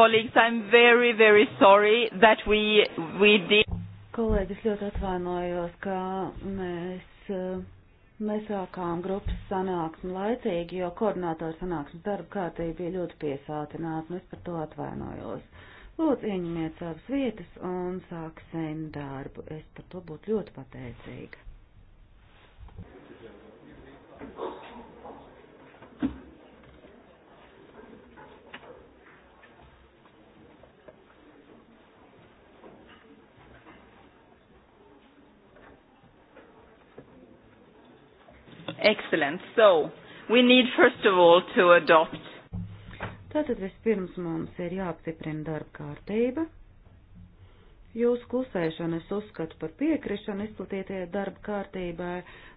Colleagues, I'm very, very sorry that we, we did. Kolēģis ļoti atvainojos, ka mēs eh, nesākām grupas sanāksmi laicīgi, jo koordinātora sanāksmes darba kārtība bija ļoti piesātināta, un es par to atvainojos. Lūdzu, ieņemiet savas vietas un sāksim darbu. Es par to būtu ļoti pateicīga. Excellent. So, we need first of all to adopt. Tātad vispirms mums ir jāapstiprina darba kārtība. Jūsu klusēšanu es uzskatu par piekrišanu izplatītajai darba kārtībai,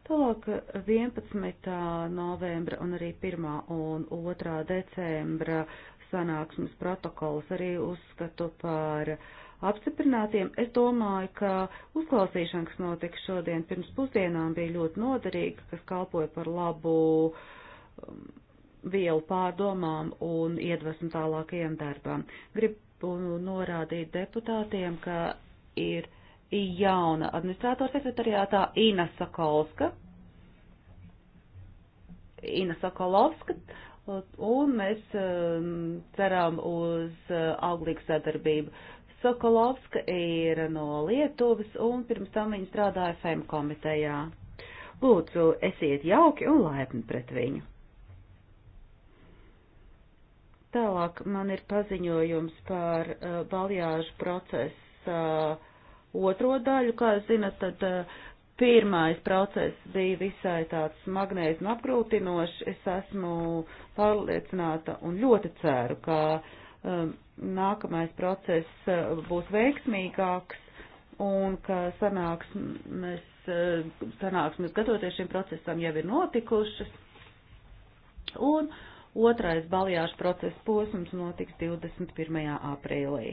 tālāk 11. novembra un arī 1. un 2. decembra sanāksmes protokols arī uzskatu par uh, apstiprinātiem. Es domāju, ka uzklausīšana, kas notika šodien pirms pusdienām, bija ļoti noderīga, kas kalpoja par labu um, vielu pārdomām un iedvesmu tālākajam darbam. Gribu norādīt deputātiem, ka ir jauna administrātora sekretariātā Ina Sakolska. Ina Sokolovska, un mēs um, ceram uz uh, auglīgu sadarbību. Sokolovska ir no Lietuvas un pirms tam viņa strādāja FEM komitejā. Lūdzu, esiet jauki un laipni pret viņu. Tālāk man ir paziņojums par uh, baljāžu procesa uh, otro daļu. Kā jūs zinat, tad uh, pirmais process bija visai tāds magnēzmu apgrūtinošs. Es esmu pārliecināta un ļoti ceru, ka uh, Um, nākamais process uh, būs veiksmīgāks un ka sanāksmes, uh, sanāksmes gatavoties šim procesam jau ir notikušas. Un otrais baljāšu procesa posms notiks 21. aprīlī.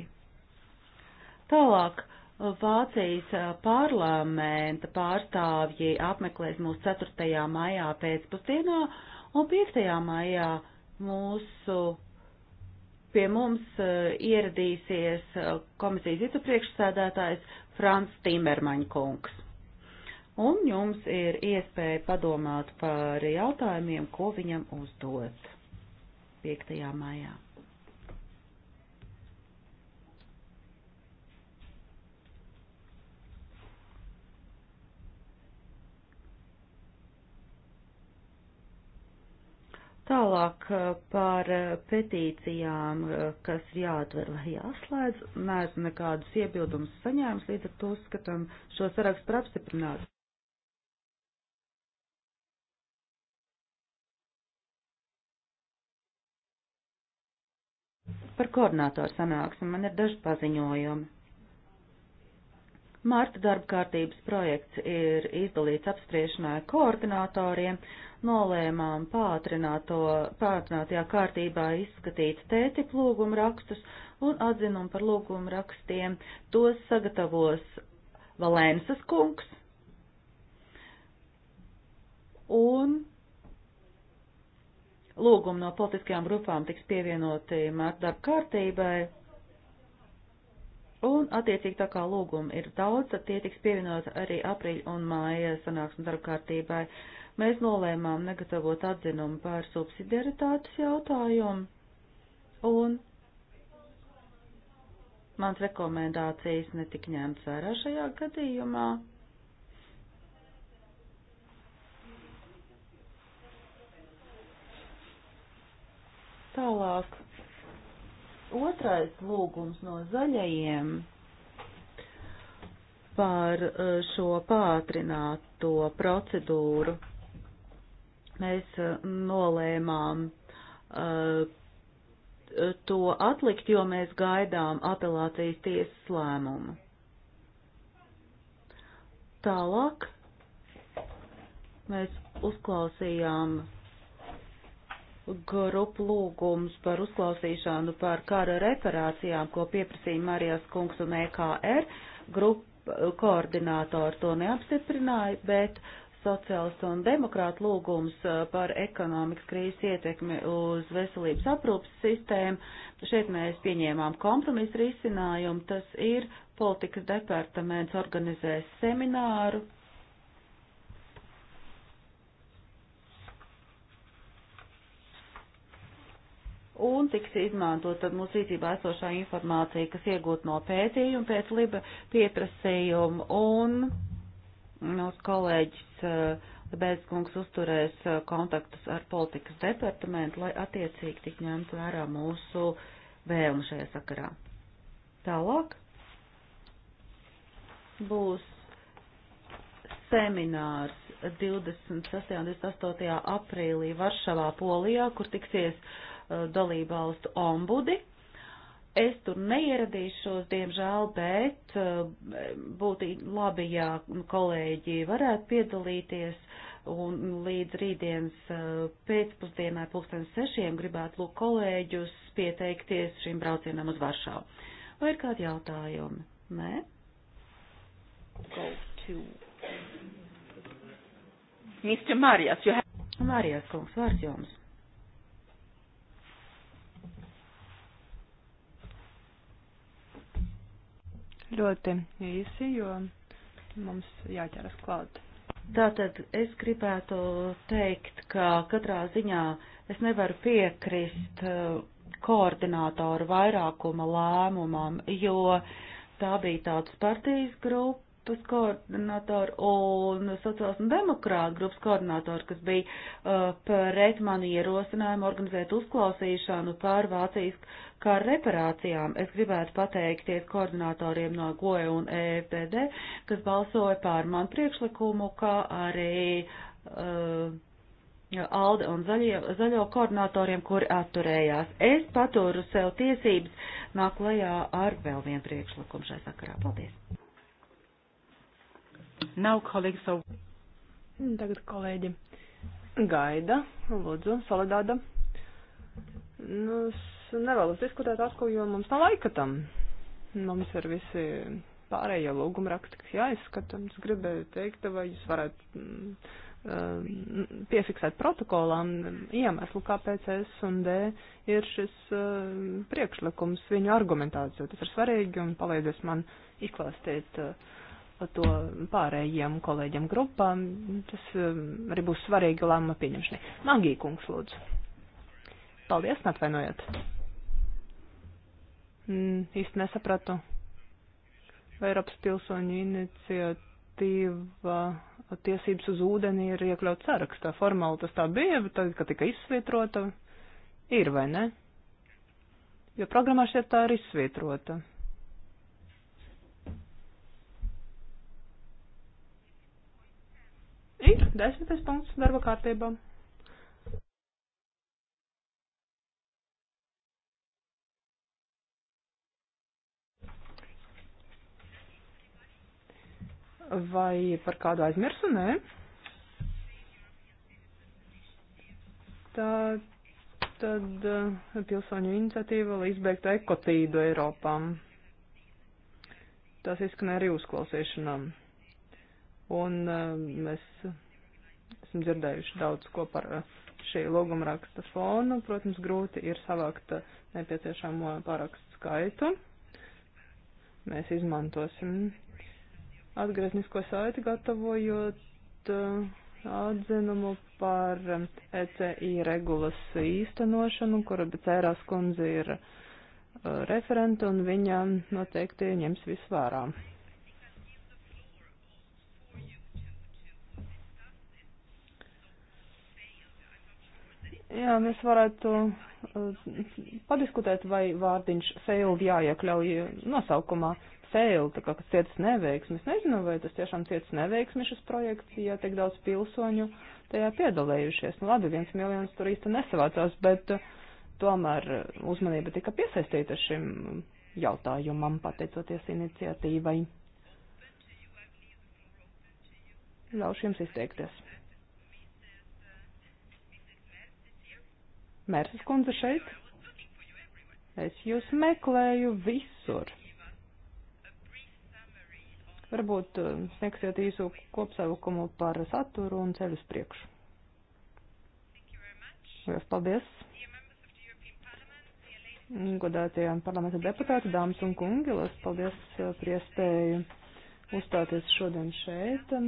Tālāk uh, Vācijas parlamenta pārstāvji apmeklēs mūs 4. maijā pēcpusdienā un 5. maijā mūsu pie mums eh, ieradīsies eh, komisijas vicepriekšsēdētājs Frans Timermaņkungs. Un jums ir iespēja padomāt par jautājumiem, ko viņam uzdot 5. maijā. Tālāk eh, par eh, petīcijām, eh, kas ir jāatver vai jāslēdz, neesmu nekādus iebildumus saņēmis, līdz ar to uzskatām šo sarakstu par apstiprinātu. Par koordinātoru sanāksmi man ir daži paziņojumi. Marta darba kārtības projekts ir izdalīts apspriešanai koordinatoriem. Nolēmām pātrinātajā kārtībā izskatīt tēti lūgumu rakstus un atzinumu par lūgumu rakstiem. Tos sagatavos Valensas kungs. Un lūgumi no politiskajām grupām tiks pievienoti Marta darba kārtībai Un, attiecīgi, tā kā lūguma ir daudz, tad tie tiks pievienot arī aprīļa un māja sanāksmes darba kārtībai. Mēs nolēmām negatavot atzinumu par subsidiaritātes jautājumu, un mans rekomendācijas netika ņemts vērā šajā gadījumā. Tālāk Otrais lūgums no zaļajiem par e, šo pātrināto procedūru. Mēs e, nolēmām e, to atlikt, jo mēs gaidām apelācijas tiesas lēmumu. Tālāk mēs uzklausījām grupu lūgums par uzklausīšanu par kara reparācijām, ko pieprasīja Marijas kungs un EKR. Grupa koordinātori to neapstiprināja, bet sociālistu un demokrātu lūgums uh, par ekonomikas krīzes ietekmi uz veselības aprūpas sistēmu. Šeit mēs pieņēmām kompromisu risinājumu. Tas ir politikas departaments organizēs semināru un tiks izmantota mūsu rīcībā esošā informācija, kas iegūta no pētījuma pēc liba pieprasījuma, un mūsu kolēģis eh, Bezkungs uzturēs eh, kontaktus ar politikas departamentu, lai attiecīgi tik ņemt vērā mūsu vēlmu šajā sakarā. Tālāk būs seminārs 26. un 28. aprīlī Varšavā, Polijā, kur tiksies uh, dalībvalstu ombudi. Es tur neieradīšos, diemžēl, bet eh, būtu labi, ja kolēģi varētu piedalīties un līdz rītdienas eh, pēcpusdienā pulksten sešiem gribētu lūk kolēģus pieteikties šim braucienam uz Varšavu. Vai ir kādi jautājumi? Nē? Go to. Mr. Marijas, you have... Marijas kungs, vārds jums. Ļoti īsi, jo mums jāķeras klāt. Tātad es gribētu teikt, ka katrā ziņā es nevaru piekrist uh, koordinātoru vairākuma lēmumam, jo tā bija tāds partijas grupa grupas koordinātori un sociālas un demokrāta grupas koordinātori, kas bija uh, pret mani ierosinājumu organizēt uzklausīšanu par Vācijas kā reparācijām. Es gribētu pateikties koordinātoriem no GOE un EFTD, kas balsoja pār manu priekšlikumu, kā arī uh, Alde un zaļie, zaļo koordinātoriem, kuri atturējās. Es paturu sev tiesības nāk lejā ar vēl vienu priekšlikumu šai sakarā. Paldies! Nav kolēģi savu. Tagad kolēģi gaida, lūdzu, solidāda. Nu, es nevēlos diskutēt atkal, jo mums nav laika tam. Mums ir visi pārējie lūguma raksti, kas jāizskata. Es gribēju teikt, vai jūs varētu uh, piefiksēt protokolām mm, iemeslu, kāpēc S un D ir šis uh, priekšlikums, viņu argumentāciju. Tas ir svarīgi un palīdzēs man izklāstīt uh, to pārējiem kolēģiem grupām. Tas um, arī būs svarīgi lēmuma pieņemšanai. Magī kungs, lūdzu. Paldies, atvainojiet. Mm, īsti nesapratu. Vai Eiropas pilsoņu iniciatīva tiesības uz ūdeni ir iekļauts sarakstā? Formāli tas tā bija, bet tagad, kad tika izsvietrota, ir vai ne? Jo programmā šķiet tā ir izsvietrota. Desmitais punkts darba kārtībā. Vai par kādu aizmirsu? Nē. Tā tad eh, pilsoņu iniciatīva, lai izbeigtu ekotīdu Eiropām. Tas izskan arī uzklausīšanām un uh, mēs esam dzirdējuši daudz ko par uh, šī lūguma raksta fonu. Protams, grūti ir savākt uh, nepieciešamo parakstu skaitu. Mēs izmantosim atgrieznisko saiti, gatavojot atzinumu par um, ECI regulas īstenošanu, kura Becērās kundze ir referente, un viņa noteikti ņems visvārā. Jā, mēs varētu uh, padiskutēt, vai vārdiņš failed jāiekļauj nosaukumā. Failed, tā kā kas cietas neveiksmes. Nezinu, vai tas tiešām cietas neveiksmes šis projekts, ja tik daudz pilsoņu tajā piedalējušies. Nu labi, viens miljons tur īsti nesavācās, bet uh, tomēr uh, uzmanība tika piesaistīta šim jautājumam, pateicoties iniciatīvai. Ļaušu jums izteikties. Mērķis kundze šeit. Es jūs meklēju visur. Varbūt uh, sniegsiet īsu kopsavilkumu par saturu un ceļu uz priekšu. Lielas paldies! Godātie parlamenta deputāti, dāmas un kungi, lielas paldies par iespēju uzstāties šodien šeit. Um,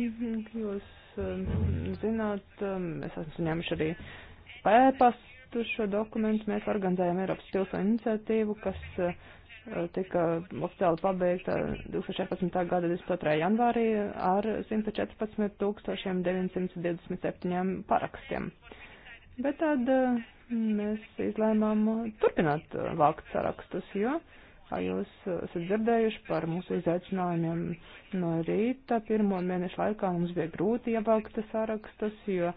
jūs um, zināt, um, es esmu saņēmuši arī pēpas uztur šo dokumentu, mēs organizējam Eiropas pilsoņu iniciatīvu, kas eh, tika oficiāli pabeigta 2016. gada 22. janvārī ar 114 927 parakstiem. Bet tad eh, mēs izlēmām turpināt eh, vākt sarakstus, jo, kā jūs esat dzirdējuši par mūsu izaicinājumiem no rīta, pirmo mēnešu laikā mums bija grūti ievākt sarakstus, jo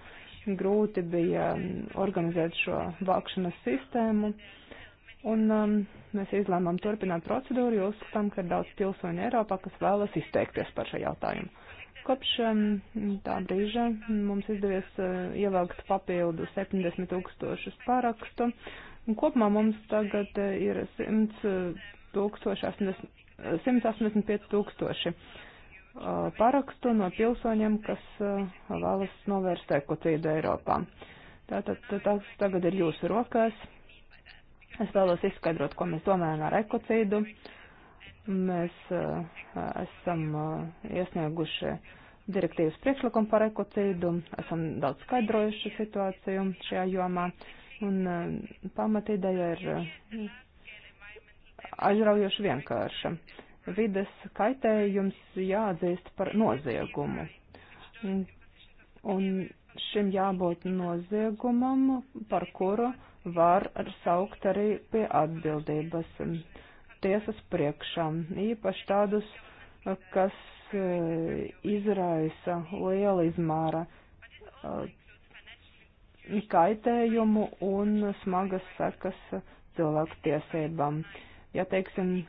grūti bija um, organizēt šo vākšanas sistēmu. Un um, mēs izlēmām turpināt procedūru, jo uzskatām, ka ir daudz pilsoņu Eiropā, kas vēlas izteikties par šo jautājumu. Kopš um, tā brīža mums izdevies uh, ievākt papildu 70 tūkstošus pārakstu. Un kopumā mums tagad uh, ir 100 uh, tūkstoši, 185 uh, tūkstoši parakstu no pilsoņiem, kas vēlas novērst ekocīdu Eiropā. Tātad tas tagad ir jūsu rokās. Es vēlos izskaidrot, ko mēs domājam ar ekocīdu. Mēs esam iesnieguši direktīvas priekšlikumu par ekocīdu, esam daudz skaidrojuši situāciju šajā jomā. Un pamatīdēja ir aizraujoši vienkārša vides kaitējums jāatzīst par noziegumu. Un šim jābūt noziegumam, par kuru var saukt arī pie atbildības tiesas priekšā, īpaši tādus, kas e, izraisa liela izmēra e, kaitējumu un smagas sekas cilvēku tiesībām. Ja teiksim,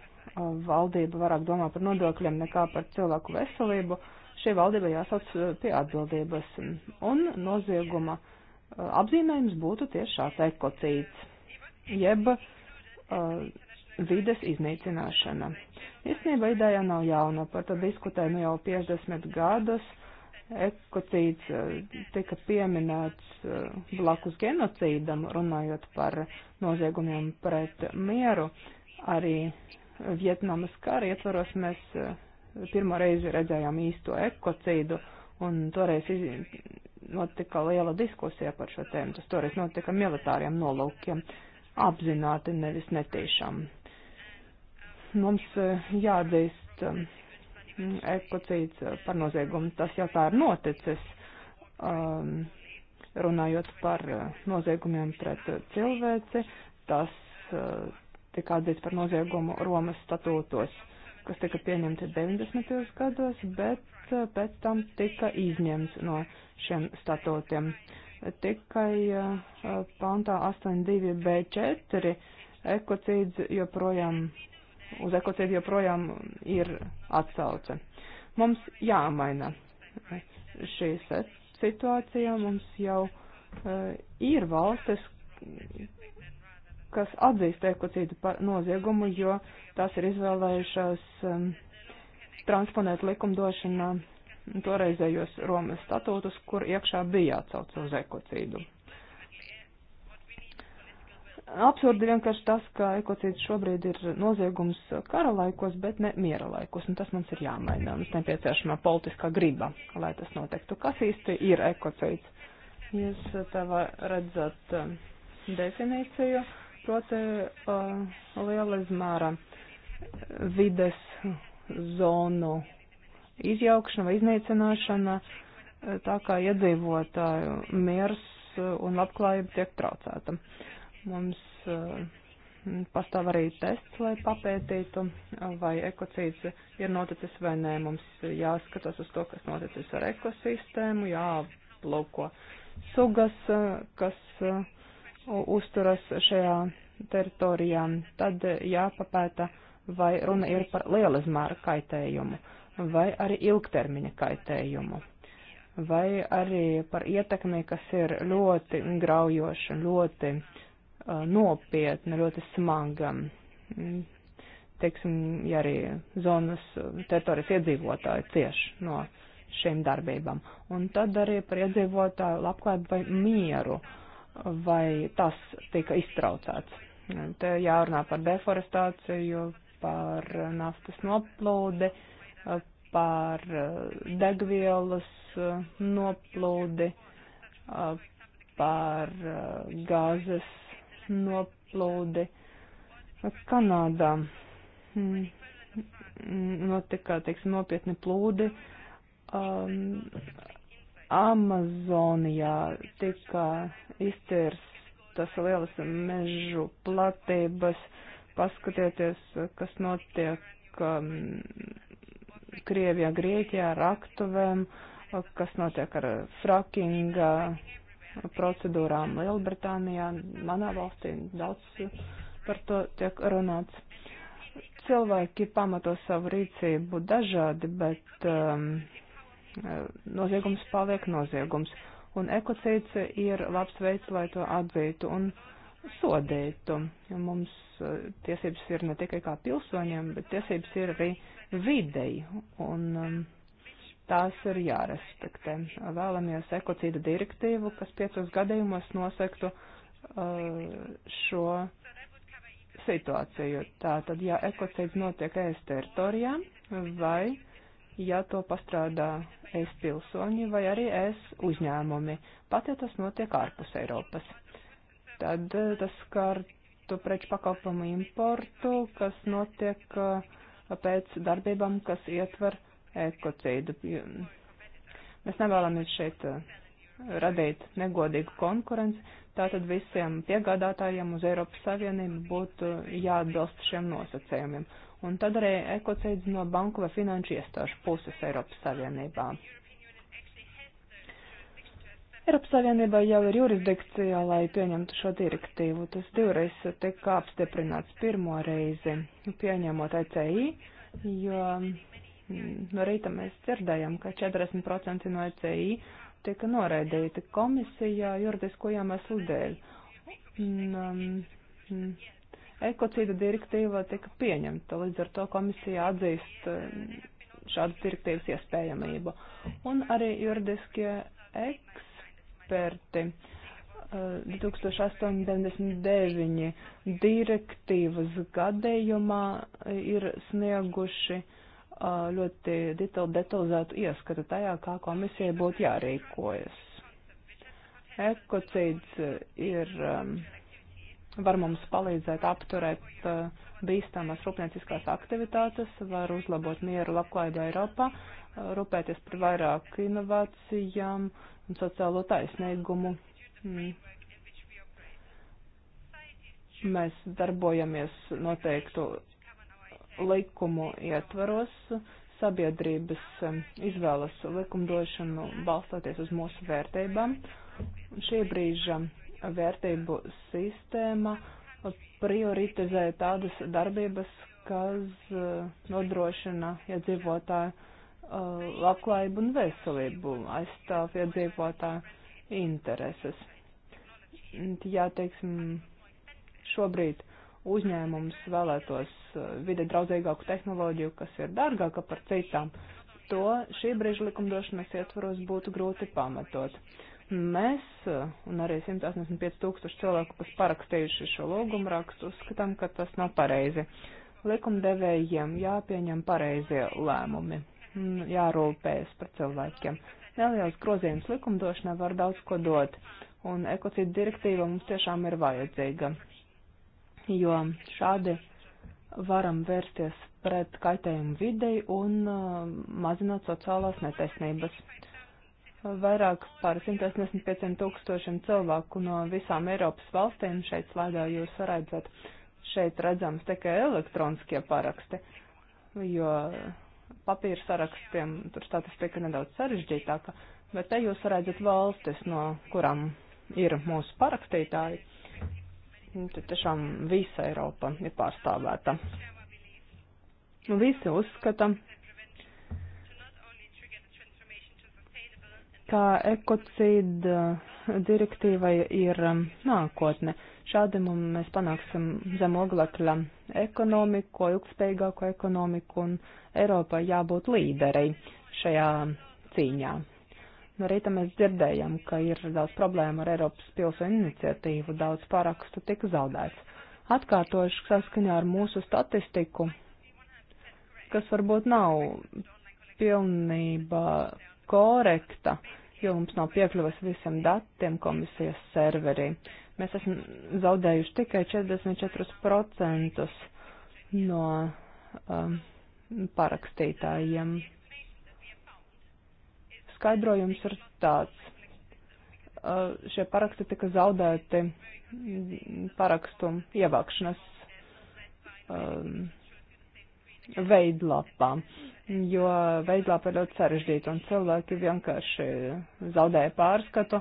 valdība vairāk domā par nodokļiem nekā par cilvēku veselību, šī valdība jāsauc eh, pie atbildības. Un nozieguma eh, apzīmējums būtu tieši šāds ekocīts, jeb uh, vides iznīcināšana. Īstenībā ideja nav jauna, par to diskutēju nu jau 50 gadus. Ekocīts tika pieminēts blakus genocīdam, runājot par noziegumiem pret mieru. Arī Vietnamas kara ietvaros mēs eh, pirmo reizi redzējām īsto ekocīdu, un toreiz notika liela diskusija par šo tēmu. Tas toreiz notika militāriem nolaukiem, apzināti, nevis netīšām. Mums eh, jāatzīst eh, ekocīds par noziegumu, tas jau tā ir noticis, um, runājot par noziegumiem pret cilvēci, tas uh, tika atzīts par noziegumu Romas statūtos, kas tika pieņemti 90. gados, bet eh, pēc tam tika izņemts no šiem statūtiem. Tikai eh, pantā 82b4 ekocīds joprojām, uz ekocīdu joprojām ir atsauce. Mums jāmaina šī situācija, mums jau uh, ir valstis, kas atzīst ekocīdu par noziegumu, jo tās ir izvēlējušās um, transponēt likumdošanā toreizējos Romas statūtus, kur iekšā bija atsauce uz ekocīdu. Absurdi vienkārši tas, ka ekocīds šobrīd ir noziegums kara laikos, bet ne miera laikos, un tas mums ir jāmaina. Mums nepieciešama politiskā griba, lai tas notiktu. Kas īsti ir ekocīds? Jūs eh, tā redzat um, definīciju. Uh, proti uh, liela izmēra vides zonu izjaukšana vai iznīcināšana, uh, tā kā iedzīvotāju miers uh, un labklājība tiek traucēta. Mums uh, pastāv arī tests, lai papētītu, uh, vai ekocīds ir noticis vai nē. Mums jāskatās uz to, kas noticis ar ekosistēmu, jāplūko sugas, kas uzturas šajā teritorijā, tad jāpapēta, vai runa ir par lielas māra kaitējumu, vai arī ilgtermiņa kaitējumu, vai arī par ietekmi, kas ir ļoti graujoša, ļoti uh, nopietna, ļoti smaga. Teiksim, ja arī zonas teritorijas iedzīvotāji cieši no šīm darbībām. Un tad arī par iedzīvotāju labklājību vai mieru. Uh, vai tas tika iztraucēts. Te jārunā par deforestāciju, par naftas noplūdi, par eh, degvielas eh, noplūdi, eh, par gāzes noplūdi. Kanādā hm, notika, teiksim, nopietni plūdi um, Amazonijā tika izcirstas lielas mežu platības. Paskatieties, kas notiek um, Krievijā, Grieķijā ar aktuvēm, kas notiek ar frakinga procedūrām Lielbritānijā, manā valstī daudz par to tiek runāts. Cilvēki pamato savu rīcību dažādi, bet um, Eh, noziegums paliek noziegums. Un ekocīts ir labs veids, lai to atzītu un sodītu. Mums eh, tiesības ir ne tikai kā pilsoņiem, bet tiesības ir arī videi. Un, um, tās ir jārespektē. Vēlamies ekocīda direktīvu, kas piecos gadījumos nosektu uh, šo situāciju. Tātad, ja ekocīds notiek ēst teritorijā vai ja to pastrādā es pilsoņi vai arī es uzņēmumi, pat ja tas notiek ārpus Eiropas. Tad eh, tas skar to preču pakalpumu importu, kas notiek eh, pēc darbībām, kas ietver ekocīdu. Mēs nevēlamies šeit eh, radīt negodīgu konkurenci, tātad visiem piegādātājiem uz Eiropas Savienību būtu jāatbilst šiem nosacējumiem un tad arī ekocīdzi no banku vai finanšu iestāžu puses Eiropas Savienībā. Eiropas Savienībā jau ir jurisdikcija, lai pieņemtu šo direktīvu. Tas divreiz tika apstiprināts pirmo reizi, pieņemot ECI, jo mm, no rīta mēs dzirdējam, ka 40% no ECI tika noraidīti komisijā juridisko iemeslu dēļ. Un, um, ekocīda direktīva tika pieņemta. Līdz ar to komisija atzīst eh, šādas direktīvas iespējamību. Un arī juridiskie eksperti 2008-99 eh, direktīvas gadījumā ir snieguši eh, ļoti detalizētu ieskatu tajā, kā komisija būtu jārīkojas. Ekocīds ir um, var mums palīdzēt apturēt eh, bīstamas rūpnieciskās aktivitātes, var uzlabot mieru labklājību Eiropā, eh, rūpēties par vairāk inovācijām un sociālo taisnīgumu. Mm. Mēs darbojamies noteiktu likumu ietvaros, sabiedrības eh, izvēlas likumdošanu balstoties uz mūsu vērtībām. Šī brīža vērtību sistēma prioritizē tādas darbības, kas uh, nodrošina iedzīvotāju ja uh, labklājību un veselību, aizstāv iedzīvotāju ja intereses. Jā, teiksim, šobrīd uzņēmums vēlētos uh, vide draudzīgāku tehnoloģiju, kas ir dārgāka par citām, to šī brīža likumdošanas ietvaros būtu grūti pamatot. Uh, Mēs un arī 185 tūkstoši cilvēku, kas parakstījuši šo lūgumu rakstu, uzskatām, ka tas nav pareizi. Likumdevējiem jāpieņem pareizie lēmumi, jārūpējas par cilvēkiem. Neliels grozījums likumdošanā var daudz ko dot, un ekocīdu direktīva mums tiešām ir vajadzīga, jo šādi varam vērsties pret kaitējumu videi un uh, mazināt sociālās netaisnības vairāk par 185 tūkstošiem cilvēku no visām Eiropas valstīm. Šeit slaidā jūs redzat, šeit redzams tikai elektroniskie paraksti, jo papīra sarakstiem tur statistika nedaudz sarežģītāka, bet te jūs redzat valstis, no kurām ir mūsu parakstītāji. Tad tiešām visa Eiropa ir pārstāvēta. Visi uzskata, ka ekocīda eh, direktīvai ir eh, nākotne. Šādi mēs panāksim zem oglekļa ekonomiku, ilgspējīgāku ekonomiku un Eiropai jābūt līderei šajā cīņā. No rīta mēs dzirdējam, ka ir daudz problēmu ar Eiropas pilsoņu iniciatīvu, daudz parakstu tika zaudēts. Atkārtošu saskaņā ar mūsu statistiku, kas varbūt nav pilnībā korekta, jo mums nav piekļuvas visiem datiem komisijas serverī. Mēs esam zaudējuši tikai 44% no um, parakstītājiem. Skaidrojums ir tāds. Uh, šie paraksti tika zaudēti parakstu ievākšanas um, veidlapā. Uh, jo veidlāpa ir ļoti sarežģīta un cilvēki vienkārši zaudēja pārskatu,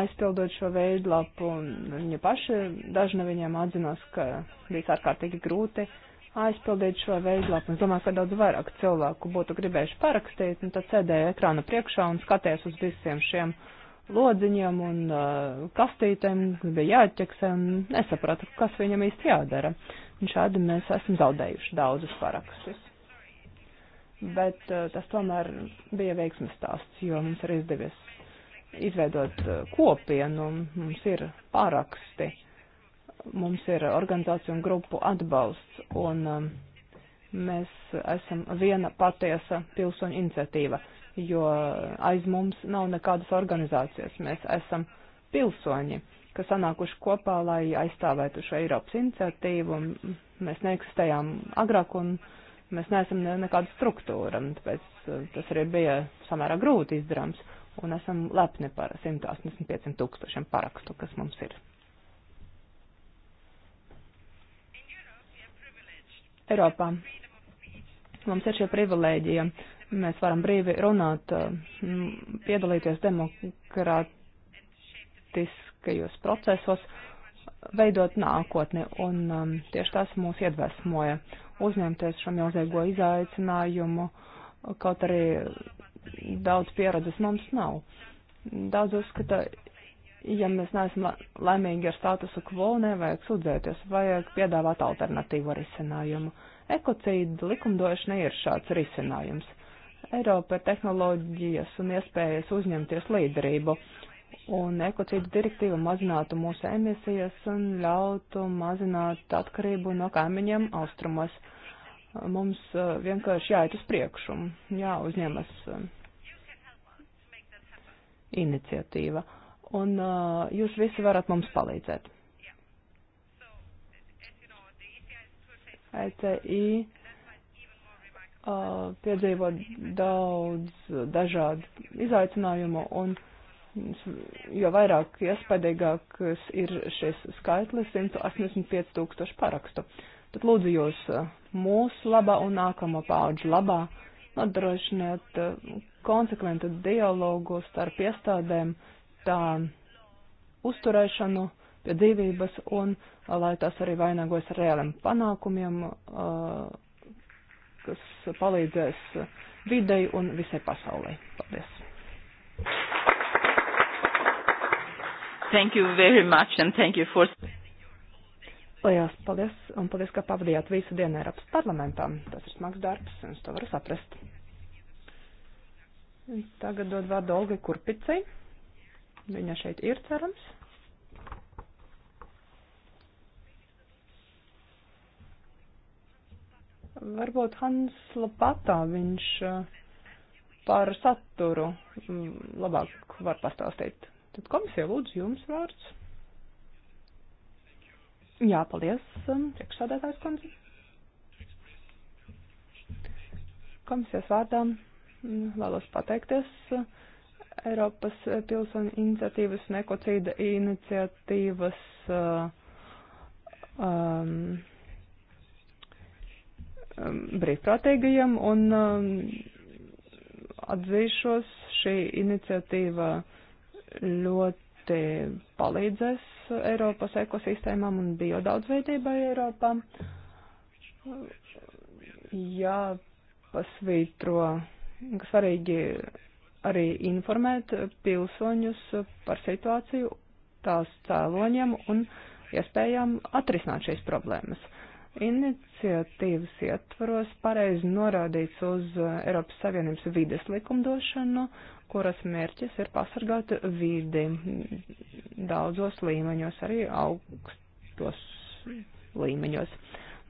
aizpildot šo veidlapu, un viņi paši, daži no viņiem atzinās, ka bija ārkārtīgi grūti aizpildīt šo veidlapu. Es domāju, ka daudz vairāk cilvēku būtu gribējuši parakstīt, un tad sēdēja ekrāna priekšā un skaties uz visiem šiem lodziņiem un uh, kastītēm, kas bija jāatķeksē, un nesaprata, kas viņam īsti jādara. Un šādi mēs esam zaudējuši daudzus parakstus bet eh, tas tomēr bija veiksmes stāsts, jo mums ir izdevies izveidot eh, kopienu, mums ir paraksti, mums ir organizāciju un grupu atbalsts, un eh, mēs esam viena patiesa pilsoņu iniciatīva, jo aiz mums nav nekādas organizācijas, mēs esam pilsoņi, kas sanākuši kopā, lai aizstāvētu šo Eiropas iniciatīvu, mēs neeksistējām agrāk un agrāk Mēs neesam ne, nekāda struktūra, tāpēc uh, tas arī bija samērā grūti izdarāms, un esam lepni par 185 tūkstošiem parakstu, kas mums ir. Eiropā mums ir šie privilēģija. Mēs varam brīvi runāt, uh, piedalīties demokrātiskajos procesos, veidot nākotni, un um, tieši tas mūs iedvesmoja uzņemties šo milzīgo izaicinājumu, kaut arī daudz pieredzes mums nav. Daudz uzskata, ja mēs neesam laimīgi ar statusu quo, nevajag sūdzēties, vajag piedāvāt alternatīvu risinājumu. Ekocīda likumdošana ir šāds risinājums. Eiropa ir tehnoloģijas un iespējas uzņemties līderību, un ekocīdu direktīva mazinātu mūsu emisijas un ļautu mazināt atkarību no kaimiņiem austrumos. Mums uh, vienkārši jāiet uz priekšu, jāuzņemas uh, iniciatīva. Un uh, jūs visi varat mums palīdzēt. ECI piedzīvo daudz dažādu izaicinājumu un jo vairāk iespaidīgāks ir šis skaitlis - 185 tūkstoši parakstu. Tad lūdzu jūs eh, mūsu labā un nākamo paudžu labā nodrošiniet eh, konsekventu dialogu starp iestādēm, tā uzturēšanu pie dzīvības un eh, lai tas arī vainagojas ar reāliem panākumiem, kas palīdzēs videi un visai pasaulē. Paldies! Thank you very much and thank you for. Lielas paldies un paldies, ka pavadījāt visu dienu Eiropas parlamentā. Tas ir smags darbs un es to varu saprast. Tagad dod vārdu Olgai Kurpicai. Viņa šeit ir cerams. Varbūt Hans Lapatā viņš eh, par saturu mm, labāk var pastāstīt. Tad komisija lūdzu jums vārds. Jā, paldies, um, priekšsādātājs kundze. Komisijas vārdā mm, vēlos pateikties uh, Eiropas pilsoņu iniciatīvas un ekocīda iniciatīvas uh, um, um, brīvprātīgajiem un um, atzīšos šī iniciatīva uh, ļoti palīdzēs Eiropas ekosistēmām un biodaudzveidībai Eiropā. Jā, pasvītro, ka svarīgi arī informēt pilsoņus par situāciju, tās cēloņiem un iespējām atrisināt šīs problēmas iniciatīvas ietvaros pareizi norādīts uz uh, Eiropas Savienības vides likumdošanu, kuras mērķis ir pasargāt vidi daudzos līmeņos, arī augstos līmeņos.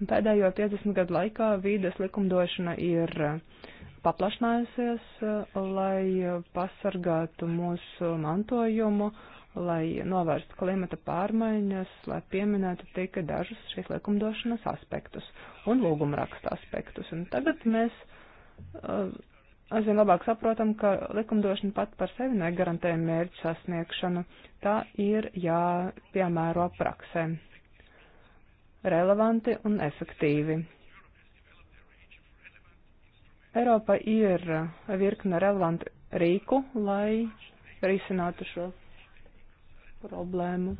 Pēdējo 50 gadu laikā vides likumdošana ir uh, paplašinājusies, uh, lai pasargātu mūsu mantojumu, uh, lai novērstu klimata pārmaiņas, lai pieminētu tikai dažus šīs likumdošanas aspektus un lūgumraksta aspektus. Un tagad mēs uh, aizvien labāk saprotam, ka likumdošana pat par sevi negarantē mērķu sasniegšanu. Tā ir jāpiemēro praksē. Relevanti un efektīvi. Eiropa ir virkne relevantu rīku, lai risinātu šos problēmu.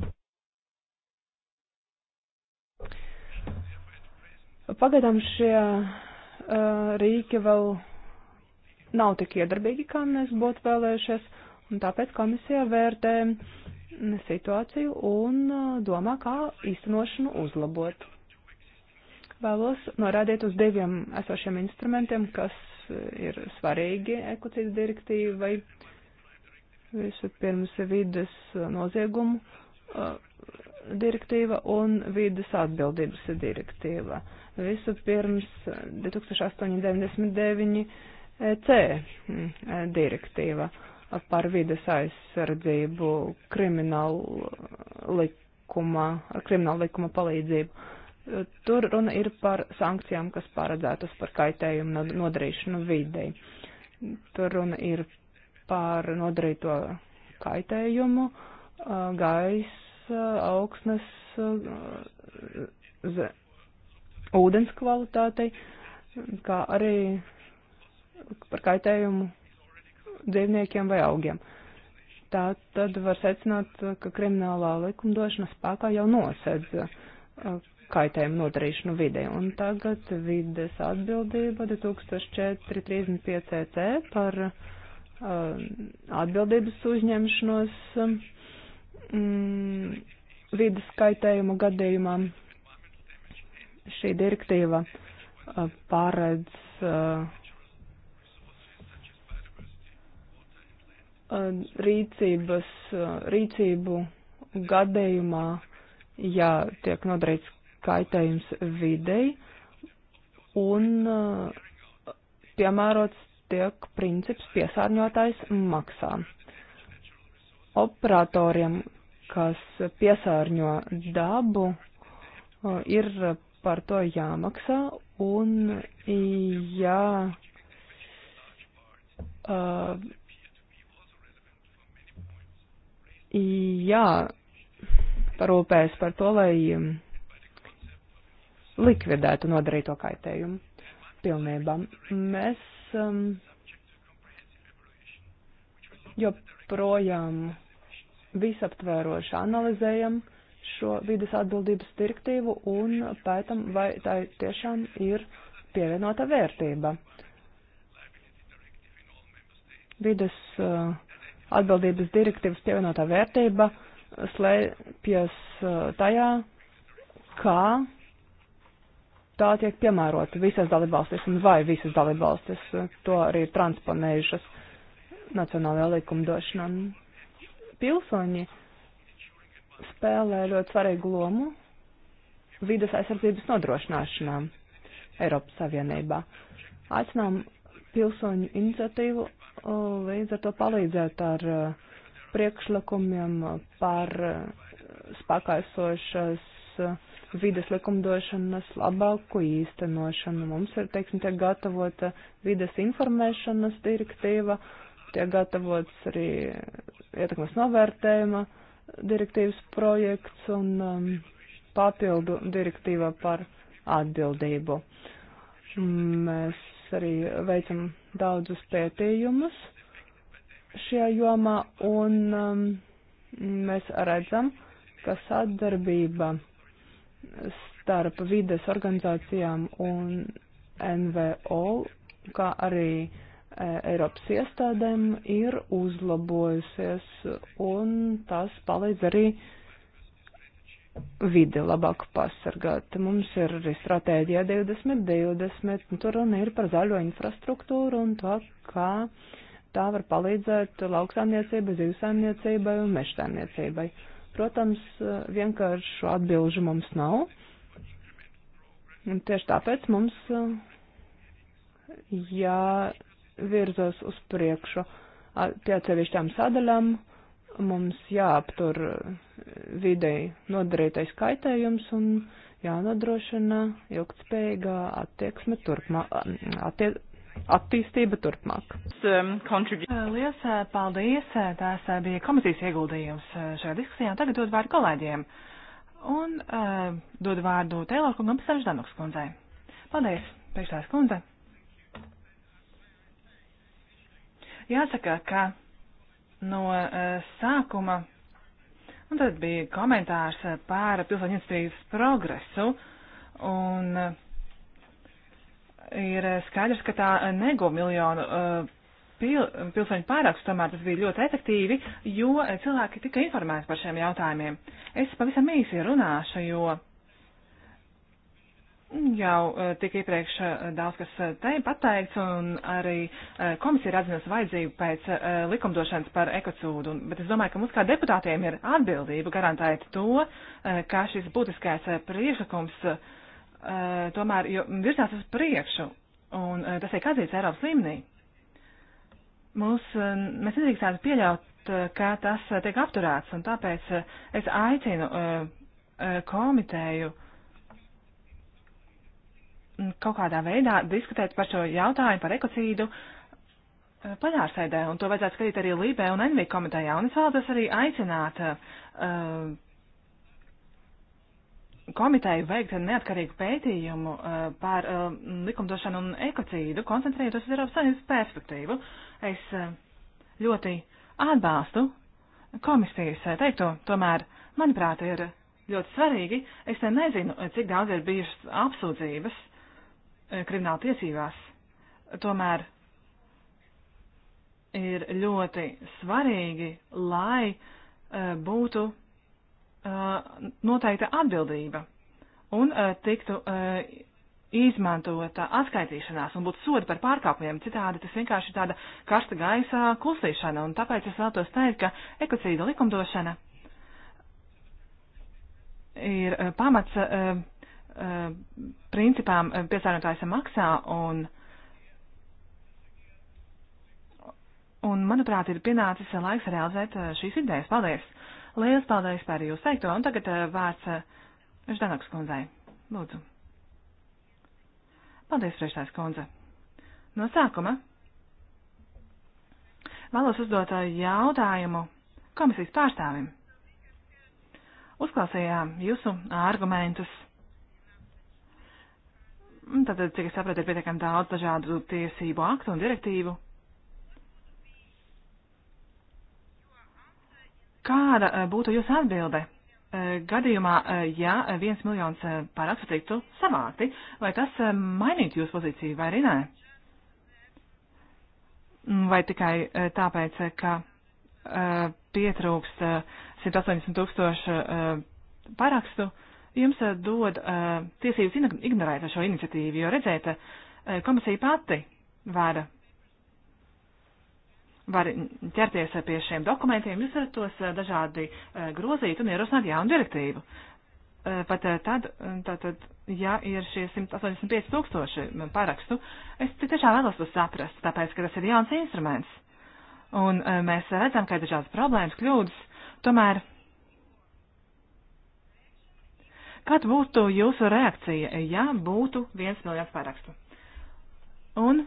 Pagaidām šie uh, rīki vēl nav tik iedarbīgi, kā mēs būtu vēlējušies, un tāpēc komisija vērtē situāciju un uh, domā, kā īstenošanu uzlabot. Vēlos norādīt uz diviem esošiem instrumentiem, kas ir svarīgi ekocīdu direktīvai. Uh, Vispirms vides noziegumu uh, direktīva un vides atbildības direktīva. Vispirms 2899 eh, C mm, eh, direktīva par vides aizsardzību krimināla likuma, krimināla likuma palīdzību. Eh, tur runa ir par sankcijām, kas paredzētas par kaitējumu nodarīšanu videi. Tur runa ir par nodarīto kaitējumu, gaisa, augsnes, ze, ūdens kvalitātei, kā arī par kaitējumu dzīvniekiem vai augiem. Tā tad var secināt, ka kriminālā likumdošana spēkā jau nosedz kaitējumu nodarīšanu vidē. Un tagad vides atbildība 2435 EC par Uh, atbildības uzņemšanos mm, vidas kaitējumu gadījumā. Šī direktīva uh, paredz uh, rīcības, rīcību gadījumā, ja tiek nodarīts kaitējums videi un piemērots tiek princips piesārņotājs maksā. Operatoriem, kas piesārņo dabu, ir par to jāmaksā, un ja uh, jā, parūpējas par to, lai likvidētu nodarīto kaitējumu pilnībā. Mēs um, joprojām visaptvēroši analizējam šo vidas atbildības direktīvu un pētam, vai tā tiešām ir pievienota vērtība. Vides uh, atbildības direktīvas pievienotā vērtība slēpjas uh, tajā, kā tā tiek piemērota visās dalībvalstīs un vai visas dalībvalstis eh, to arī ir transponējušas nacionālajā likumdošanā. Pilsoņi spēlē ļoti svarīgu lomu vidas aizsardzības nodrošināšanā Eiropas Savienībā. Aicinām pilsoņu iniciatīvu eh, līdz ar to palīdzēt ar eh, priekšlikumiem par spēkā esošas uh, vides likumdošanas labāku īstenošanu. Mums ir, teiksim, tiek gatavota vides informēšanas direktīva, tiek gatavots arī ietekmes novērtējuma direktīvas projekts un um, papildu direktīva par atbildību. Mēs arī veicam daudzus pētījumus šajā jomā un um, mēs redzam, ka sadarbība starp vides organizācijām un NVO, kā arī e, Eiropas iestādēm ir uzlabojusies, un tas palīdz arī vidi labāk pasargāt. Mums ir arī stratēģija 2020, un tur runa ir par zaļo infrastruktūru un to, kā tā var palīdzēt lauksāmniecībai, zivsāmniecībai un mežsāmniecībai. Uh, Protams, vienkāršu atbilžu mums nav. Un tieši tāpēc mums eh, jāvirzās uz priekšu pie atsevišķām sadaļām, mums jāaptur eh, videi nodarītais kaitējums un jānodrošina ilgtspējīgā attieksme turpmā, attie, attīstība turpmāk. Um, uh, Lielas uh, paldies! Uh, tās bija komisijas ieguldījums šajā diskusijā. Tagad dod vārdu kolēģiem un uh, dod vārdu Tēlorkungam pēc tam Ždanoks kundzei. Paldies, priekšstās kundze! Jāsaka, ka no uh, sākuma, un tad bija komentārs par pilsēņu industrijas progresu, un uh, ir skaidrs, ka tā nego miljonu uh, pil, pilsoņu pārākstu, tomēr tas bija ļoti efektīvi, jo cilvēki tika informēti par šiem jautājumiem. Es pavisam īsi runāšu, jo jau uh, tik iepriekš uh, daudz kas te pateikts, un arī komisija ir atzinusi vajadzību pēc likumdošanas par ekocūdu, bet es domāju, ka mums kā deputātiem ir atbildība garantēt to, ka šis būtiskais priekšlikums Eh, tomēr virzās uz priekšu, un eh, tas tiek atzīts Eiropas līmenī. Mūs, eh, mēs nedrīkstētu pieļaut, ka tas tiek apturēts, un tāpēc es aicinu komiteju mm, kaut kādā veidā diskutēt par šo jautājumu, par ekocīdu plenārsēdē, un to vajadzētu skatīt arī Lībē un Envī komitejā, un es vēlētos arī aicināt uh, komiteju veikt neatkarīgu pētījumu uh, par uh, likumdošanu un ekocīdu, koncentrējoties uz Eiropas Savienības perspektīvu. Es uh, ļoti atbalstu komisijas teikto, tomēr, manuprāt, ir ļoti svarīgi. Es nezinu, cik daudz ir bijušas apsūdzības krimināla tiesībās. Tomēr ir ļoti svarīgi, lai būtu noteikta atbildība un tiktu izmantota atskaitīšanās un būtu sodi par pārkāpumiem. Citādi tas vienkārši ir tāda karsta gaisa klusīšana, un tāpēc es vēlos teikt, ka ekocīda likumdošana ir pamats principām piesārņotājs maksā, un, un, manuprāt, ir pienācis laiks realizēt šīs idejas. Paldies! Lielas paldies par jūsu teikto, un tagad eh, vārds eh, Ždanoks kundzei. Lūdzu. Paldies, priekšstājs kundze. No sākuma vēlos uzdot eh, jautājumu komisijas pārstāvim. Uzklausījām jūsu argumentus. Tātad, cik es sapratu, ir pietiekami daudz dažādu tiesību aktu un direktīvu. Kāda eh, būtu jūsu atbilde? Eh, gadījumā, eh, ja viens miljons parakstu tiktu savākti, vai tas mainītu jūsu pozīciju vai arī nē? Mm, vai tikai tāpēc, ka pietrūks 180 tūkstošu parakstu, jums dod tiesības ignorēt šo iniciatīvu, jo redzēt, komisija pati vada var ķerties pie šiem dokumentiem, jūs varat tos eh, dažādi eh, grozīt un ierosināt jaunu direktīvu. Eh, pat tad, tātad, ja ir šie 185 tūkstoši parakstu, es tiešām vēlos to saprast, tāpēc, ka tas ir jauns instruments. Un mēs redzam, ka ir dažādas problēmas, kļūdas, tomēr. Kāda būtu jūsu reakcija, ja būtu viens miljons parakstu? Un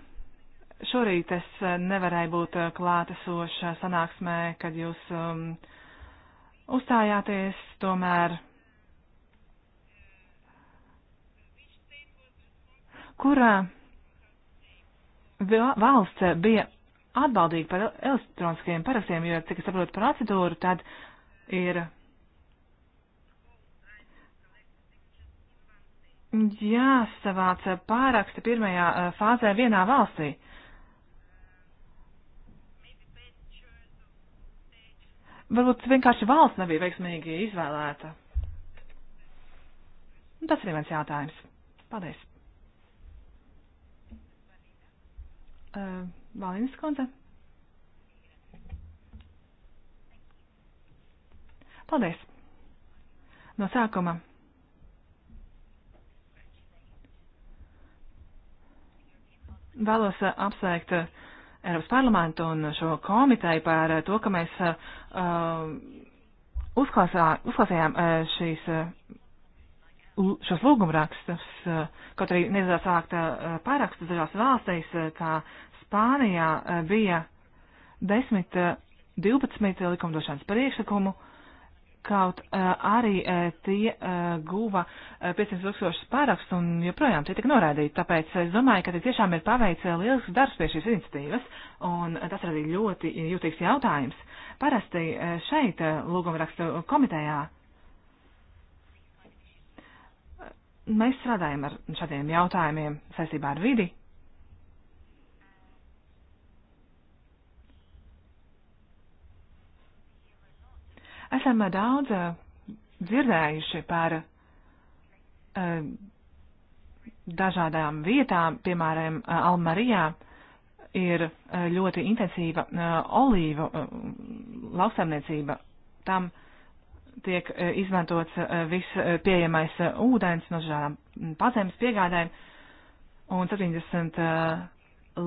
Šorīt es eh, nevarēju būt eh, klātesoša sanāksmē, kad jūs um, uzstājāties, tomēr. Kurā valsts bija atbaldīga par elektroniskajiem parakstiem, jo, cik es saprotu procedūru, tad ir. Jāsavāca pāraksti pirmajā eh, fāzē vienā valstī. Uh, Varbūt vienkārši valsts nebija veiksmīgi izvēlēta. Un tas ir viens jautājums. Paldies. Uh, Valīnas kundze. Paldies. No sākuma. Vēlos uh, apsveikt uh, Eiropas parlamentu un šo komiteju par eh, to, ka mēs eh, eh, uzklāsā, uzklāsījām šīs, šos lūgumrakstus, kaut arī neizdevās sākt pārakstus dažās valstīs, kā Spānijā bija 10, 12 likumdošanas priekšlikumu, kaut arī tie guva 500 tūkstošus pārakstu un joprojām tie tika norādīti. Tāpēc es domāju, ka te tiešām ir paveicis lielisks darbs pie šīs iniciatīvas, un tas ir arī ļoti jūtīgs jautājums. Parasti šeit lūgumrakstu komitejā mēs strādājam ar šādiem jautājumiem saistībā ar vidi, Esam daudz eh, dzirdējuši par eh, dažādām vietām, piemēram, eh, Almarijā ir ļoti intensīva olīvu lauksaimniecība. Tam tiek izmantots viss pieejamais ūdens no dažādām pazemes piegādēm, un 70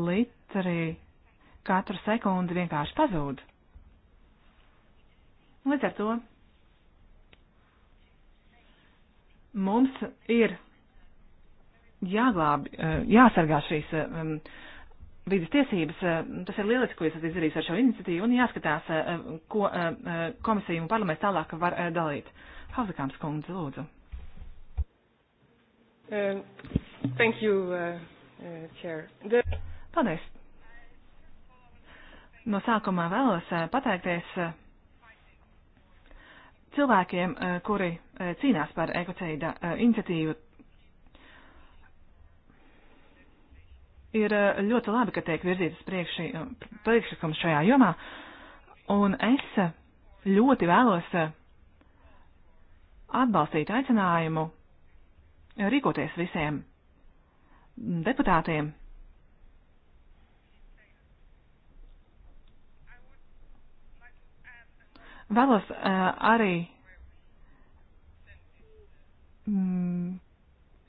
litri katru sekundi vienkārši pazūd. Līdz ar to mums ir jāglāb, eh, jāsargā šīs eh, mm, vidas tiesības. Eh, tas ir lieliski, ko esat izdarījis ar šo iniciatīvu un jāskatās, ko komisija un parlaments tālāk var dalīt. Hauzakāms kundze, lūdzu. Um, thank you, uh, uh, Chair. The... Paldies. No sākumā vēlos pateikties cilvēkiem, eh, kuri eh, cīnās par ekoceida eh, iniciatīvu. Ir ļoti labi, ka tiek virzītas priekši, priekšlikums šajā jomā, un es ļoti vēlos atbalstīt aicinājumu rīkoties visiem deputātiem Vēlos arī mm,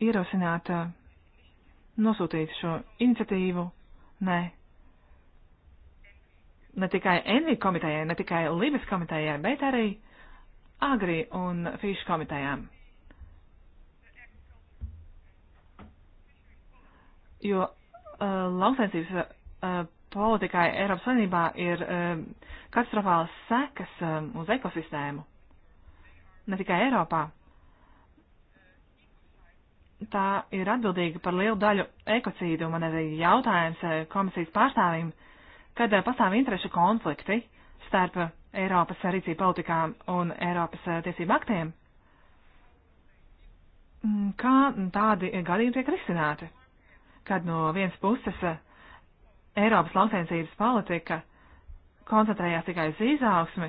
ierosināt nosūtīt šo iniciatīvu, nē, ne tikai Envi komitejai, ne tikai Libes komitejai, bet arī Agri un Fīšu komitejām. Jo uh, lauksaimniecības uh, politikai Eiropas Savienībā ir uh, katastrofālas sekas um, uz ekosistēmu. Ne tikai Eiropā. Tā ir atbildīga par lielu daļu ekocīdu. Man arī jautājums eh, komisijas pārstāvim, kad eh, pastāv interešu konflikti starp Eiropas rīcību politikām un Eiropas eh, tiesību aktiem. Mm, kā tādi gadījumi tiek risināti? Kad no vienas puses Eiropas lauksainsības politika koncentrējās tikai uz izaugsmi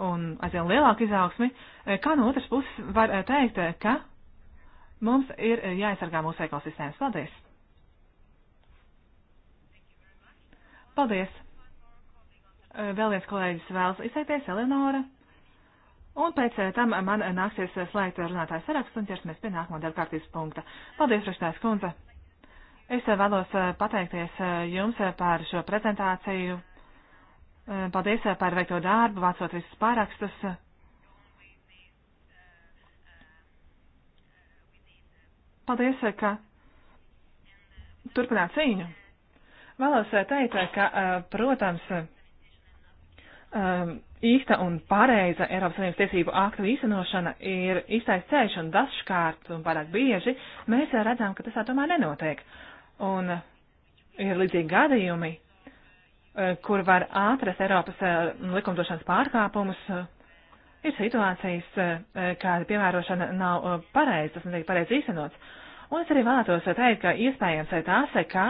un aizvien lielāku izaugsmi, eh, kā no otras puses var eh, teikt, eh, ka mums ir jāaizsargā mūsu ekosistēmas. Paldies! Paldies! Vēl viens kolēģis vēlas izteikties, Eleonora. Un pēc tam man nāksies slēgt runātāju sarakstu un ķersimies pie nākamā darbkārtības punkta. Paldies, Raštājs kundze! Es vēlos pateikties jums par šo prezentāciju, Eh, paldies eh, par veikto darbu, vācot visus pārakstus. Paldies, eh, ka turpināt cīņu. Vēlos teikt, ka, protams, īsta un pareiza Eiropas Savienības tiesību aktu īstenošana ir īstais ceļš, un dažkārt un pārāk bieži mēs redzam, ka tas tā tomēr nenotiek. Un ir līdzīgi gadījumi, Eh, kur var atrast Eiropas eh, likumdošanas pārkāpumus, eh, ir situācijas, kāda piemērošana nav pareiza, tas netiek pareizi īstenots. Un es arī vēlētos teikt, ka iespējams tās, ka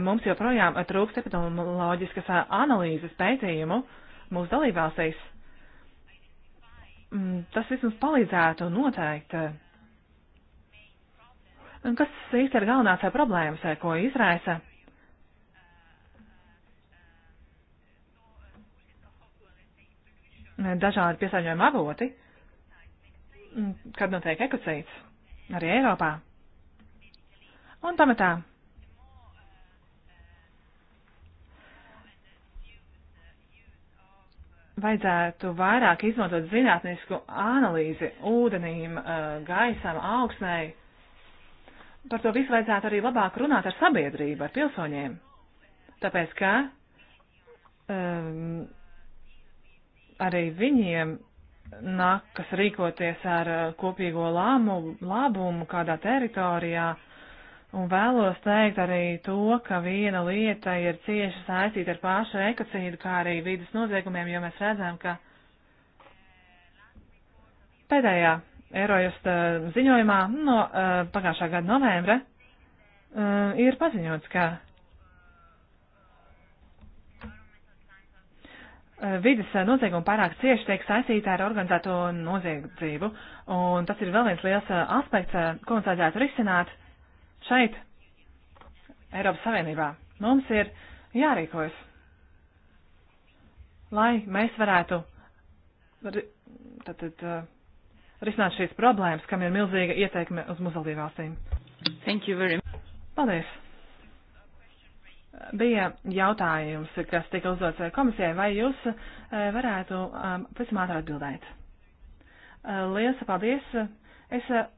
mums joprojām trūkst epidemioloģiskas analīzes pētījumu mūsu dalībvalstīs. Mm, tas vismaz palīdzētu noteikt, kas īsti ir galvenās problēmas, ko izraisa dažādi piesārņojuma avoti, mm, kad notiek ekocīts arī Eiropā. Un pamatā. Vajadzētu vairāk izmantot zinātnisku analīzi ūdenīm, eh, gaisam, augsnei. Par to visu vajadzētu arī labāk runāt ar sabiedrību, ar pilsoņiem. Tāpēc, ka um, arī viņiem nākas rīkoties ar uh, kopīgo lāmu, labumu kādā teritorijā. Un vēlos teikt arī to, ka viena lieta ir cieši saistīta ar pašu ekocīdu, kā arī vidas noziegumiem, jo mēs redzam, ka pēdējā Eirojust uh, ziņojumā no uh, pagājušā gada novembra ir paziņots, ka Eh, vidas eh, nozieguma pārāk cieši tiek saistīta ar organizēto noziedzību, un tas ir vēl viens liels eh, aspekts, ko mums vajadzētu risināt šeit, Eiropas Savienībā. Mums ir jārīkojas, lai mēs varētu tātad, risināt šīs problēmas, kam ir milzīga ieteikme uz muzaldīvāsīm. Thank you very much. Paldies! bija jautājums, kas tika uzdots komisijai, vai jūs eh, varētu um, pēc ātrāk atbildēt? Eh, Lielas paldies! Es eh,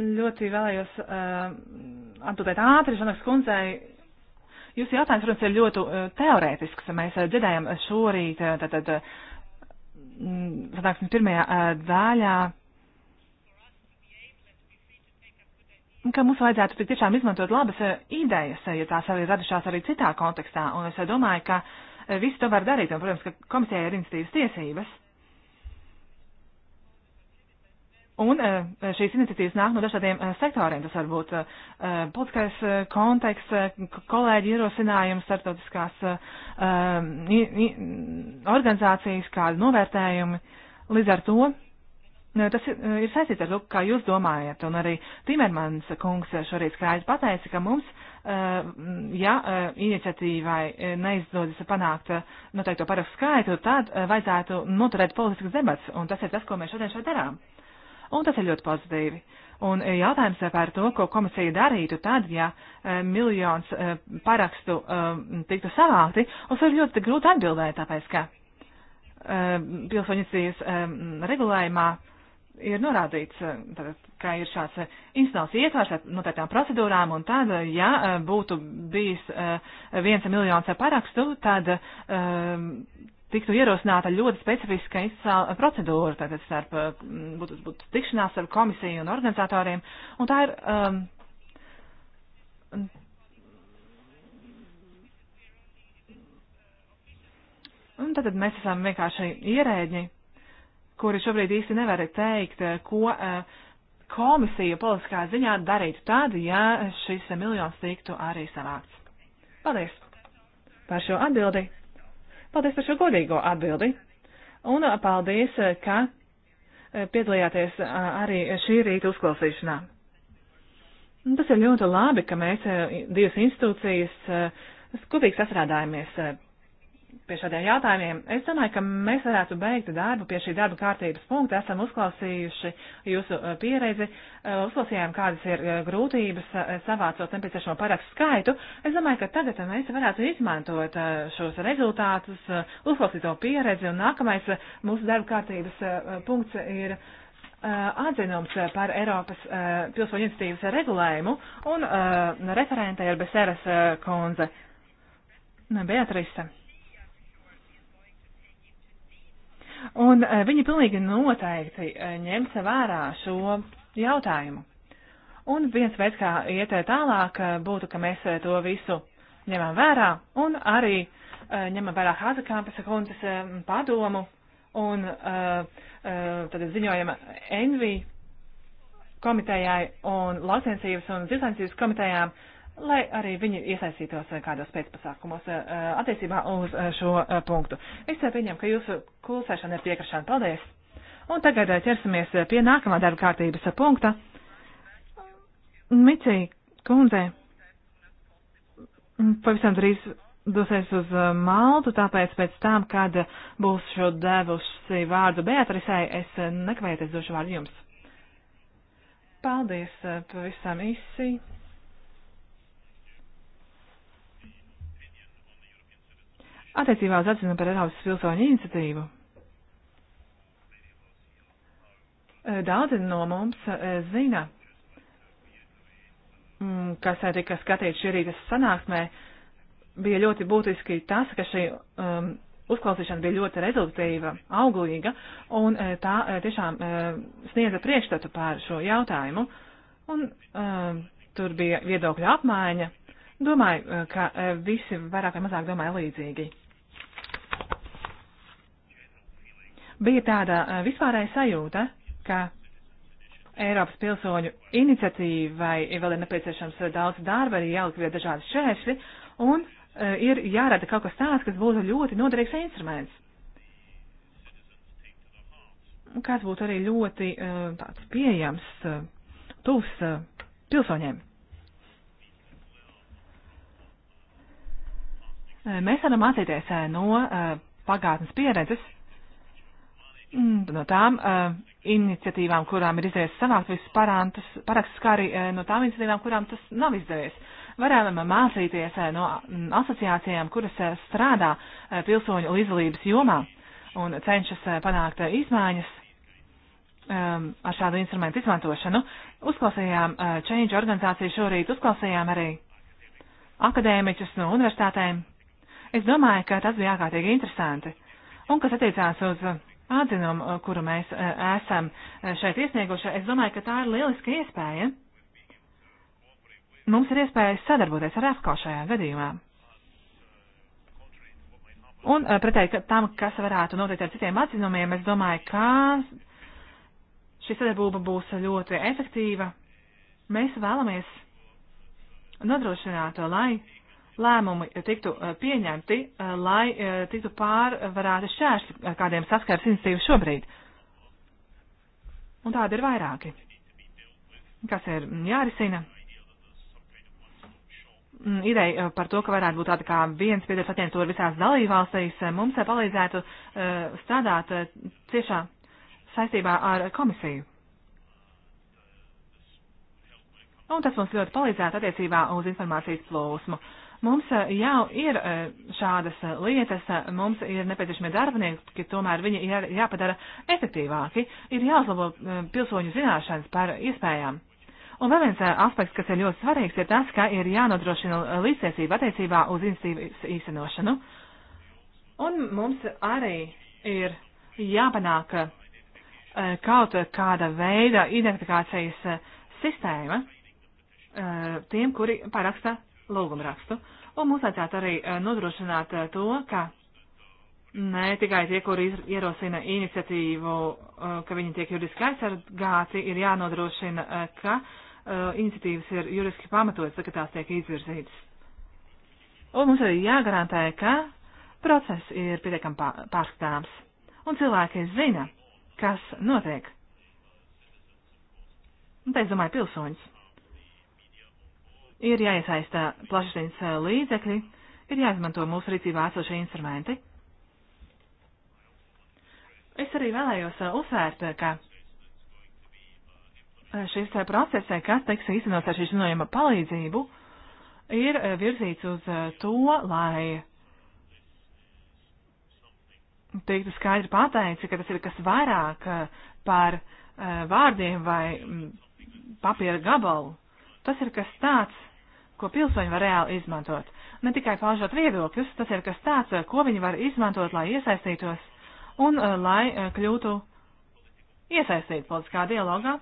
ļoti vēlējos atbildēt ātri Žanakas kundzei. Jūsu jautājums, protams, ir ļoti teorētisks. Mēs dzirdējām šorīt, tātad, sanāksim, mm, pirmajā daļā ka mums vajadzētu tik tiešām izmantot labas e, idejas, e, ja tās arī radušās arī citā kontekstā, un es e, domāju, ka visi to var darīt, un, protams, ka komisijai ir iniciatīvas tiesības. Un šīs iniciatīvas nāk no dažādiem sektoriem. Tas var būt politiskais konteksts, kolēģi ierosinājums, startautiskās organizācijas, kādi novērtējumi. Līdz ar to Nu, tas ir, eh, ir saistīts ar to, kā jūs domājat, un arī Timermans kungs šorīt skaidri pateica, ka mums, eh, ja eh, iniciatīvai neizdodas panākt noteikto parakstu skaitu, tad vajadzētu noturēt politiskas debats, un tas ir tas, ko mēs šodien šeit darām. Un tas ir ļoti pozitīvi. Un jautājums par to, ko komisija darītu tad, ja miljons parakstu tiktu savākti, uz to ir ļoti grūti atbildēt, tāpēc ka pilsoņas dzīves regulējumā ir norādīts, eh, tātad, ka ir šāds eh, institucionāls ietvars ar noteiktām procedūrām, un tad, eh, ja būtu bijis viens miljons parakstu, tad um, tiktu ierosināta ļoti specifiska institucionāla procedūra, tātad starp, būtu, būtu tikšanās ar komisiju un organizatoriem, un tā ir. Um, Un tad mēs esam vienkārši ierēģi, kuri šobrīd īsti nevar teikt, eh, ko eh, komisija politiskā ziņā darītu tad, ja šis miljons tiktu arī savākts. Paldies par šo atbildi. Paldies par šo godīgo atbildi. Un eh, paldies, ka piedalījāties arī šī rīta uzklausīšanā. Tas ir ļoti labi, ka mēs divas institūcijas skupīgi sastrādājamies pie šādiem jautājumiem. Es domāju, ka mēs varētu beigt darbu pie šī darba kārtības punkta. Esam uzklausījuši jūsu eh, pieredzi, eh, uzklausījām, kādas ir eh, grūtības savācot nepieciešamo parakstu skaitu. Es domāju, ka tagad mēs varētu izmantot šos rezultātus, uzklausīt to pieredzi, un nākamais mūsu darba kārtības punkts ir atzinums par Eiropas pilsoņu iniciatīvas regulējumu, un referente ir Beseras konze. Beatrisa. Un e, viņi pilnīgi noteikti e, ņems vērā šo jautājumu. Un viens veids, kā iet tālāk, e, būtu, ka mēs to visu ņemam vērā un arī ņemam vērā Hazekāmpes kundzes padomu un tad ziņojam Envi komitejai un lauksensības un zilsensības komitejām lai arī viņi iesaistītos eh, kādos pēcpasākumos eh, attiecībā uz eh, šo punktu. Es pieņemu, ka jūsu klusēšana ir piekrišana. Paldies! Un tagad ķersimies pie nākamā darba kārtības punkta. Micī kundze mm, pavisam drīz dosies uz Maltu, tāpēc pēc tam, kad būs šo devusi vārdu Beatrisai, es nekavēties došu vārdu jums. Paldies pavisam īsi. Attiecībā uz atzinu par Eiropas pilsoņu iniciatīvu. Eh, daudzi no mums eh, zina, mm, kas eh, tika skatīts šī rīta sanāksmē, bija ļoti būtiski tas, ka šī um, uzklausīšana bija ļoti rezultīva, auglīga, un tā tiešām sniedza priekšstatu pār šo jautājumu. Un um, tur bija viedokļa apmaiņa. Domāju, ka visi vairāk vai mazāk domāja līdzīgi. bija tāda vispārēja sajūta, ka Eiropas pilsoņu iniciatīvai vēl ir nepieciešams daudz darba, ir jālikvidē dažādi šķēršļi un ir jārada kaut kas tāds, kas būtu ļoti noderīgs instruments. Kāds būtu arī ļoti tāds pieejams, tuvs pilsoņiem. Mēs varam mācīties no pagātnes pieredzes Mm. no tām uh, iniciatīvām, kurām ir izdevies sanākt visus parakstus, kā arī uh, no tām iniciatīvām, kurām tas nav izdevies. Varējām eh, mācīties uh, no mm, asociācijām, kuras uh, strādā uh, pilsoņu līdzdalības jomā un cenšas uh, panākt uh, izmaiņas um, ar šādu instrumentu izmantošanu. Uzklausījām uh, Change organizāciju šorīt, uzklausījām arī akadēmiķus no universitātēm. Es domāju, ka tas bija ārkārtīgi interesanti. Un kas attiecās uz uh, atzinumu, eh, kuru mēs eh, esam eh, šeit iesnieguši. Es domāju, ka tā ir lieliska iespēja. Mums ir iespēja sadarboties ar EFKO šajā gadījumā. Un pretēji tam, kas varētu notikt ar citiem atzinumiem, es domāju, ka šī sadarbība būs ļoti efektīva. Mēs vēlamies nodrošināt, lai lēmumi tiktu eh, pieņemti, eh, lai eh, tiktu pārvarēti šķēršļi, ar kādiem saskars iniciatīva šobrīd. Un tādi ir vairāki. Kas ir jārisina? Mm, ideja par to, ka varētu būt tāda kā viens piedars attiecot visās dalībvalstīs, mums palīdzētu strādāt ciešā saistībā ar komisiju. Un tas mums ļoti palīdzētu attiecībā uz informācijas plūsmu. Uh, Mums eh, jau ir eh, šādas eh, lietas, mums ir nepieciešami darbinieki, tomēr viņi ir jāpadara efektīvāki, ir jāuzlabo pilsoņu zināšanas par iespējām. Un vēl viens aspekts, kas ir ļoti svarīgs, ir tas, ka ir jānodrošina līdztiesība attiecībā uz institīvas īstenošanu. Un mums arī ir jāpanāk kaut kāda veida identifikācijas sistēma tiem, kuri paraksta lūgumrakstu. Un mums vajadzētu arī eh, nodrošināt eh, to, ka ne tikai tie, kuri ierosina iniciatīvu, eh, ka viņi tiek juridiski aizsargāti, ir jānodrošina, ka iniciatīvas ir juridiski pamatotas, ka tās tiek izvirzītas. Un mums arī jāgarantē, ka process ir pietiekami pārskatāms. Un cilvēki zina, kas notiek. Un tā, es domāju, pilsoņus ir jāiesaistā plašsaziņas eh, līdzekļi, ir jāizmanto mūsu rīcībā esošie instrumenti. Es arī vēlējos eh, uzsvērt, eh, ka šis process, kas tiks īstenots ar šī zinojuma palīdzību, ir virzīts uz to, lai teiktu skaidri pateici, ka tas ir kas vairāk par vārdiem vai mm, papīra gabalu. Tas ir kas tāds, ko pilsoņi var reāli izmantot. Ne tikai paužot viedokļus, tas ir kas tāds, eh, ko viņi var izmantot, lai iesaistītos un eh, lai eh, kļūtu iesaistīti politiskā dialogā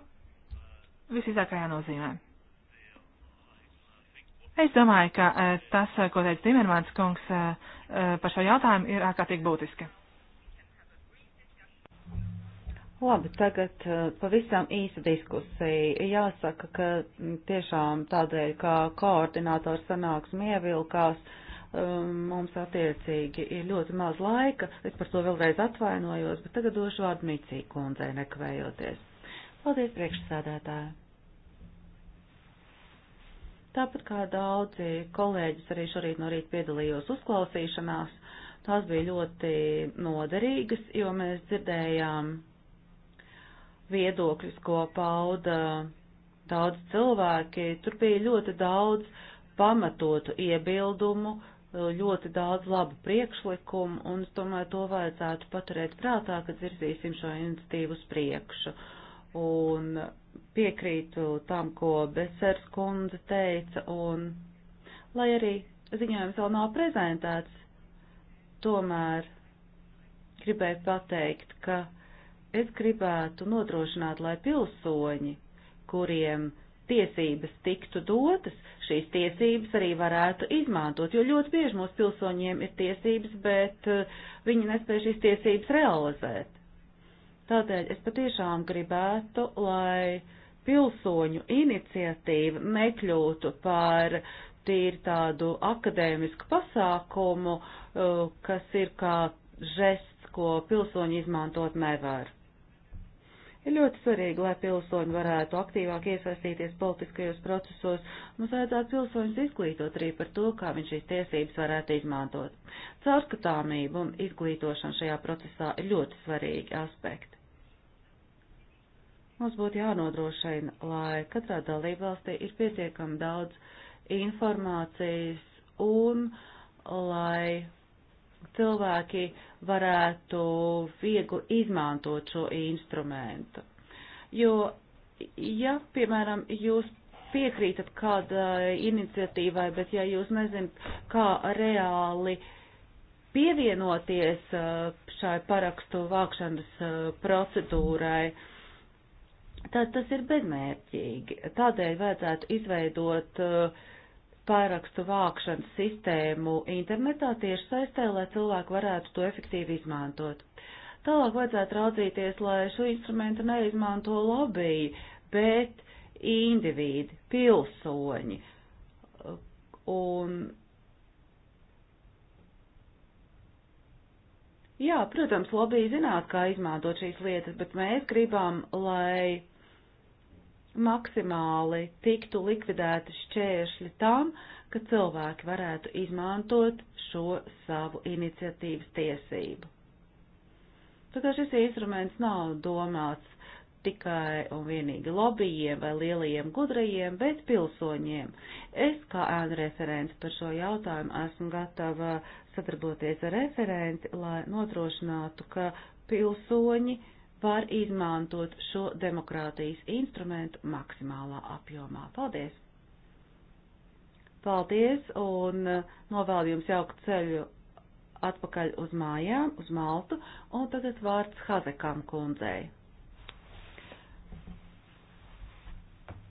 visizākajā nozīmē. Es domāju, ka tas, ko teica Timermans kungs par šo jautājumu, ir ārkārtīgi būtiski. Labi, tagad eh, pavisam īsa diskusija. Jāsaka, ka mm, tiešām tādēļ, kā koordinātors sanāksmi ievilkās, um, mums attiecīgi ir ļoti maz laika. Es par to vēlreiz atvainojos, bet tagad došu vārdu Micī kundzei nekavējoties. Paldies, priekšsādātāji! Tāpat kā daudzi kolēģis arī šorīt no rīta piedalījos uzklausīšanās, tās bija ļoti noderīgas, jo mēs dzirdējām viedokļus, ko pauda daudz cilvēki, tur bija ļoti daudz pamatotu iebildumu, ļoti daudz labu priekšlikumu, un es domāju, to vajadzētu paturēt prātā, kad virzīsim šo iniciatīvu uz priekšu. Un piekrītu tam, ko Besers kundze teica, un lai arī ziņojums vēl nav prezentēts, tomēr gribēju pateikt, ka Es gribētu nodrošināt, lai pilsoņi, kuriem tiesības tiktu dotas, šīs tiesības arī varētu izmantot, jo ļoti bieži mūsu pilsoņiem ir tiesības, bet eh, viņi nespēja šīs tiesības realizēt. Tādēļ es patiešām gribētu, lai pilsoņu iniciatīva nekļūtu par tīri tādu akadēmisku pasākumu, eh, kas ir kā žests, ko pilsoņi izmantot nevar. Ir ļoti svarīgi, lai pilsoņi varētu aktīvāk iesaistīties politiskajos procesos. Mums vajadzētu pilsoņus izglītot arī par to, kā viņš šīs tiesības varētu izmantot. Caurskatāmība un izglītošana šajā procesā ir ļoti svarīgi aspekti. Mums būtu jānodrošina, lai katrā dalībvalstī ir pietiekami daudz informācijas un lai cilvēki varētu viegli izmantot šo instrumentu. Jo, ja, piemēram, jūs piekrītat kādai iniciatīvai, bet ja jūs nezināt, kā reāli pievienoties uh, šai parakstu vākšanas uh, procedūrai, tad tas ir bezmērķīgi. Tādēļ vajadzētu izveidot uh, pārakstu vākšanas sistēmu internetā tieši saistē, lai cilvēki varētu to efektīvi izmantot. Tālāk vajadzētu raudzīties, lai šo instrumentu neizmanto lobby, bet indivīdi, pilsoņi. Un Jā, protams, lobby zināt, kā izmantot šīs lietas, bet mēs gribam, lai maksimāli tiktu likvidēti šķēršļi tam, ka cilvēki varētu izmantot šo savu iniciatīvas tiesību. Tā kā šis instruments nav domāts tikai un vienīgi lobbyiem vai lielajiem gudrajiem, bet pilsoņiem. Es kā ēnu referents par šo jautājumu esmu gatava sadarboties ar referenti, lai notrošinātu, ka pilsoņi uh, var izmantot šo demokrātijas instrumentu maksimālā apjomā. Paldies! Paldies un uh, novēlu jums jauku ceļu atpakaļ uz mājām, uz Maltu, un tagad vārds Hazekam kundzei.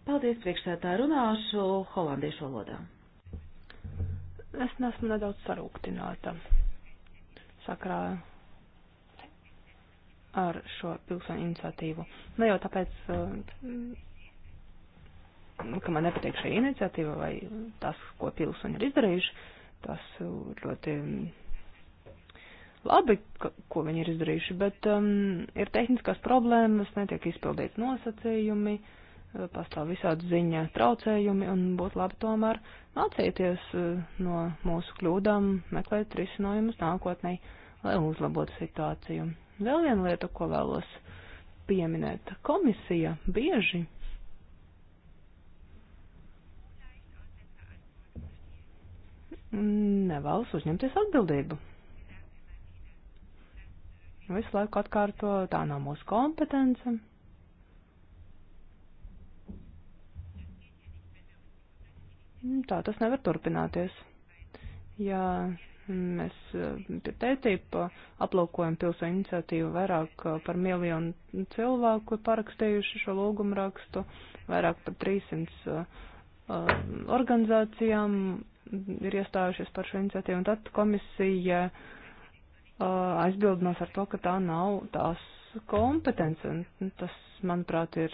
Paldies priekšsētā runāšu holandiešu valodā. Es nesmu nedaudz sarūktināta sakrā ar šo pilsoņu iniciatīvu. Ne nu, jau tāpēc, eh, ka man nepatīk šī iniciatīva vai tas, ko pilsoņi ir izdarījuši, tas ļoti mm, labi, ka, ko viņi ir izdarījuši, bet um, ir tehniskās problēmas, netiek izpildīts nosacījumi, eh, pastāv visādi ziņā traucējumi un būtu labi tomēr mācīties eh, no mūsu kļūdām, meklēt risinājumus nākotnē, lai uzlabotu situāciju. Vēl viena lieta, ko vēlos pieminēt. Komisija bieži nevēlas uzņemties atbildību. Visu laiku atkārto, tā nav mūsu kompetence. Tā tas nevar turpināties. Ja Mēs eh, pie tētība aplaukojam pilsoņu iniciatīvu vairāk eh, par miljonu cilvēku parakstījuši šo lūgumu rakstu, vairāk par 300 eh, organizācijām ir iestājušies par šo iniciatīvu, un tad komisija aizbildinās ar to, ka tā nav tās kompetence, un tas, manuprāt, ir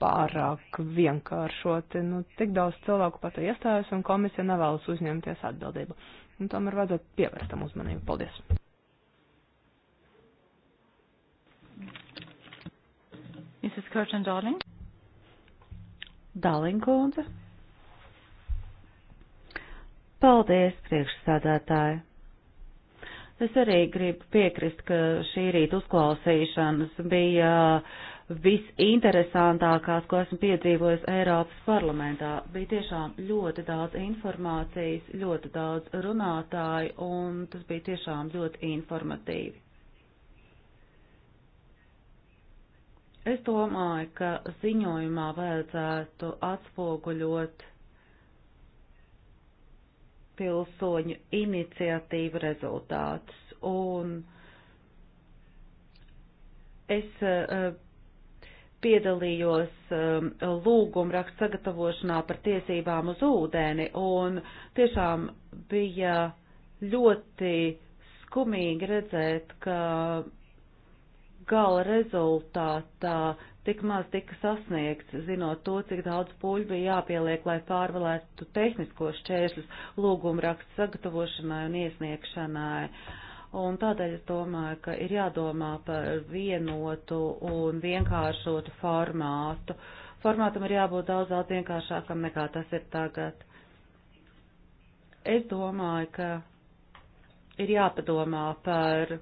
pārāk vienkāršoti. Nu, tik daudz cilvēku pat iestājas, un komisija nevēlas uzņemties atbildību nu, tomēr vajadzētu pievērst tam uzmanību. Paldies! Mrs. Curtin Darling. Darling kundze. Paldies, priekšsādātāji. Es arī gribu piekrist, ka šī rīta uzklausīšanas bija uh, visinteresantākās, ko esmu piedzīvojis Eiropas parlamentā. Bija tiešām ļoti daudz informācijas, ļoti daudz runātāju, un tas bija tiešām ļoti informatīvi. Es domāju, ka ziņojumā vajadzētu atspoguļot pilsoņu iniciatīvu rezultātus, un es uh, piedalījos um, lūguma rakstu sagatavošanā par tiesībām uz ūdeni, un tiešām bija ļoti skumīgi redzēt, ka gala rezultātā tik maz tika sasniegts, zinot to, cik daudz pūļu bija jāpieliek, lai pārvalētu tehniskos šķēršļus lūguma rakstu sagatavošanai un iesniegšanai. Uh, Un tādēļ es domāju, ka ir jādomā par vienotu un vienkāršotu formātu. Formātam ir jābūt daudz, daudz vienkāršākam nekā tas ir tagad. Es domāju, ka ir jāpadomā par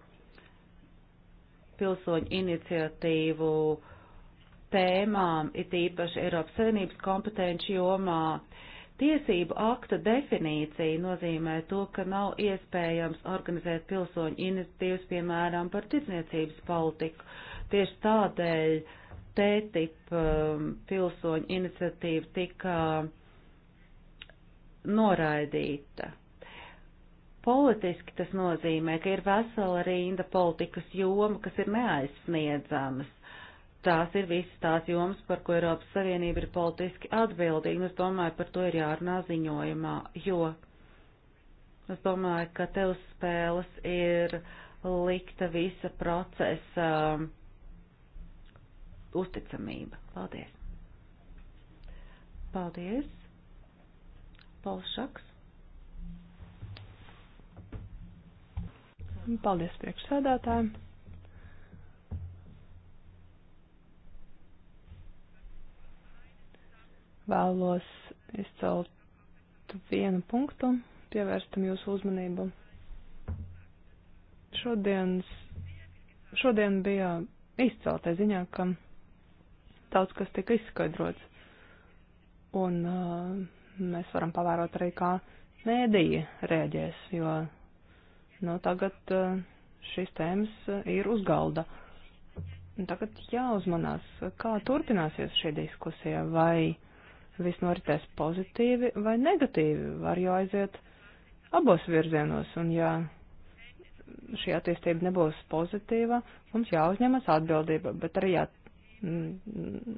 pilsoņu iniciatīvu tēmām, it īpaši Eiropas Savienības kompetenci jomā. Uh, Tiesību akta definīcija nozīmē to, ka nav iespējams organizēt pilsoņu iniciatīvas, piemēram, par tirdzniecības politiku. Tieši tādēļ TTIP um, pilsoņu iniciatīva tika noraidīta. Politiski tas nozīmē, ka ir vesela rinda politikas joma, kas ir neaizsniedzamas tās ir visas tās jomas, par ko Eiropas Savienība ir politiski atbildīga, un es domāju, par to ir jārunā ziņojumā, jo es domāju, ka te uz spēles ir likta visa procesa um, uzticamība. Paldies! Paldies! Polšaks! Paldies priekšsēdētājiem! vēlos izcelt vienu punktu, pievērstam jūsu uzmanību. Šodienas, šodien bija izceltē ziņā, ka daudz kas tika izskaidrots, un uh, mēs varam pavērot arī, kā mēdīja rēģēs, jo, nu, tagad uh, šīs tēmas uh, ir uz galda. Un tagad jāuzmanās, kā turpināsies šī diskusija, vai viss noritēs pozitīvi vai negatīvi, var jau aiziet abos virzienos, un ja šī attīstība nebūs pozitīva, mums jāuzņemas atbildība, bet arī jā, mm,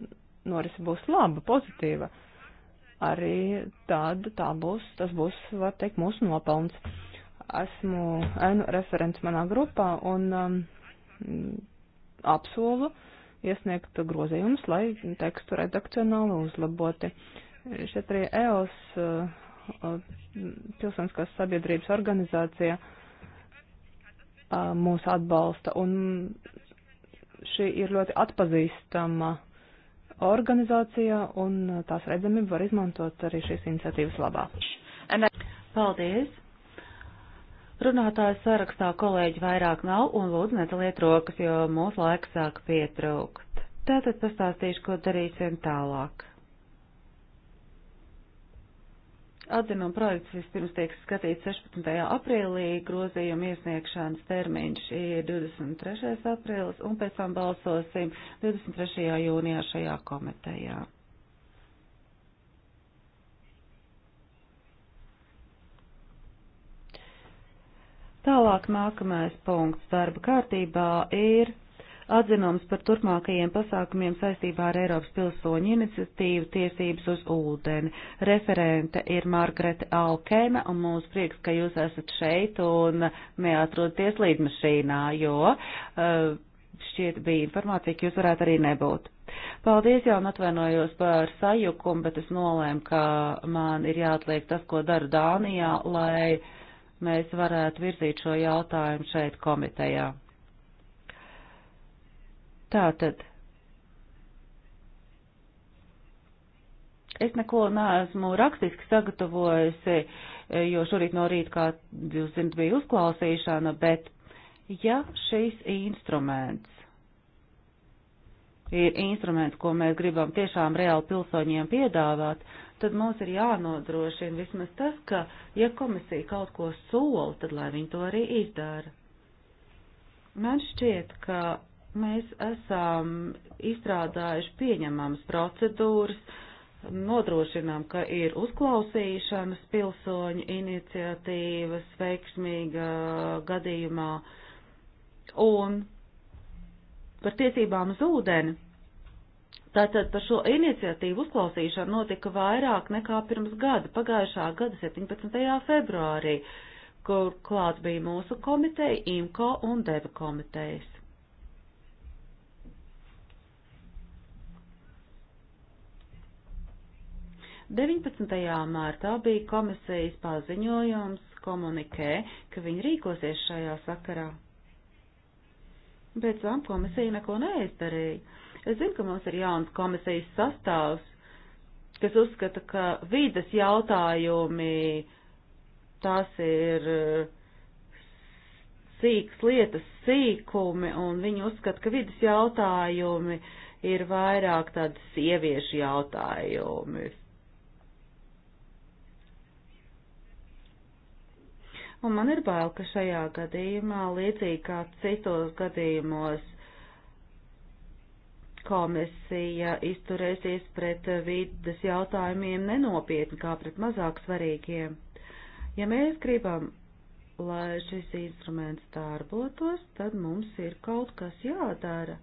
norisi būs laba, pozitīva, arī tad tā būs, tas būs, var teikt, mūsu nopelns. Esmu ēnu referents manā grupā un um, apsolu, uh, iesniegt grozījumus, lai tekstu redakcionāli uzlaboti. Šeit arī EOS, uh, uh, pilsoniskās sabiedrības organizācija, uh, mūs atbalsta, un šī ir ļoti atpazīstama organizācija, un tās redzamību var izmantot arī šīs iniciatīvas labā. Paldies! Runātāju sarakstā kolēģi vairāk nav un lūdzu neceliet rokas, jo mūsu laiks sāk pietrūkt. Tātad pastāstīšu, ko darīsim tālāk. Atzinuma projekts vispirms tiek skatīts 16. aprīlī, grozījuma iesniegšanas termiņš ir 23. aprīlis un pēc tam balsosim 23. jūnijā šajā komitejā. Tālāk nākamais punkts darba kārtībā ir atzinums par turpmākajiem pasākumiem saistībā ar Eiropas pilsoņu iniciatīvu tiesības uz ūdeni. Referente ir Margarete Alkēna, un mūsu prieks, ka jūs esat šeit un neatrodaties līdmašīnā, jo eh, šķiet bija informācija, ka jūs varētu arī nebūt. Paldies jau un atvainojos par sajukumu, bet es nolēmu, ka man ir jāatliek tas, ko daru Dānijā, lai mēs varētu virzīt šo jautājumu šeit komitejā. Tātad. Es neko neesmu rakstiski sagatavojusi, jo šorīt no rīta, kā jūs zinat, bija uzklausīšana, bet ja šis instruments ir instruments, ko mēs gribam tiešām reāli pilsoņiem piedāvāt, tad mums ir jānodrošina vismaz tas, ka, ja komisija kaut ko sola, tad lai viņi to arī izdara. Man šķiet, ka mēs esam izstrādājuši pieņemamas procedūras, nodrošinām, ka ir uzklausīšanas pilsoņu iniciatīvas veiksmīga gadījumā un par tiesībām uz ūdeni. Tātad par šo iniciatīvu uzklausīšanu notika vairāk nekā pirms gada, pagājušā gada 17. februārī, kur klāt bija mūsu komiteja, IMCO un DEVA komitejas. Deviņpadsmitajā martā bija komisijas paziņojums komunikē, ka viņi rīkosies šajā sakarā. Pēc tam komisija neko neizdarīja Es zinu, ka mums ir jauns komisijas sastāvs, kas uzskata, ka vīdes jautājumi tās ir eh, sīks lietas, sīkumi, un viņi uzskata, ka vīdes jautājumi ir vairāk tādi sieviešu jautājumi, un man ir bail, ka šajā gadījumā, līdzīgi kā citos gadījumos, komisija izturēsies pret vidas jautājumiem nenopietni kā pret mazāk svarīgiem. Ja mēs gribam, lai šis instruments darbotos, tad mums ir kaut kas jādara.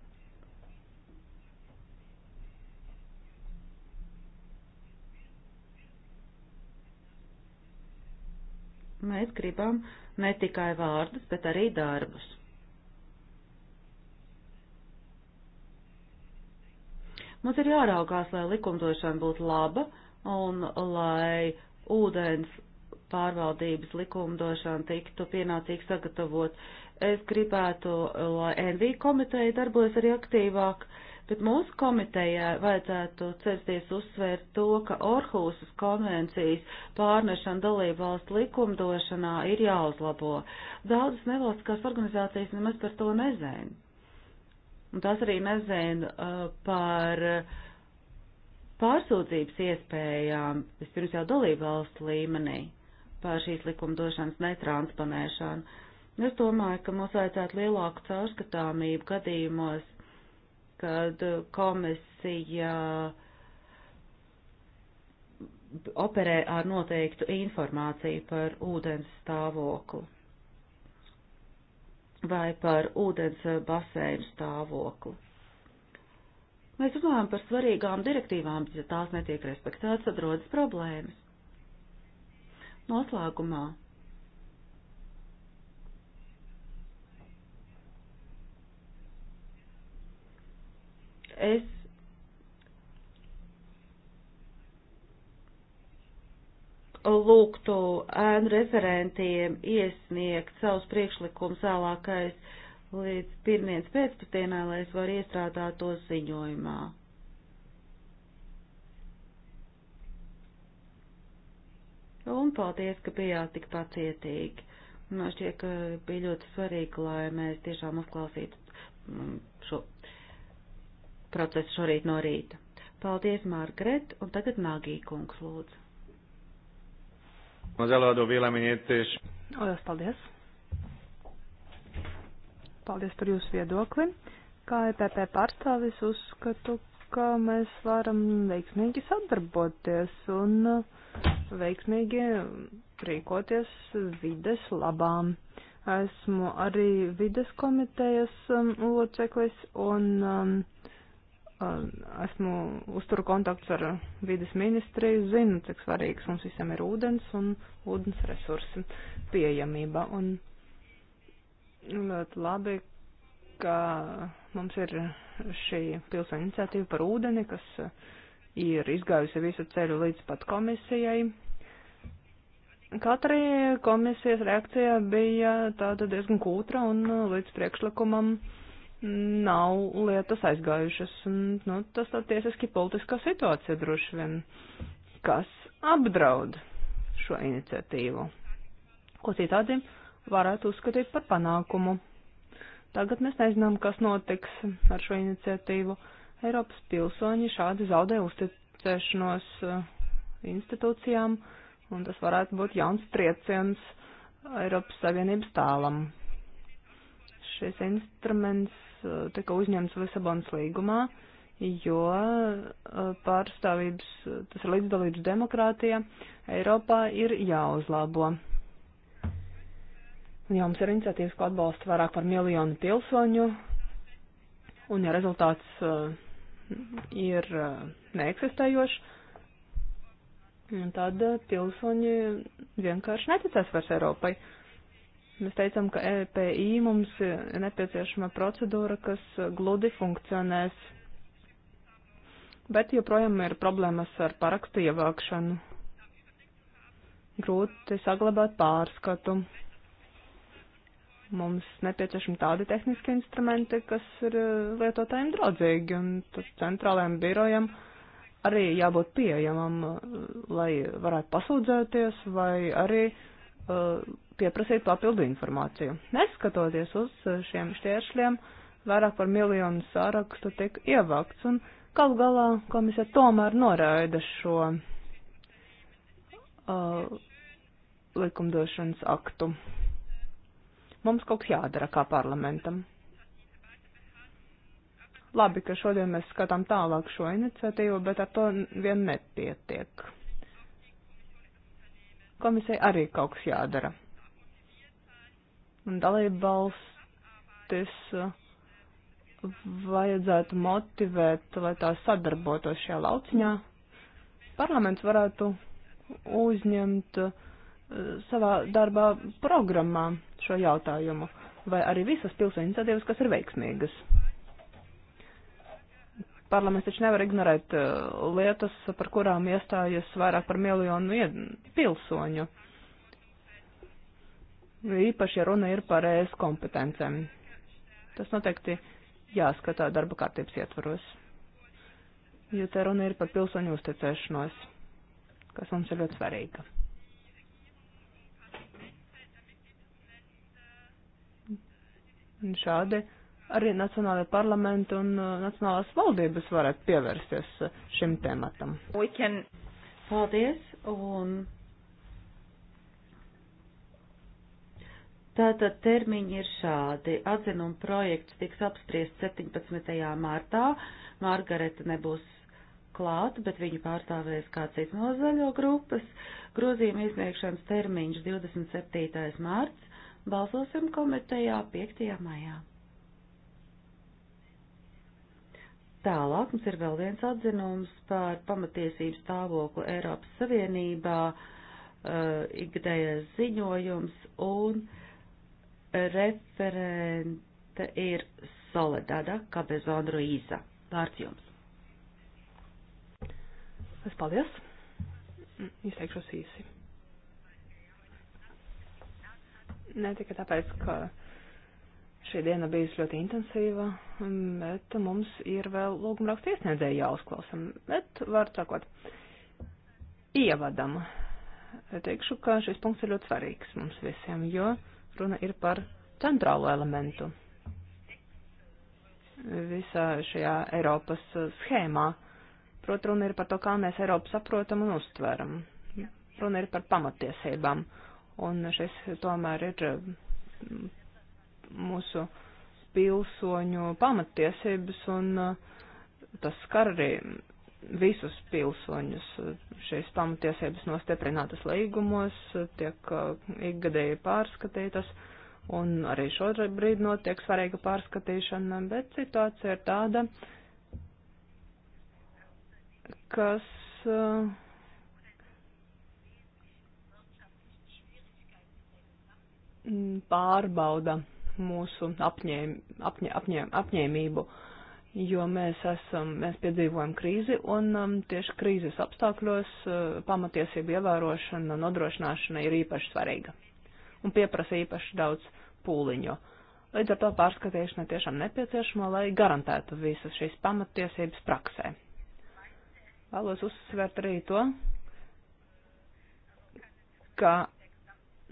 Mēs gribam ne tikai vārdus, bet arī darbus. Mums ir jāraugās, lai likumdošana būtu laba un lai ūdens pārvaldības likumdošana tiktu pienācīgi sagatavot. Es gribētu, lai NV komiteja darbojas arī aktīvāk, bet mūsu komitejai vajadzētu censties uzsvērt to, ka Orhusas konvencijas pārnešana dalību valstu likumdošanā ir jāuzlabo. Daudzas nevalstiskās organizācijas nemaz par to nezina. Un tas arī nezina uh, par pārsūdzības iespējām, vispirms jau dalību valstu līmenī, par šīs likumdošanas netransponēšanu. Es domāju, ka mums vajadzētu lielāku caurskatāmību gadījumos, kad komisija operē ar noteiktu informāciju par ūdens stāvokli vai par ūdens baseinu stāvokli. Mēs runājam par svarīgām direktīvām, bet ja tās netiek respektētas, tad rodas problēmas. Noslēgumā. Es lūgtu ēnu referentiem iesniegt savus priekšlikumus vēlākais līdz pirmdienas pēcpusdienā, lai es varu iestrādāt to ziņojumā. Un paldies, ka bijāt tik pacietīgi. Man šķiet, ka bija ļoti svarīgi, lai mēs tiešām uzklausītu mm, šo procesu šorīt no rīta. Paldies, Margaret, un tagad Nāgī kungs lūdzu. Az eladó véleményét és... Lielas paldies. Paldies par jūsu viedokli. Kā EPP pārstāvis uzskatu, ka mēs varam veiksmīgi sadarboties un veiksmīgi rīkoties vides labām. Esmu arī vides komitejas loceklis un um, esmu uzturu kontakts ar vidas ministriju, zinu, cik svarīgs mums visiem ir ūdens un ūdens resursi pieejamība. Un ļoti labi, ka mums ir šī pilsēņa iniciatīva par ūdeni, kas ir izgājusi visu ceļu līdz pat komisijai. Katrai komisijas reakcija bija tāda diezgan kūtra un līdz priekšlikumam uh, nav lietas aizgājušas. Un, nu, tas tā tiesiski politiskā situācija droši vien, kas apdraud šo iniciatīvu, ko citādi varētu uzskatīt par panākumu. Tagad mēs nezinām, kas notiks ar šo iniciatīvu. Eiropas pilsoņi šādi zaudē uzticēšanos eh, institūcijām, un tas varētu būt jauns trieciens Eiropas Savienības tālam. Šis instruments tika uzņemts Lisabonas līgumā, jo eh, pārstāvības, tas ir līdzdalības demokrātija, Eiropā ir jāuzlabo. Un jau mums ir iniciatīvas, ko atbalsta vairāk par miljonu pilsoņu, un ja rezultāts eh, ir eh, neeksistējošs, tad pilsoņi vienkārši neticēs vairs Eiropai. Uh, Mēs teicām, ka EPI mums ir nepieciešama procedūra, kas gludi funkcionēs, bet joprojām ir problēmas ar parakstu ievākšanu. Grūti saglabāt pārskatu. Mums nepieciešami tādi tehniski instrumenti, kas ir e, lietotājiem draudzīgi, un tad centrālajiem birojiem arī jābūt pieejamam, e, lai varētu pasūdzēties vai arī uh, Uh, pieprasīt papildu informāciju. Neskatoties uz uh, šiem šķēršļiem, vairāk par miljonu sārakstu tika ievākts, un kaut galā komisija tomēr noraida šo uh, likumdošanas aktu. Mums kaut kas jādara kā parlamentam. Labi, ka šodien mēs skatām tālāk šo iniciatīvu, bet ar to vien nepietiek komisija arī kaut kas jādara. Un dalība valstis uh, vajadzētu motivēt, lai tās sadarbotos šajā lauciņā. Parlaments varētu uzņemt uh, savā darbā programmā šo jautājumu, vai arī visas pilsēņu iniciatīvas, kas ir veiksmīgas parlaments taču nevar ignorēt uh, lietas, par kurām iestājas vairāk par miljonu pilsoņu. Īpaši, ja runa ir par ES kompetencēm. Tas noteikti jāskatā darba kārtības ietvaros, jo te runa ir par pilsoņu uzticēšanos, kas mums ir ļoti svarīga. Un šādi arī Nacionālajā parlamenta un uh, Nacionālās valdības varētu pievērsties uh, šim tematam. Can... Paldies! Un... Tātad termiņi ir šādi. Atzinuma projekts tiks apspriest 17. martā. Margareta nebūs klāt, bet viņu pārstāvēs kāds cits no zaļo grupas. Grozījuma izniegšanas termiņš 27. marts. Balsosim komitejā 5. maijā. Tālāk mums ir vēl viens atzinums par pamatiesību stāvokli Eiropas Savienībā, uh, ikgadējais ziņojums un referente ir Soledada Kabezon Ruīza. Vārds jums. Es paldies. Izteikšos īsi. Ne tikai tāpēc, ka Šī diena bijusi ļoti intensīva, bet mums ir vēl lūgumrakstu iesniedzēji jāuzklausam. Bet, var sakot, ievadam. Teikšu, ka šis punkts ir ļoti svarīgs mums visiem, jo runa ir par centrālo elementu visā šajā Eiropas schēmā. Prot, runa ir par to, kā mēs Eiropu saprotam un uztveram. Runa ir par pamatiesībām. Un šis tomēr ir mūsu pilsoņu pamatiesības, un uh, tas skar arī visus pilsoņus. Šīs pamatiesības nostiprinātas līgumos, tiek uh, ikgadēji pārskatītas, un arī šobrīd notiek svarīga pārskatīšana, bet situācija ir tāda, kas uh, pārbauda mūsu apņēm, apņē, apņē, apņēmību, jo mēs, esam, mēs piedzīvojam krīzi un um, tieši krīzes apstākļos uh, pamatiesība ievērošana, nodrošināšana ir īpaši svarīga un pieprasa īpaši daudz pūliņu. Līdz ar to pārskatīšana tiešām nepieciešama, lai garantētu visas šīs pamatiesības praksē. Vēlos uzsvērt arī to, ka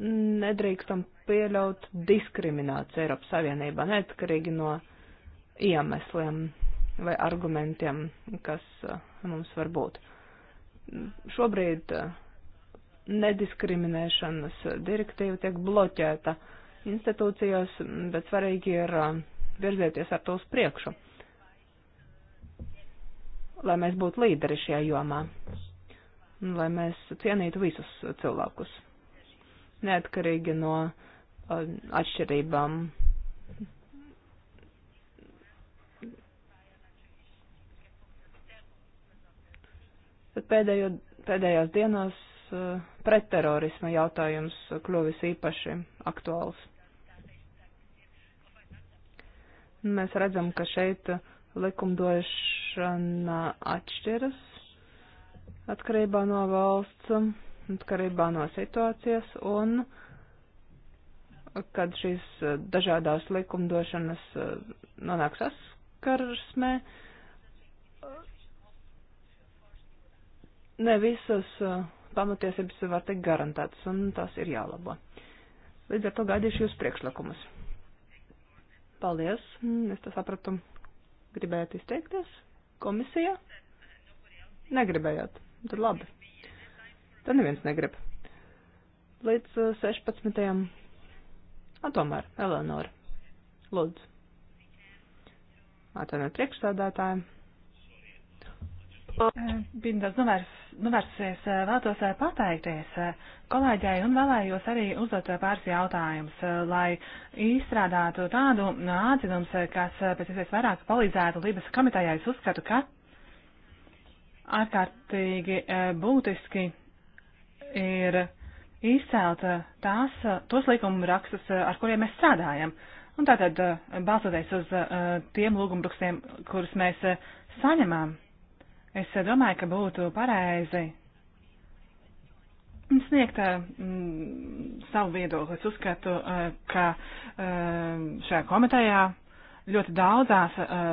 nedrīkstam pieļaut diskrimināciju Eiropas Savienībā, neatkarīgi no iemesliem vai argumentiem, kas uh, mums var būt. Šobrīd uh, nediskriminēšanas direktīva tiek bloķēta institūcijās, bet svarīgi ir uh, virzēties ar to uz priekšu, lai mēs būtu līderi šajā jomā, lai mēs cienītu visus cilvēkus, neatkarīgi no Uh, atšķirībām. Tad pēdējo, pēdējās dienās uh, pretterorisma jautājums kļuvis īpaši aktuāls. Mēs redzam, ka šeit likumdošana atšķiras atkarībā no valsts, atkarībā no situācijas un uh, kad šīs eh, dažādās likumdošanas eh, nonāk saskarsmē. Ne visas eh, pamatiesības var teikt garantētas, un tās ir jālabo. Līdz ar to gaidīšu jūs priekšlikumus. Paldies, es to sapratu. Gribējāt izteikties? Komisija? Negribējāt. Tad labi. Tad neviens negrib. Līdz 16. Un nu, tomēr, Eleonora, lūdzu. Atvainojiet priekšstādātājiem. Eh, Bindas nuvērs, nuversies eh, vēlētos eh, pateikties kolēģai un vēlējos arī uzdot pāris jautājumus, lai izstrādātu tādu atzinums, kas pēc iespējas vairāk palīdzētu Lībijas komitējai. Es uzskatu, ka ārkārtīgi būtiski ir izcelt eh, tās, eh, tos līguma rakstus, eh, ar kuriem mēs strādājam. Un tātad, balstoties uz tiem lūgumrakstiem, kurus mēs saņemam, es domāju, ka būtu pareizi sniegt mm, savu viedokli. Es uzskatu, ka šajā komitejā ļoti daudzās eh,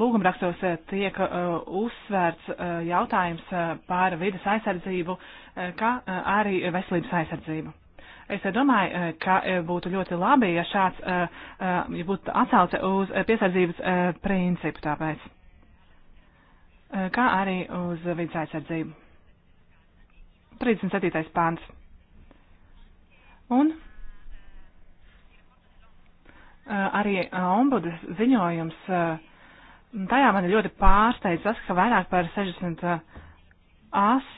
lūgumrakstos eh, tiek eh, uzsvērts jautājums par vidas aizsardzību, kā arī veselības aizsardzību. Es domāju, ka būtu ļoti labi, ja šāds ja būtu atsauce uz piesardzības principu tāpēc, kā arī uz vidas aizsardzību. 37. pāns. Un Eh, arī eh, ombudas ziņojums. Eh, tajā man ļoti pārsteidz tas, ka vairāk par 68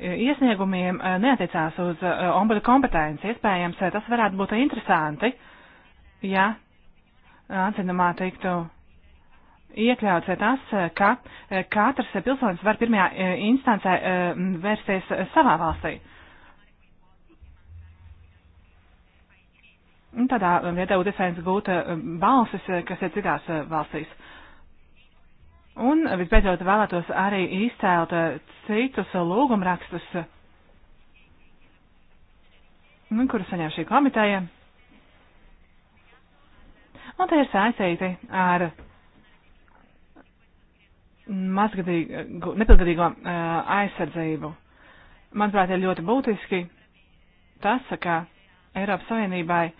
iesniegumiem neatiecās uz ombuda kompetenci. Iespējams, tas varētu būt interesanti, ja atzinumā tiktu iekļauts tas, ka katrs pilsonis var pirmajā instancē vērsties savā valstī. Nu, tādā vietā UDSNs gūta eh, balsis, eh, kas ir citās eh, valstīs. Un visbeidzot vēlētos arī izcelt citus lūgumrakstus, nu, kurus saņem šī komiteja. Un tie ir saistīti ar mazgadīgo, nepilngadīgo aizsardzību. Manuprāt, ir ļoti būtiski tas, ka Eiropas Savienībai uh,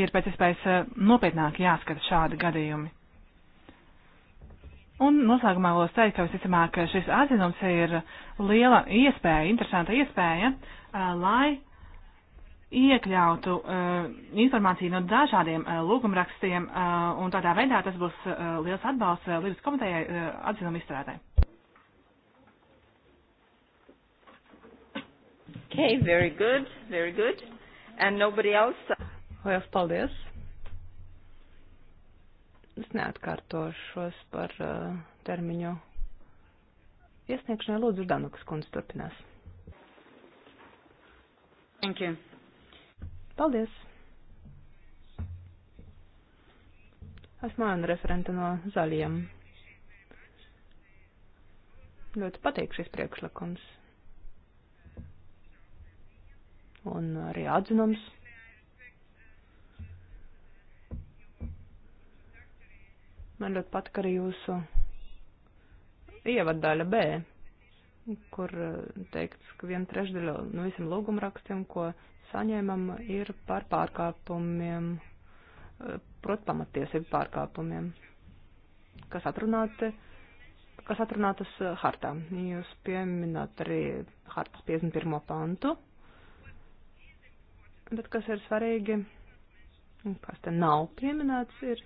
ir pēc iespējas eh, nopietnāk jāskata šādi gadījumi. Un noslēgumā vēlos teikt, ka visticamāk šis atzinums ir liela iespēja, interesanta iespēja, eh, lai iekļautu uh, informāciju no dažādiem uh, lūgumrakstiem, uh, un tādā veidā tas būs uh, liels atbalsts uh, Lības komitejai uh, atzinuma izstrādē. Okay, very good, very good. And nobody else? Lielas paldies! Es neatkārtošos par uh, termiņu iesniegšanai. Lūdzu, Danukas kundze turpinās. Thank you. Paldies! Esmu Anna referenta no zaļiem. Ļoti patīk šis priekšlikums. Un arī atzinums. Man ļoti patika arī jūsu ievaddaļa B, kur eh, teikts, ka viena trešdaļa no visiem lūgumrakstiem, ko saņēmam, ir par pārkāpumiem, eh, prot pamatiesību pārkāpumiem, kas atrunāti, kas atrunātas eh, hartā. Jūs pieminat arī hartas 51. pantu. Bet kas ir svarīgi, kas te nav pieminēts, ir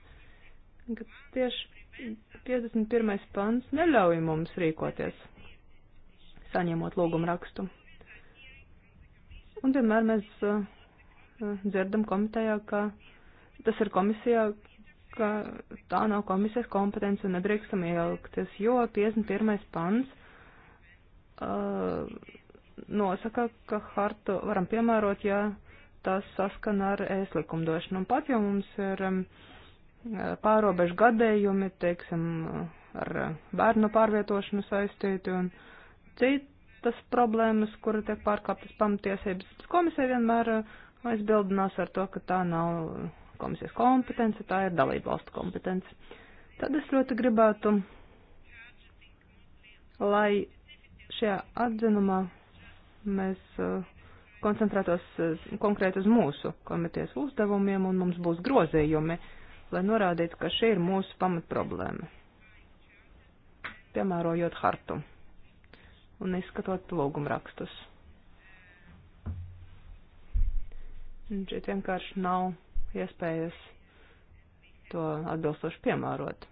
ka tieši 51. pants neļauj mums rīkoties, saņemot lūgumu rakstu. Un vienmēr mēs uh, dzirdam komitejā, ka tas ir komisijā, ka tā nav komisijas kompetence un nedrīkstam iejaukties, jo 51. pants uh, nosaka, ka hartu varam piemērot, ja tas saskana ar ēslikumdošanu. Un pat jau mums ir um, pārobežu gadējumi, teiksim, ar bērnu pārvietošanu saistīti un citas problēmas, kura tiek pārkāptas pamatiesības. Komisija vienmēr uh, aizbildinās ar to, ka tā nav komisijas kompetence, tā ir dalība valstu kompetence. Tad es ļoti gribētu, lai šajā atzinumā mēs uh, koncentrētos uh, konkrēt uz mūsu komitejas uzdevumiem un mums būs grozījumi. Uh, lai norādītu, ka šī ir mūsu pamatproblēma, piemērojot hartu un izskatot lūgumrakstus. Un šeit vienkārši nav iespējas to atbilstoši piemērot.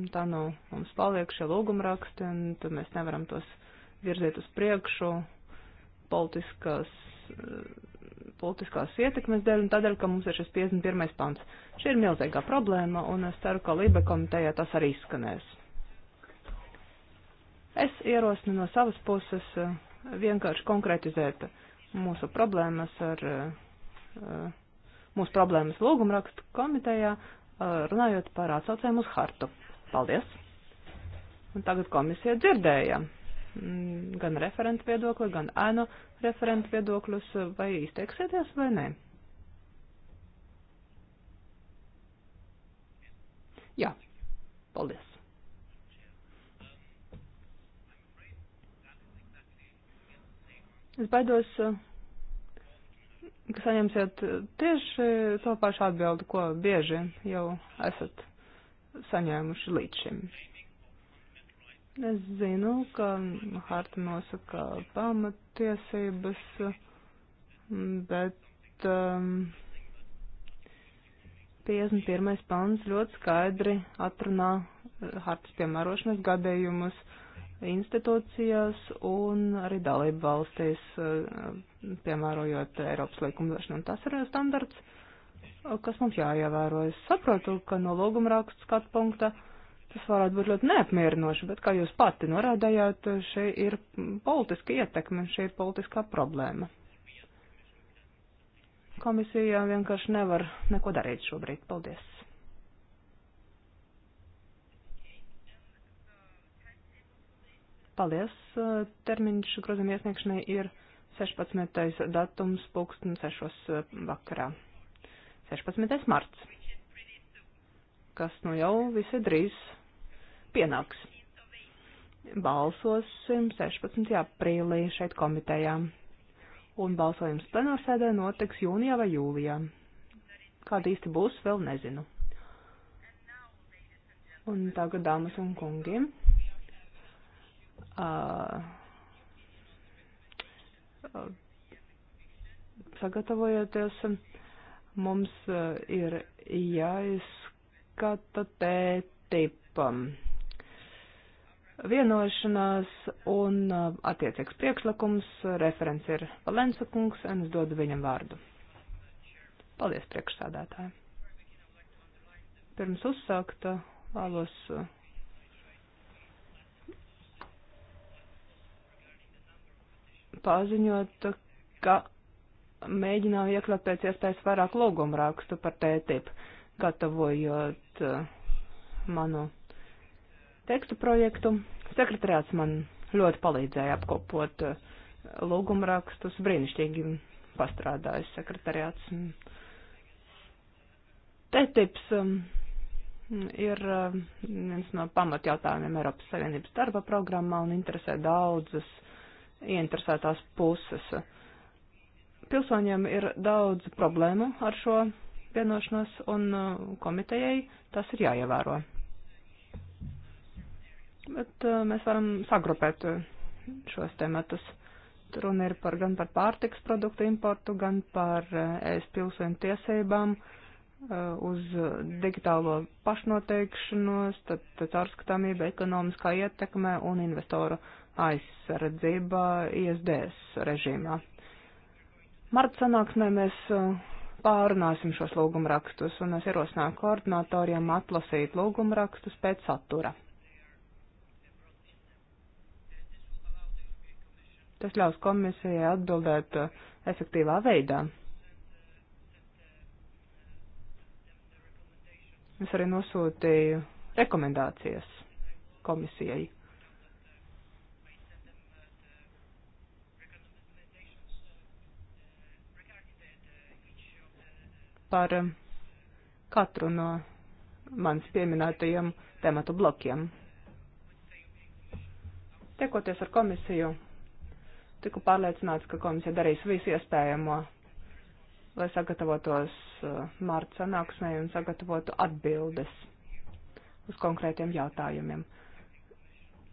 Un tā nu mums paliek šie lūgumraksti, un tad mēs nevaram tos virzīt uz priekšu politiskās politiskās ietekmes dēļ un tādēļ, ka mums ir šis 51. pants. Šī ir milzīgā problēma, un es ceru, ka Lībe komitejā tas arī izskanēs. Es ierosinu no savas puses eh, vienkārši konkretizēt mūsu problēmas ar eh, eh, mūsu problēmas lūgumrakstu komitejā, runājot par atsaucēm uz hartu. Paldies! Un tagad komisija dzirdēja Mm, gan referentu viedokli, gan ēnu referentu viedokļus, vai izteiksieties vai nē? Jā, paldies. Es baidos, ka saņemsiet tieši to pašu atbildi, ko bieži jau esat saņēmuši līdz šim. Es zinu, ka harta nosaka pamatiesības, bet um, 51. pāns ļoti skaidri atrunā hartas piemērošanas gadījumus institūcijās un arī dalību valstīs, uh, piemērojot Eiropas likumdošanu. Un tas ir standarts, uh, kas mums jāievēro. Es saprotu, ka no logumrakstu skatu punkta Tas varētu būt ļoti neapmierinoši, bet, kā jūs pati norādījāt, šī ir politiska ietekme, šī ir politiskā problēma. Komisija vienkārši nevar neko darīt šobrīd. Paldies! Paldies! Termiņš grozījuma iesniegšanai ir 16. datums pulksten 6. vakarā. 16. marts, kas nu jau visi drīz pienāks. Balsosim 16. aprīlī šeit komitejā. Un balsojums plenārsēdē notiks jūnijā vai jūlijā. Kāda īsti būs, vēl nezinu. Un tagad, dāmas un kungi, uh, uh, sagatavojieties, mums uh, ir jāizskata tētipam. Ja vienošanās un uh, attiecīgs priekšlikums. Referents ir Valensa kungs, un es dodu viņam vārdu. Paldies, priekšsādātāji. Pirms uzsākt, uh, vēlos uh, paziņot, ka mēģināju iekļaut pēc iespējas vairāk lūgumu rakstu par tētību, gatavojot manu. Uh, tekstu projektu. Sekretariāts man ļoti palīdzēja apkopot eh, lūgumrakstus. Brīnišķīgi pastrādājis sekretariāts. TTIPS um, ir um, viens no pamatjautājumiem Eiropas Savienības darba programmā un interesē daudzas ieinteresētās puses. Pilsoņiem ir daudz problēmu ar šo vienošanos, un uh, komitejai tas ir jāievēro bet eh, mēs varam sagrupēt eh, šos tematus. Runa ir par, gan par pārtiks produktu importu, gan par eh, ēst pilsoņu tiesībām uz digitālo pašnoteikšanos, tad, tad ārskatāmība ekonomiskā ietekme un investoru aizsardzība ISDS režīmā. Marta sanāksmē mēs pārunāsim šos lūgumrakstus, un es ierosināju koordinatoriem atlasīt lūgumrakstus pēc satura. Tas ļaus komisijai atbildēt uh, efektīvā veidā. Es arī nosūtīju rekomendācijas komisijai. Par um, katru no manis pieminētajiem tematu blokiem. Tiekoties ar komisiju, tiku pārliecināts, ka komisija darīs visu iespējamo, lai sagatavotos uh, mārta sanāksmē un sagatavotu atbildes uz konkrētiem jautājumiem.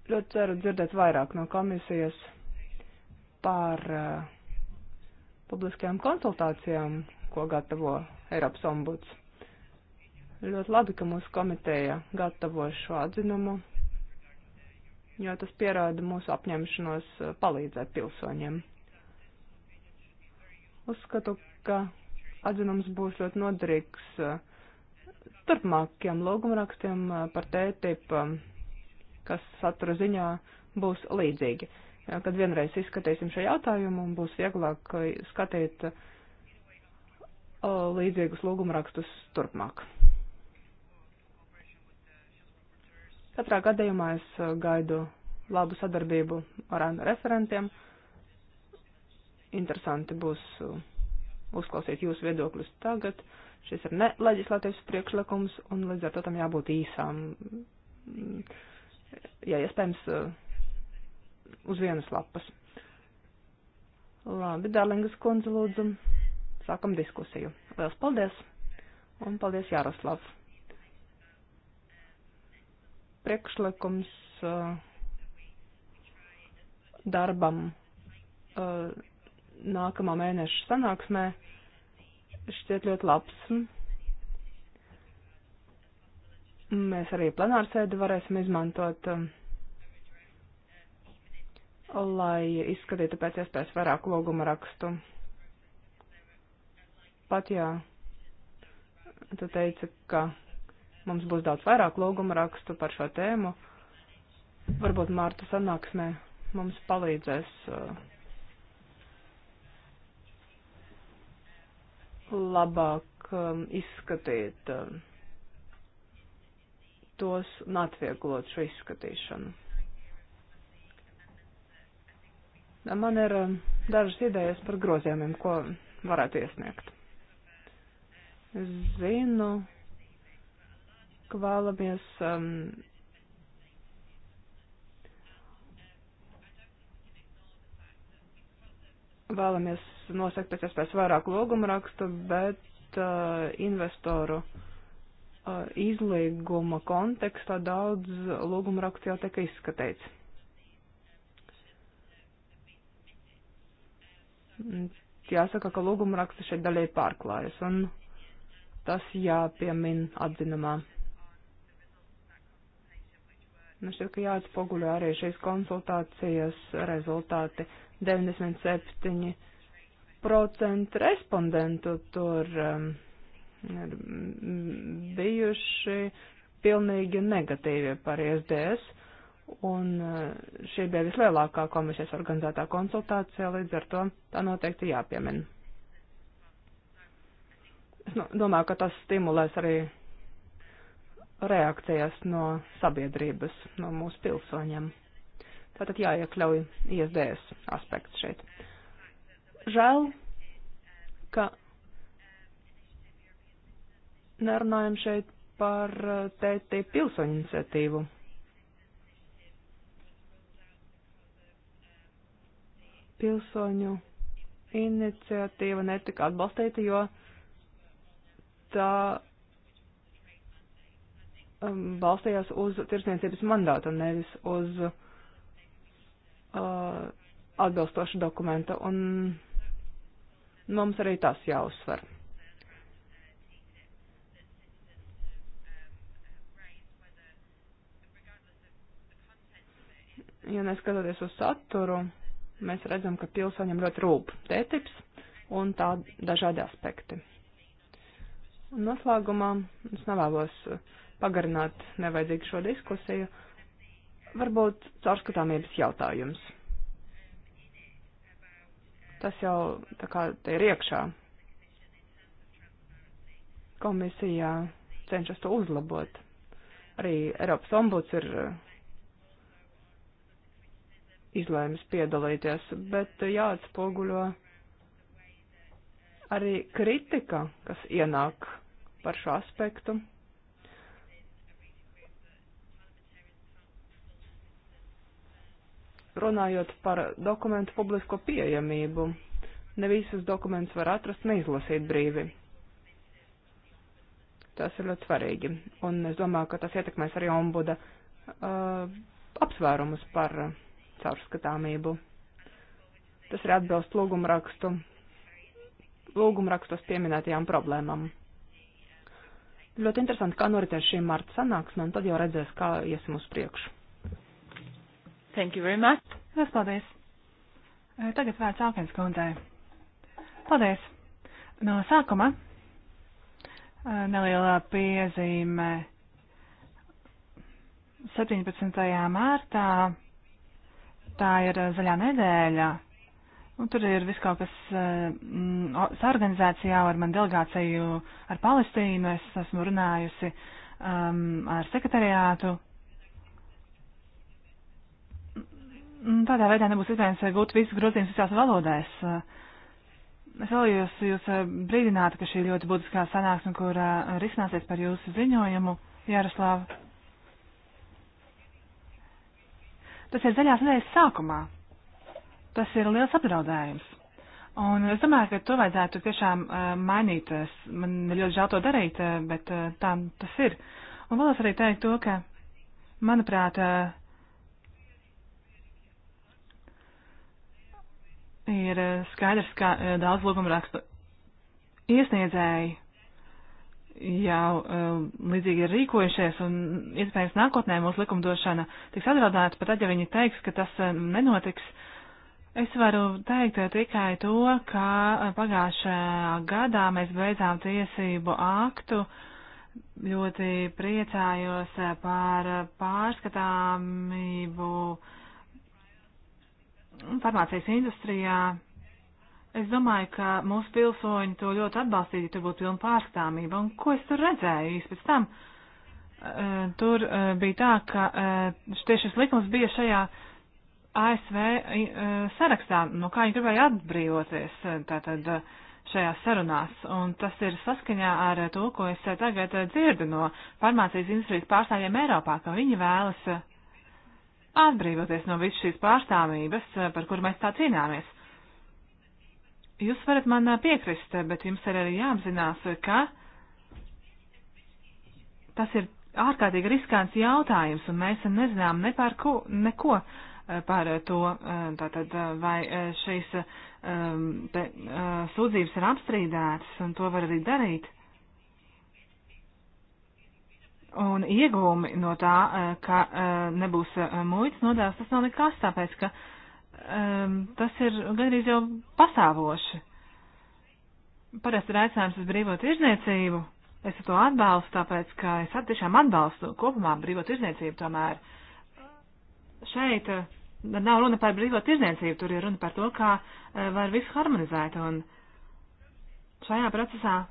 Ļoti ceru dzirdēt vairāk no komisijas par uh, publiskajām konsultācijām, ko gatavo Eiropas ombuds. Ļoti labi, ka mūsu komiteja gatavo šo atzinumu jo tas pierāda mūsu apņemšanos uh, palīdzēt pilsoņiem. Uzskatu, ka atzinums būs ļoti noderīgs uh, turpmākiem lūgumrakstiem uh, par tētip, um, kas satura ziņā būs līdzīgi. Kad vienreiz izskatīsim šo jautājumu, būs vieglāk skatīt līdzīgus lūgumrakstus turpmāk. Katrā gadījumā es uh, gaidu labu sadarbību ar ANU referentiem. Interesanti būs uh, uzklausīt jūsu viedokļus tagad. Šis ir ne leģislatīvs priekšlikums, un līdz ar to tam jābūt īsām, mm, ja iespējams, uh, uz vienas lapas. Labi, Dārlingas kundze, lūdzu, sākam diskusiju. Liels paldies, un paldies, Jaroslav priekšlikums uh, darbam uh, nākamā mēneša sanāksmē šķiet ļoti labs. Mēs arī plenārsēdi varēsim izmantot, uh, lai izskatītu pēc iespējas vairāk loguma rakstu. Pat jā, tu teici, ka Mums būs daudz vairāk lūguma rakstu par šo tēmu. Varbūt Mārta sanāksmē mums palīdzēs uh, labāk um, izskatīt um, tos un atvieglot šo izskatīšanu. Man ir um, dažas idejas par grozījumiem, ko varētu iesniegt. Zinu, ka vēlamies um, vēlamies nosakt pēc iespējas vairāk logumu rakstu, bet uh, investoru uh, izlīguma kontekstā daudz logumu rakstu jau tika izskatīts. Jāsaka, ka lūguma raksti šeit daļai pārklājas, un tas jāpiemin atzinamā Nu, šķiet, ka jāatspoguļo arī šīs konsultācijas rezultāti. 97% respondentu tur um, ir bijuši pilnīgi negatīvi par ISDS, un uh, šī bija vislielākā komisijas organizētā konsultācija, līdz ar to tā noteikti jāpiemina. Es nu, domāju, ka tas stimulēs arī reakcijas no sabiedrības, no mūsu pilsoņiem. Tātad jāiekļauj ISDS aspekts šeit. Žēl, ka nerunājam šeit par TT eh, pilsoņu iniciatīvu. Pilsoņu iniciatīva netika atbalstīta, jo tā um, balstījās uz tirsniecības mandātu, nevis uz uh, atbilstošu dokumentu. Un mums arī tas jāuzsver. Ja neskatoties uz saturu, mēs redzam, ka pilsoņiem ļoti rūp tētips un tā dažādi aspekti. Un noslēgumā es nevēlos uh, pagarināt nevajadzīgu šo diskusiju. Varbūt caurskatāmības jautājums. Tas jau tā kā te ir iekšā. Komisija cenšas to uzlabot. Arī Eiropas ombuds ir uh, izlēmis piedalīties, bet jāatspoguļo arī kritika, kas ienāk par šo aspektu. runājot par dokumentu publisko pieejamību. Ne visus dokumentus var atrast neizlasīt brīvi. Tas ir ļoti svarīgi. Un es domāju, ka tas ietekmēs arī ombuda uh, apsvērumus par caurskatāmību. Tas ir atbilst lūgumrakstu, lūgumrakstos pieminētajām problēmām. Ļoti interesanti, kā noritēs šī marta sanāksme, un tad jau redzēs, kā iesim uz priekšu. Thank you very much. Lielas paldies. Tagad vērts Alkins kundzei. Paldies. No sākuma nelielā piezīme. 17. mārtā tā ir zaļā nedēļa, un tur ir viss kaut kas mm, sarganizēts jau ar manu delegāciju ar Palestīnu. Es esmu runājusi um, ar sekretariātu Mm, tādā veidā nebūs iespējams eh, gūt visus grozījumus visās valodās. Eh, es vēlējos jūs eh, brīdināt, ka šī ļoti būtiskā sanāksme, kur risināsies par jūsu ziņojumu, Jaroslāv. Tas ir zaļās nedēļas sākumā. Tas ir liels apdraudējums. Un es domāju, ka to vajadzētu tiešām mainīt. Man ir ļoti žēl to darīt, bet tā tas ir. Un vēlos arī teikt to, ka, manuprāt, ir eh, skaidrs, ka eh, daudz lūguma rakstu iesniedzēji jau eh, līdzīgi ir rīkojušies un iespējams nākotnē mūsu likumdošana tiks atrodāta, pat tad, ja viņi teiks, ka tas nenotiks, es varu teikt tikai to, ka pagājušajā gadā mēs beidzām tiesību aktu, ļoti priecājos par pārskatāmību. Uh, farmācijas industrijā. Es domāju, ka mūsu pilsoņi to ļoti atbalstīja, ja tur būtu pilna pārstāvība. Un ko es tur redzēju īsti pēc tam? Eh, tur eh, bija tā, ka eh, tieši šis likums bija šajā ASV sarakstā, no kā viņi gribēja atbrīvoties tātad šajās sarunās. Un tas ir saskaņā ar to, ko es tagad dzirdu no farmācijas industrijas pārstāvjiem Eiropā, ka viņi vēlas atbrīvoties no visas šīs pārstāvības, eh, par kur mēs tā cīnāmies. Jūs varat man eh, piekrist, eh, bet jums ir arī jāapzinās, ka tas ir ārkārtīgi riskants jautājums, un mēs nezinām ne par ko, neko par to, tātad, vai šīs te, sūdzības ir apstrīdētas, un to var arī darīt. Un iegūmi no tā, eh, ka eh, nebūs eh, muitas nodevs, tas nav nekas, tāpēc, ka ehm, tas ir gandrīz jau pasāvoši. Parasti ir aicinājums uz brīvo tirzniecību. Es to atbalstu, tāpēc, ka es tiešām atbalstu kopumā brīvo tirzniecību tomēr. Šeit nav runa par brīvo tirzniecību, tur ir runa par to, kā var visu harmonizēt. Un šajā procesā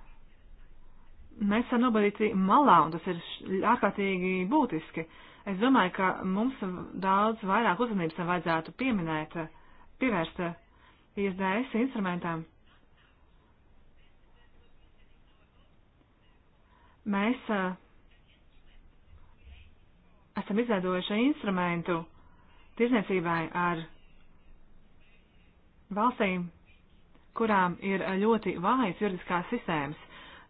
mēs esam nobarīti malā, un tas ir ārkārtīgi būtiski. Es domāju, ka mums daudz vairāk uzmanības tam vajadzētu pieminēt, pievērst ISDS instrumentam. Mēs esam izveidojuši instrumentu tirzniecībai ar valstīm, kurām ir ļoti vājas juridiskās sistēmas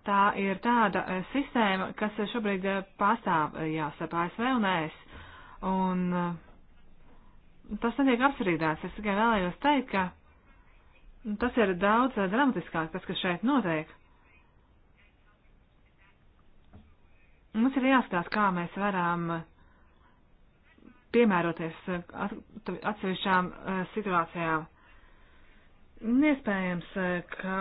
tā ir tāda eh, sistēma, kas eh, šobrīd eh, pastāv jāsaka ASV un ES. Un tas netiek apstrīdēts. Es tikai vēlējos teikt, ka tas ir daudz dramatiskāk, tas, kas šeit notiek. Mums ir jāskatās, kā mēs varam piemēroties atsevišķām situācijām. Nespējams, eh, ka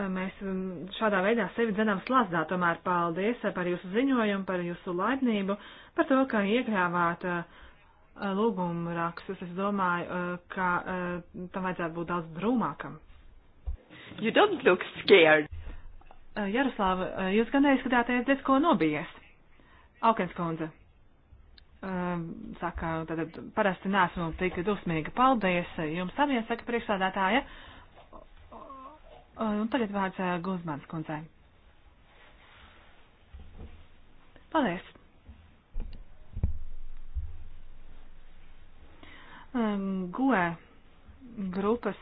eh, mēs mm, šādā veidā sevi dzenām slazdā. Tomēr paldies eh, par jūsu ziņojumu, par jūsu laipnību, par to, ka iekļāvāt lūgumu rakstus. Es domāju, ka tam vajadzētu būt daudz drūmākam. You don't look scared. Jaroslāva, jūs gan neizskatāties diezko nobijies. Aukenskundze saka, tad parasti nesmu tik dusmīga. Paldies jums abiem, saka priekšsādātāja. Un tagad vārds Guzmāns kundzei. Paldies! GUE grupas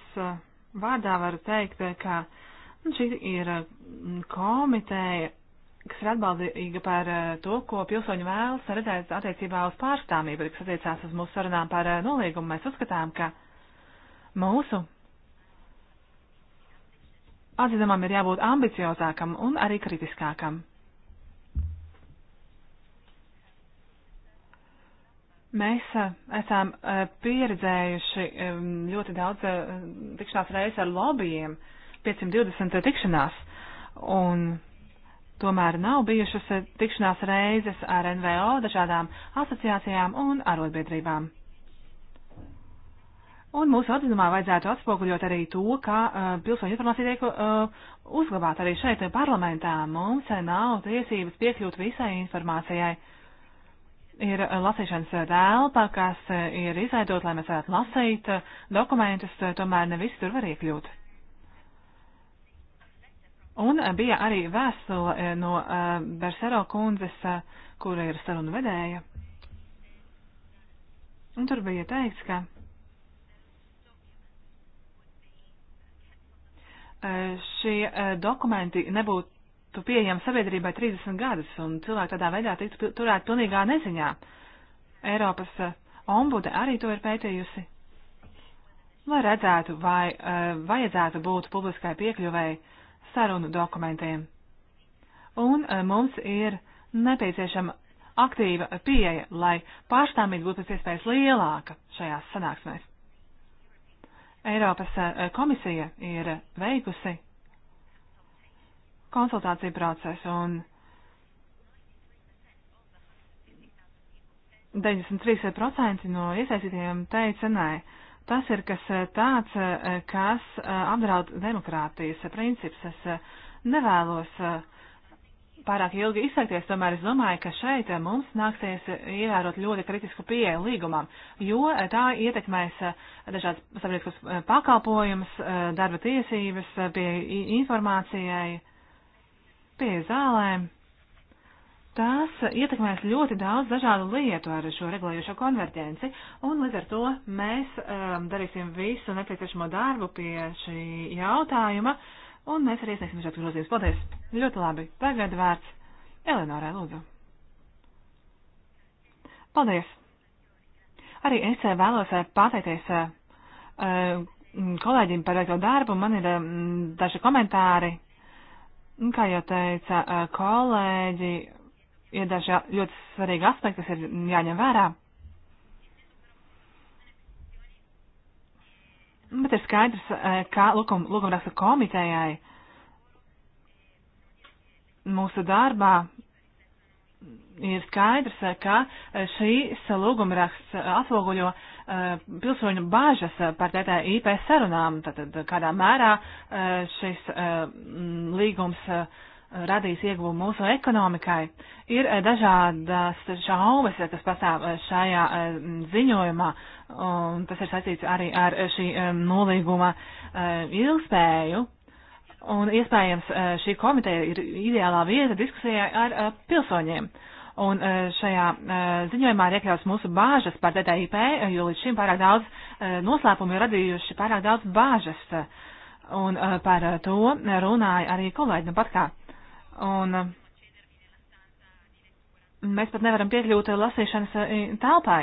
vārdā varu teikt, ka nu, šī ir komiteja, kas ir atbaldīga par to, ko pilsoņi vēlas redzēt attiecībā uz pārstāvību, kas attiecās uz mūsu sarunām par nolīgumu. Mēs uzskatām, ka mūsu atzinumam ir jābūt ambiciozākam un arī kritiskākam. Mēs eh, esam eh, pieredzējuši ļoti daudz eh, tikšanās reizes ar lobbyiem, 520 tikšanās, un tomēr nav bijušas tikšanās reizes ar NVO, dažādām asociācijām un arotbiedrībām. Un mūsu atzinumā vajadzētu atspoguļot arī to, ka uh, pilsoņu informācija tiek uh, uzglabāta arī šeit parlamentā. Mums nav tiesības piekļūt visai informācijai. Ir eh, lasīšanas telpa, kas ir izveidot, lai mēs varētu lasīt dokumentus, tomēr ne visi tur var iekļūt. Un bija arī vēstule no uh, Bersero kundzes, uh, kura ir sarunu vedēja. Un tur bija teikts, ka Eh, šie eh, dokumenti nebūtu pieejami sabiedrībai 30 gadus un cilvēki tādā veidā tiktu turēti pilnīgā neziņā. Eiropas eh, ombude arī to ir pētījusi. Lai redzētu, vai vajadzētu būt publiskai piekļuvēji sarunu dokumentiem. Un mums ir nepieciešama aktīva pieeja, lai pārstāvība būtu pēc iespējas lielāka šajās sanāksmēs. Eiropas eh, komisija ir veikusi konsultāciju procesu un 93% no iesaistītajiem teica nē. Tas ir kas eh, tāds, eh, kas apdraud demokrātijas principus. Es nevēlos uh, pārāk ilgi izsakties, tomēr es domāju, ka šeit eh, mums nāksies eh, ievērot ļoti kritisku pieeju līgumam, jo eh, tā ietekmēs dažādas sabiedriskas pakalpojumus, darba tiesības, pie informācijai, pie zālēm. Tās ietekmēs ļoti daudz dažādu lietu ar šo regulējušo konverģenci, un līdz ar to mēs um, darīsim visu nepieciešamo darbu pie šī jautājuma. Uh, un mēs arī iesniegsim šādus grozījumus. Paldies! Ļoti labi. Tagad vārds Eleonorai Lūdzu. Paldies! Arī es eh, vēlos eh, pateikties eh, kolēģim par veikto darbu. Man ir daži komentāri. Kā jau teica kolēģi, ir daži ļoti svarīgi aspekti, kas ir jāņem vērā. Bet ir skaidrs, eh, kā lūgumraksta komitējai mūsu darbā ir skaidrs, eh, ka eh, šīs lūgumraksts atsloguļo pilsoņu bāžas par TTIP sarunām, tātad kādā mērā šis līgums radīs ieguvumu mūsu ekonomikai. Ir eh, dažādas šaubas, eh, kas pastāv eh, šajā ziņojumā, un tas ir saistīts arī ar šī nolīguma ilgspēju. Un iespējams šī komiteja ir ideālā vieta diskusijai ar pilsoņiem. Un šajā ziņojumā ir iekļauts mūsu bāžas par DTIP, jo līdz šim pārāk daudz noslēpumu ir radījuši pārāk daudz bāžas. Un par to runāja arī kolēģi nu pat kā Un uh, mēs pat nevaram piekļūt lasīšanas uh, telpai.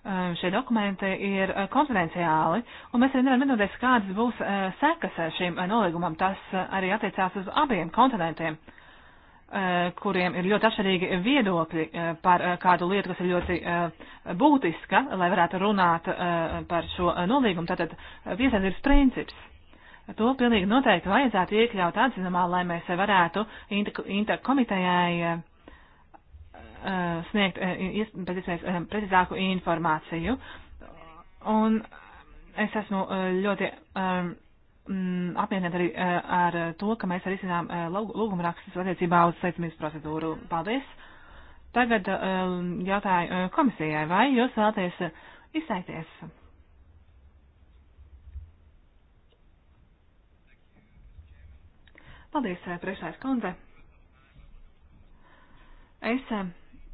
Uh, šie dokumenti ir konfidenciāli, un mēs arī nevaram vienoties, kādas būs sekas šim nolīgumam. Tas arī attiecās uz abiem kontinentiem kuriem ir ļoti atšķirīgi viedokļi par kādu lietu, kas ir ļoti būtiska, lai varētu runāt par šo nolīgumu. Tātad viesaizdarbības princips. To pilnīgi noteikti vajadzētu iekļaut atzinumā, lai mēs varētu interkomitejai eh, eh, sniegt eh, pēc iespējas precīzāku informāciju. Un es esmu ļoti mm, apmierināta arī ar to, ka mēs arī zinām lūgumrakstus attiecībā uz sveicamības procedūru. Paldies! Tagad jautāju komisijai, vai jūs vēlaties izsaikties? Paldies, eh, priekšsēdētājas kundze. Es eh,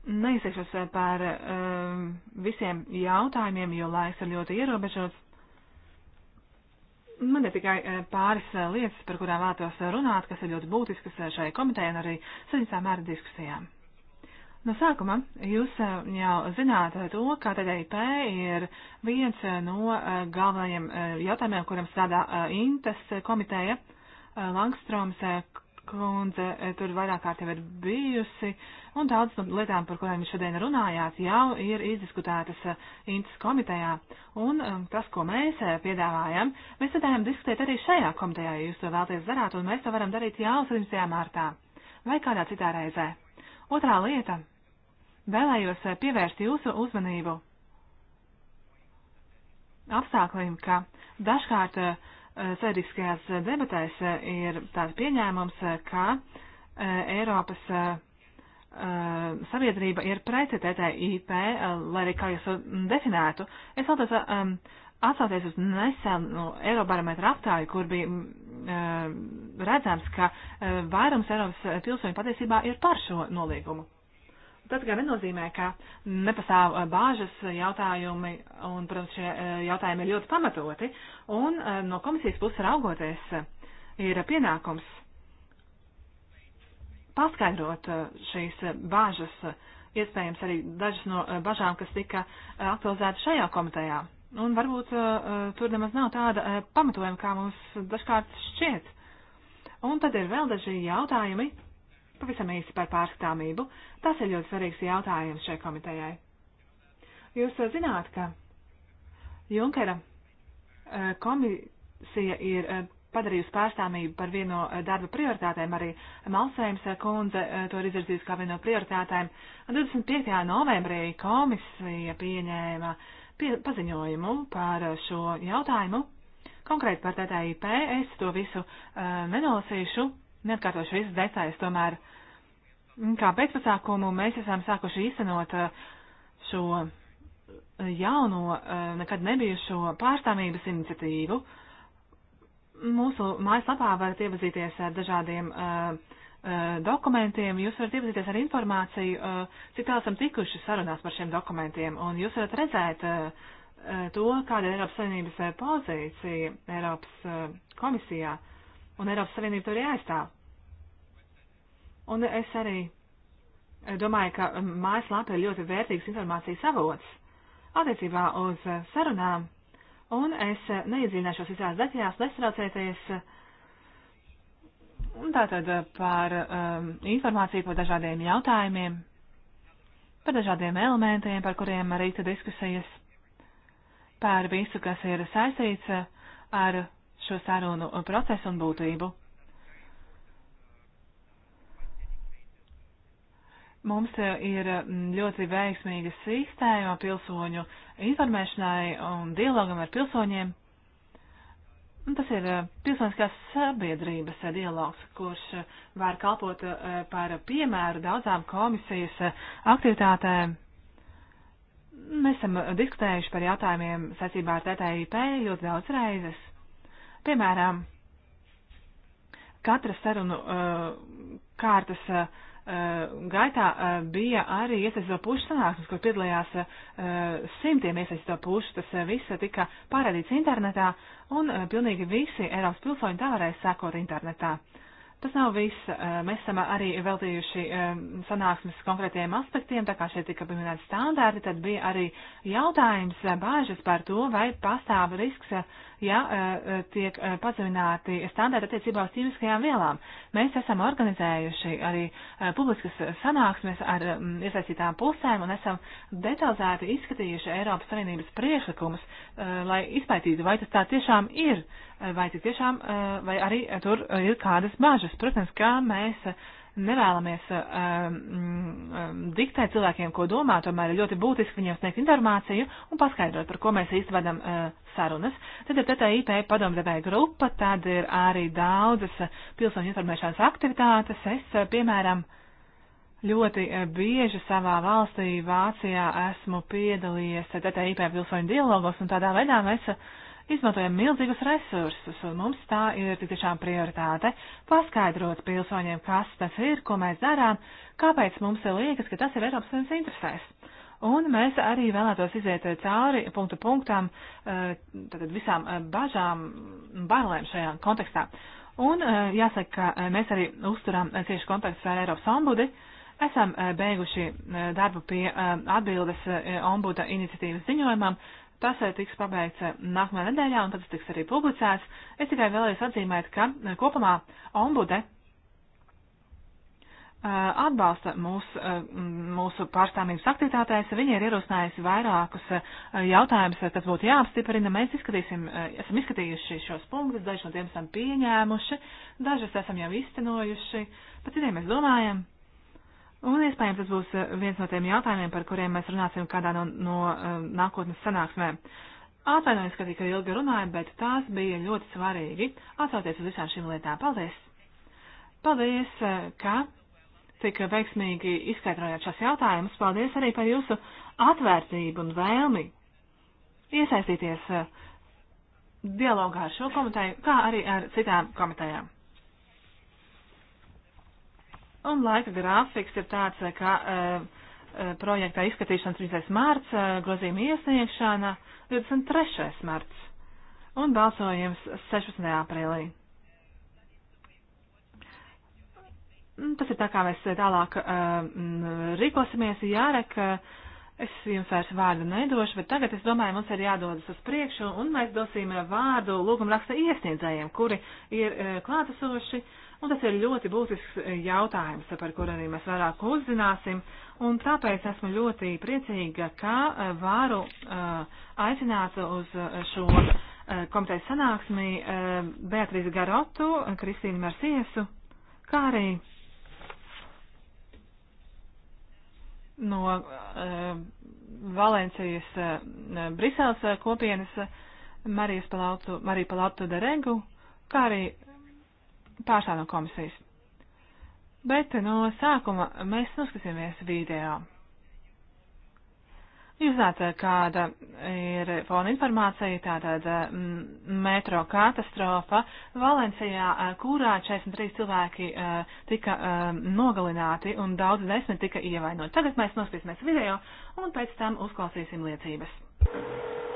neizteikšos eh, par um, visiem jautājumiem, jo laiks ir ļoti ierobežots. Man ir tikai pāris lietas, par kurām vēlos runāt, kas ir ļoti būtiskas šai komitejai un arī saņemtām mērā diskusijām. No sākuma jūs jau zināt to, ka TDIP ir viens no galvenajiem jautājumiem, kuram strādā Intas komiteja. Eh, Langstroms eh, kundze eh, tur vairāk kārt jau ir bijusi, un daudz no lietām, par kurām jūs šodien runājāt, jau ir izdiskutētas Intas komitejā. Un tas, ko mēs piedāvājam, mēs varējām diskutēt arī šajā komitejā, ja jūs to vēlties darāt, un mēs to varam darīt jau 17. martā vai kādā citā reizē. Otrā lieta. Vēlējos pievērst jūsu uzmanību apstākļiem, ka dažkārt uh, sabiedriskajās debatēs eh, ir tāds pieņēmums, eh, ka eh, Eiropas sabiedrība ir preci TTIP, lai arī kā jūs definētu. Es vēlos atsauties uz nesenu Eirobarometru aptāju, kur bija redzams, ka vairums Eiropas pilsoņu patiesībā ir par šo nolīgumu. Tas gan nenozīmē, ka nepastāv eh, bāžas eh, jautājumi, un, protams, šie eh, jautājumi ir ļoti pamatoti, un no komisijas puses raugoties ir pienākums paskaidrot šīs bāžas, iespējams arī dažas no bažām, kas tika aktualizētas šajā komitejā. Un varbūt tur nemaz nav tāda pamatojuma, kā mums dažkārt šķiet. Un tad ir vēl daži jautājumi, Pavisam īsi par pārskatāmību. Tas ir ļoti svarīgs jautājums šai komitejai. Jūs zināt, ka Junkera e, komisija ir e, padarījusi pārstāvību par vienu no e, darba prioritātēm, arī Malsējums kundze to ir izvirzījusi kā vienu no prioritātēm. 25. novembrī komisija pieņēma pie, paziņojumu par šo jautājumu, konkrēti par TTIP, es to visu uh, nenolasīšu, neatkārtošu visas detaļas, tomēr mm, kā pēcpasākumu mēs esam sākuši īstenot eh, šo eh, jauno, eh, nekad nebijušo pārstāvības iniciatīvu. Mūsu mājaslapā varat iepazīties ar dažādiem dokumentiem, jūs varat iepazīties ar informāciju, cik tālu esam tikuši sarunās par šiem dokumentiem, un jūs varat redzēt to, kāda ir Eiropas Savienības pozīcija Eiropas komisijā, un Eiropas Savienība to arī aizstāv. Un es arī eh, domāju, ka mm, mājaslāpe ir ļoti vērtīgs informācijas avots attiecībā uz eh, sarunām, un es eh, neiedziļināšos visās detaļās, nestraucēties. Tātad par um, informāciju par dažādiem jautājumiem, par dažādiem elementiem, par kuriem rīta diskusijas, par visu, kas ir saistīts ar šo sarunu procesu un būtību. Mums e, ir ļoti veiksmīga sistēma pilsoņu informēšanai un dialogam ar pilsoņiem. Un tas ir e, pilsoniskās sabiedrības e, dialogs, kurš var kalpot par piemēru daudzām komisijas aktivitātēm. Mēs esam diskutējuši par jautājumiem saistībā ar TTIP ļoti daudz reizes. Piemēram, katra sarunu kārtas uh, Eh, gaitā eh, bija arī iesaistīto pušu sanāksmes, kur piedalījās eh, simtiem iesaistīto pušu. Tas viss tika pārādīts internetā, un pilnīgi visi Eiropas pilsoņi tā varēja sekot internetā. Tas nav viss. Mēs esam arī veltījuši sanāksmes konkrētiem aspektiem, tā kā šeit tika pieminēti standārti, tad bija arī jautājums bāžas par to, vai pastāv risks, ja tiek pazemināti standārti attiecībā uz ķīmiskajām vielām. Mēs esam organizējuši arī publiskas sanāksmes ar iesaistītām pusēm un esam detalizēti izskatījuši Eiropas Savienības priekšlikumus Eh, lai izpētītu, vai tas tā tiešām ir, eh, vai tik tiešām, eh, vai arī tur ir kādas bažas. Protams, kā mēs nevēlamies mm, diktēt cilvēkiem, ko domā, tomēr ir ļoti būtiski viņiem sniegt informāciju un paskaidrot, par ko mēs īstvedam sarunas. Tad ir TTIP padomdevēja grupa, tad ir arī daudzas pilsoņu informēšanas aktivitātes. Es, piemēram, Ļoti eh, bieži savā valstī, Vācijā, esmu piedalījies TTIP pilsoņu dialogos, un tādā veidā mēs eh, izmantojam milzīgus resursus, un mums tā ir tik tiešām prioritāte paskaidrot pilsoņiem, kas tas ir, ko mēs darām, kāpēc mums liekas, ka tas ir Eiropas Savienības interesēs. Un mēs arī vēlētos iziet eh, cauri punktu punktam, tātad visām bažām un bailēm šajā kontekstā. Un jāsaka, ka mēs arī uzturām cieši kontaktus ar Eiropas ombudu Esam eh, beiguši eh, darbu pie eh, atbildes ombuda iniciatīvas ziņojumam. Tas tiks pabeigts nākamajā nedēļā un tad tas tiks arī publicēts. Es tikai vēlējos atzīmēt, ka kopumā ombude atbalsta mūs, mūsu pārstāvības aktivitātēs. Viņa ir ierosinājusi vairākus jautājumus, kas būtu jāapstiprina. Mēs izskatīsim, esam izskatījuši šos punktus, dažus no tiem esam pieņēmuši, dažus esam jau iztenojuši, par citiem mēs domājam. Un iespējams tas būs eh, viens no tiem jautājumiem, par kuriem mēs runāsim kādā no, no eh, nākotnes sanāksmēm. Atvainojos, ka tik ilgi runāju, bet tās bija ļoti svarīgi. Atsauties uz visām šīm lietām. Paldies! Paldies, eh, ka tik veiksmīgi izskaidrojāt šos jautājumus. Paldies arī par jūsu atvērtību un vēlmi iesaistīties dialogā ar šo komiteju, kā arī ar citām komitejām. Un laika grafiks ir tāds, eh, ka eh, eh, projektā izskatīšana 3. mārts, grozījuma iesniegšana 23. mārts un balsojums 16. aprīlī. Tas ir tā, kā mēs tālāk mm, rīkosimies, jārek, es jums vairs vārdu nedošu, bet tagad es domāju, mums ir jādodas uz priekšu un mēs dosim vārdu lūgumraksta iesniedzējiem, kuri ir klātesoši. Uh, Un tas ir ļoti būtisks e, jautājums, par kuru arī mēs vairāk uzzināsim. Un tāpēc esmu ļoti priecīga, ka e, varu e, aicināt uz šo komitejas sanāksmi Beatriz Garotu, Kristīnu Marsiesu, kā arī no Valencijas Briseles kopienas Marijas Palautu, Mariju Palautu Deregu, kā arī pārstāv no komisijas. Bet no sākuma mēs noskatīsimies video. Jūs zināt, kāda ir fona informācija, tātad mm, metro katastrofa Valencijā, kurā 43 cilvēki eh, tika eh, nogalināti un daudz desmit tika ievainoti. Tagad mēs noskatīsimies video un pēc tam uzklausīsim liecības. Thank you.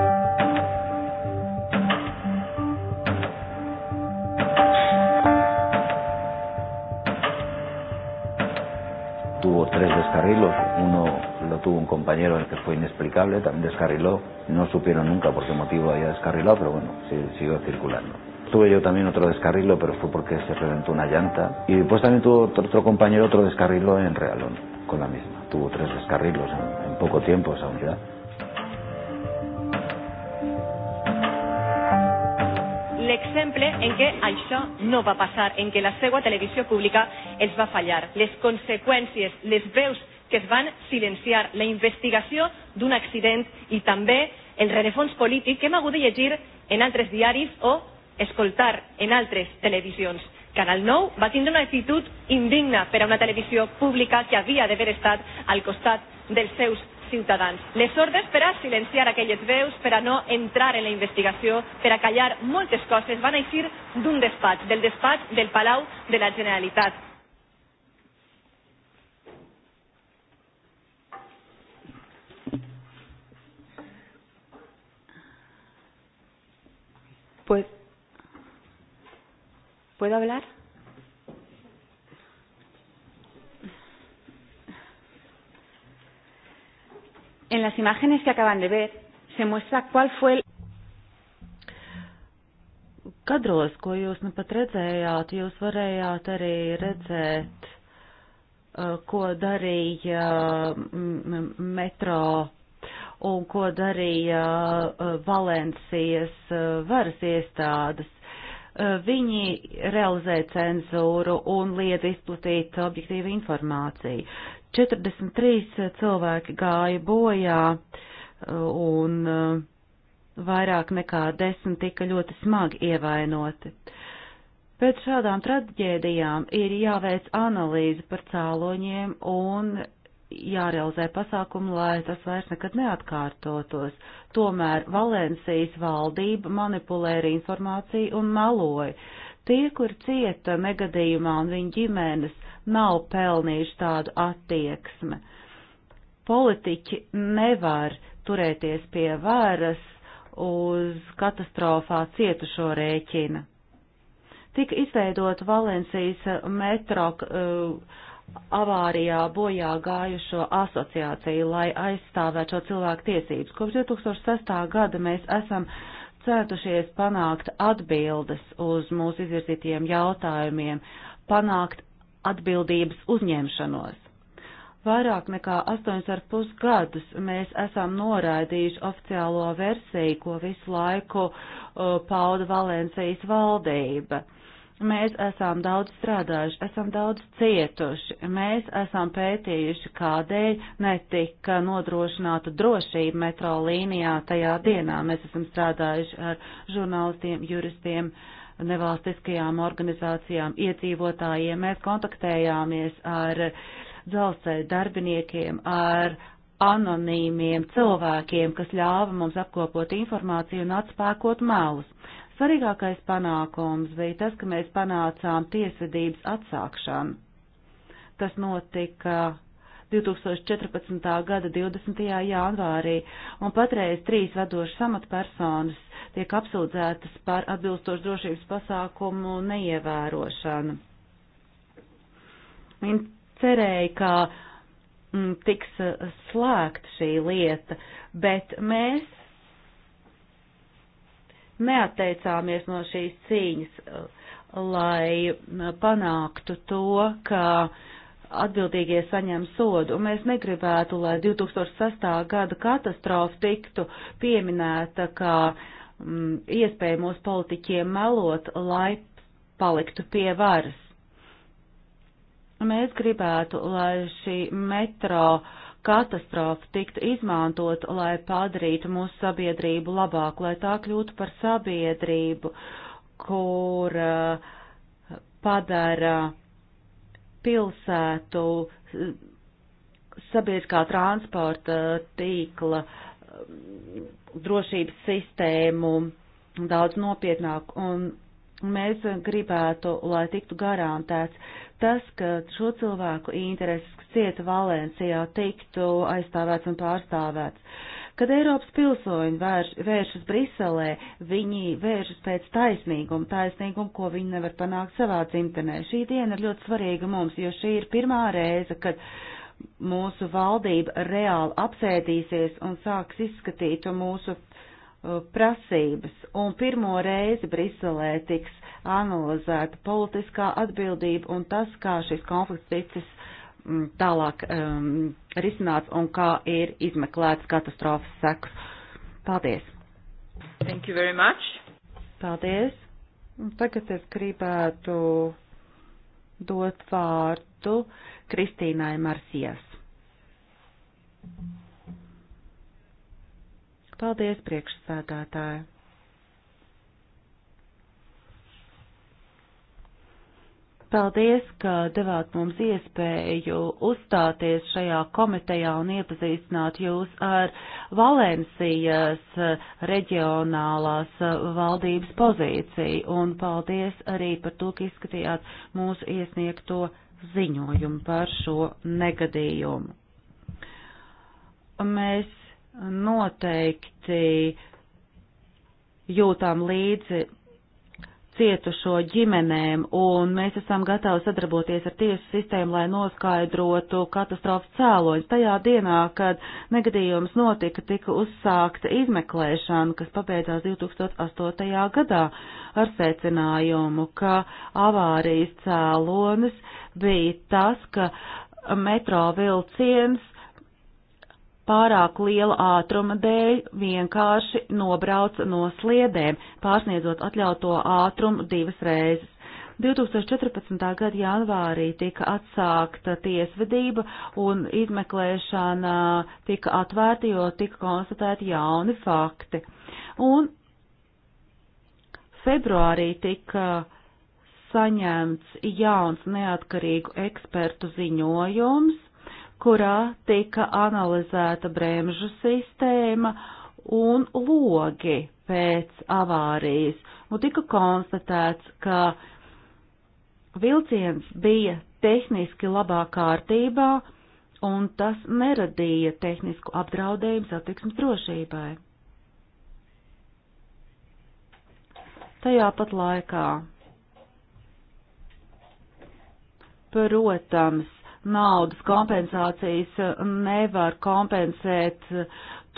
tres descarrilos. Uno lo tuvo un compañero en el que fue inexplicable, también descarriló. No supieron nunca por qué motivo había descarrilado, pero bueno, siguió circulando. Tuve yo también otro descarrilo, pero fue porque se reventó una llanta. Y después también tuvo otro, otro compañero otro descarrilo en Realón, con la misma. Tuvo tres descarrilos en, en poco tiempo esa unidad. exemple en què això no va passar, en què la seva televisió pública els va fallar. Les conseqüències, les veus que es van silenciar, la investigació d'un accident i també el rerefons polític que hem hagut de llegir en altres diaris o escoltar en altres televisions. Canal 9 va tindre una actitud indigna per a una televisió pública que havia d'haver estat al costat dels seus ciutadans. Les ordres per a silenciar aquelles veus, per a no entrar en la investigació, per a callar moltes coses, van eixir d'un despatx, del despatx del Palau de la Generalitat. ¿Puedo hablar? En las imágenes que acaban de ver, se muestra cuál fue el. Kadros, ko jūs nu pat redzējāt, jūs varējāt arī redzēt, eh, ko darīja mm, mm, metro un ko darīja eh, Valencijas eh, varas iestādes viņi realizē cenzūru un liedz izplatīt objektīvu informāciju. 43 cilvēki gāja bojā un uh, vairāk nekā 10 tika ļoti smagi ievainoti. Pēc šādām traģēdijām ir jāveic analīze par cāloņiem un jārealizē pasākumu, lai tas vairs nekad neatkārtotos. Tomēr Valencijas valdība manipulē ar informāciju un meloja. Tie, kur cieta negadījumā un viņa ģimenes nav pelnījuši tādu attieksmi. Politiķi nevar turēties pie varas uz katastrofā cietušo rēķina. Tika izveidot Valencijas metro uh, avārijā bojā gājušo asociāciju, lai aizstāvētu šo cilvēku tiesības. Kopš 2006. gada mēs esam centušies panākt atbildes uz mūsu izvirzītiem jautājumiem, panākt atbildības uzņemšanos. Vairāk nekā 8,5 gadus mēs esam noraidījuši oficiālo versiju, ko visu laiku uh, pauda Valencijas valdība. Mēs esam daudz strādājuši, esam daudz cietuši, mēs esam pētījuši, kādēļ netika nodrošināta drošība metro līnijā tajā dienā. Mēs esam strādājuši ar žurnālistiem, juristiem, uh, nevalstiskajām organizācijām, iedzīvotājiem. Mēs kontaktējāmies ar dzelzceļa darbiniekiem, ar anonīmiem cilvēkiem, kas ļāva mums apkopot informāciju un atspēkot melus. Svarīgākais panākums bija tas, ka mēs panācām tiesvedības atsākšanu. Tas notika 2014. gada 20. janvārī, un patreiz trīs vadošas amatpersonas tiek apsūdzētas par atbilstošu drošības pasākumu neievērošanu. Viņi cerēja, ka m, mm, tiks eh, slēgta šī lieta, bet mēs neatteicāmies no šīs cīņas, eh, lai eh, panāktu to, ka atbildīgie saņem sodu, un mēs negribētu, lai 2006. gada katastrofa tiktu pieminēta kā ka Mm, iespēja mūsu politiķiem melot, lai paliktu pie varas. Mēs gribētu, lai šī metro katastrofa tiktu izmantot, lai padarītu mūsu sabiedrību labāku, lai tā kļūtu par sabiedrību, kur eh, padara pilsētu eh, sabiedriskā transporta tīkla uh, Um, drošības sistēmu daudz nopietnāk. Un mēs gribētu, lai tiktu garantēts tas, ka šo cilvēku intereses, kas cieta Valencijā, tiktu aizstāvēts un pārstāvēts. Kad Eiropas pilsoņi vērš, vēršas Briselē, viņi vēršas pēc taisnīguma, taisnīguma, ko viņi nevar panākt savā dzimtenē. Šī diena ir ļoti svarīga mums, jo šī ir pirmā reize, kad uh, mūsu valdība reāli apsēdīsies un sāks izskatīt mūsu uh, prasības, un pirmo reizi Briselē tiks analizēta politiskā atbildība un tas, kā šis konflikts ticis mm, tālāk um, risināts un kā ir izmeklēts katastrofas sekas. Paldies! Thank you very much! Paldies! Tagad es gribētu dot vārdu Kristīnai Marsijas. Paldies, priekšsēdētāji! Paldies, ka devāt mums iespēju uzstāties šajā komitejā un iepazīstināt jūs ar Valencijas reģionālās valdības pozīciju. Un paldies arī par to, ka izskatījāt mūsu iesniegto ziņojumu par šo negadījumu. Mēs noteikti jūtām līdzi cietušo ģimenēm, un mēs esam gatavi sadarboties ar tiesu sistēmu, lai noskaidrotu katastrofas cēloņus. Tajā dienā, kad negadījums notika, tika uzsākta izmeklēšana, kas pabeidzās 2008. gadā ar secinājumu, ka avārijas cēlonis bija tas, ka metro vilciens pārāk liela ātruma dēļ vienkārši nobrauca no sliedēm, pārsniedzot atļauto ātrumu divas reizes. 2014. gada janvārī tika atsākta tiesvedība un izmeklēšana tika atvērta, jo tika konstatēti jauni fakti. Un februārī tika uh, saņemts jauns neatkarīgu ekspertu ziņojums, kurā tika analizēta bremžu sistēma un logi pēc avārijas, un tika konstatēts, ka vilciens bija tehniski labā kārtībā, un tas neradīja tehnisku apdraudējumu satiksmes drošībai. Tajā pat laikā Protams, naudas kompensācijas nevar kompensēt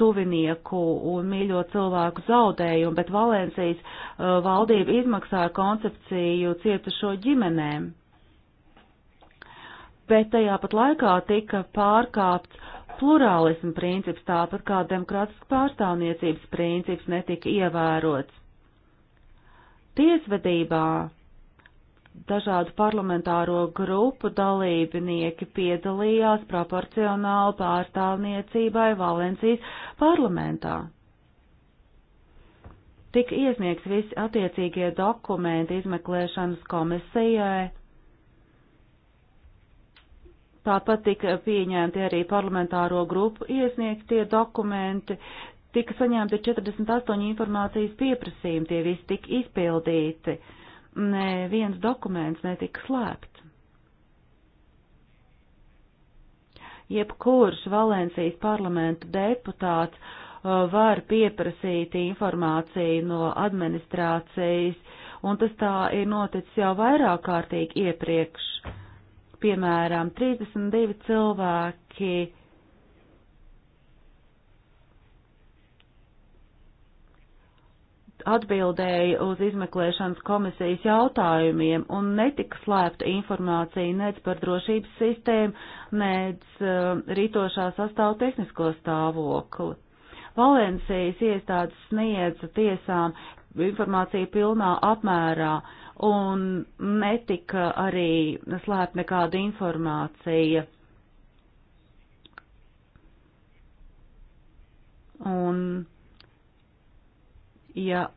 tuvinieku un mīļo cilvēku zaudējumu, bet Valencijas uh, valdība izmaksāja koncepciju cietušo ģimenēm. Bet tajā pat laikā tika pārkāpts plurālismu princips, tāpat kā demokrātiska pārstāvniecības princips netika ievērots. Tiesvedībā dažādu parlamentāro grupu dalībnieki piedalījās proporcionāli pārstāvniecībai Valencijas parlamentā. Tika iesniegts visi attiecīgie dokumenti izmeklēšanas komisijai. Tāpat tika pieņemti arī parlamentāro grupu iesniegtie dokumenti, tika saņemti 48 informācijas pieprasījumi, tie visi tika izpildīti. Uh, neviens dokuments netika slēpts. Jebkurš Valencijas parlamenta deputāts uh, var pieprasīt informāciju no administrācijas, un tas tā ir noticis jau vairāk kārtīgi iepriekš. Piemēram, 32 cilvēki atbildēja uz izmeklēšanas komisijas jautājumiem un netika slēpta informācija nec par drošības sistēmu, nec uh, rītošā sastāvu tehnisko stāvokli. Valencijas iestādes sniedza tiesām informāciju pilnā apmērā un netika arī slēpta nekāda informācija. Un ja e,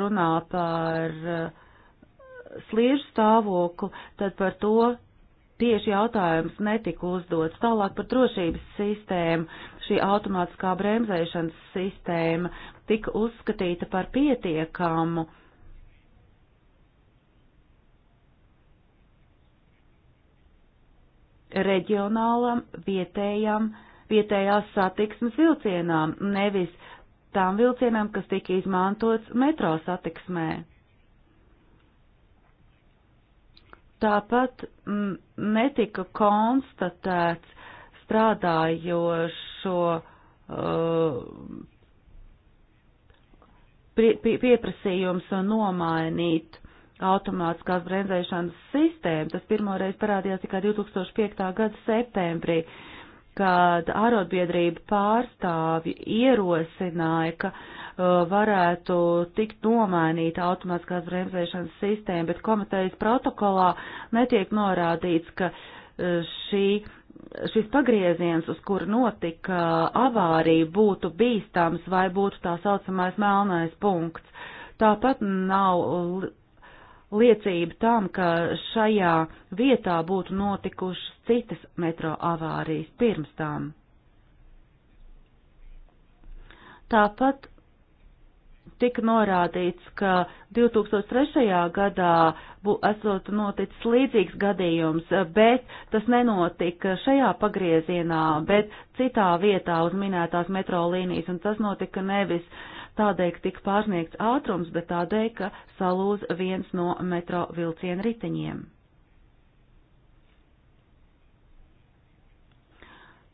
runā par e, sliežu stāvokli, tad par to tieši jautājums netika uzdots. Tālāk par drošības sistēmu. Šī automātiskā bremzēšanas sistēma tika uzskatīta par pietiekamu. reģionālam, vietējam, vietējās satiksmes vilcienām, nevis uh, tām vilcienām, kas tika izmantots metro satiksmē. Tāpat m, mm, netika konstatēts strādājošo uh, pie, pie, pieprasījums nomainīt automātiskās bremzēšanas sistēmu. Tas pirmoreiz parādījās tikai 2005. gada septembrī. Uh, kad arotbiedrība pārstāvji ierosināja, ka uh, varētu tikt nomainīta automātiskās bremzēšanas sistēma, bet komitejas protokolā netiek norādīts, ka uh, šī, šis pagrieziens, uz kur notika avārija, būtu bīstams vai būtu tā saucamais melnais punkts. Tāpat nav liecība tam, ka šajā vietā būtu notikušas citas metro avārijas pirms tām. Tāpat tika norādīts, ka 2003. gadā bū, esot noticis līdzīgs gadījums, bet tas nenotika šajā pagriezienā, bet citā vietā uz minētās metro līnijas, un tas notika nevis uh, tādēļ, ka tika pārsniegts ātrums, bet tādēļ, ka salūz viens no metro vilcienu riteņiem.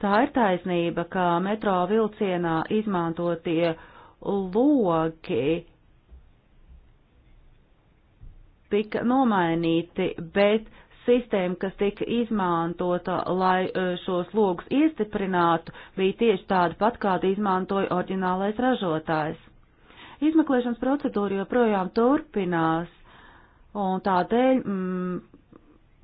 Tā ir taisnība, ka metro vilcienā izmantotie logi tika nomainīti, bet sistēma, kas tika izmantota, lai e, šos logus iestiprinātu, bija tieši tāda pat, kādu izmantoja oriģinālais ražotājs. Izmeklēšanas procedūra joprojām turpinās, un tādēļ mm,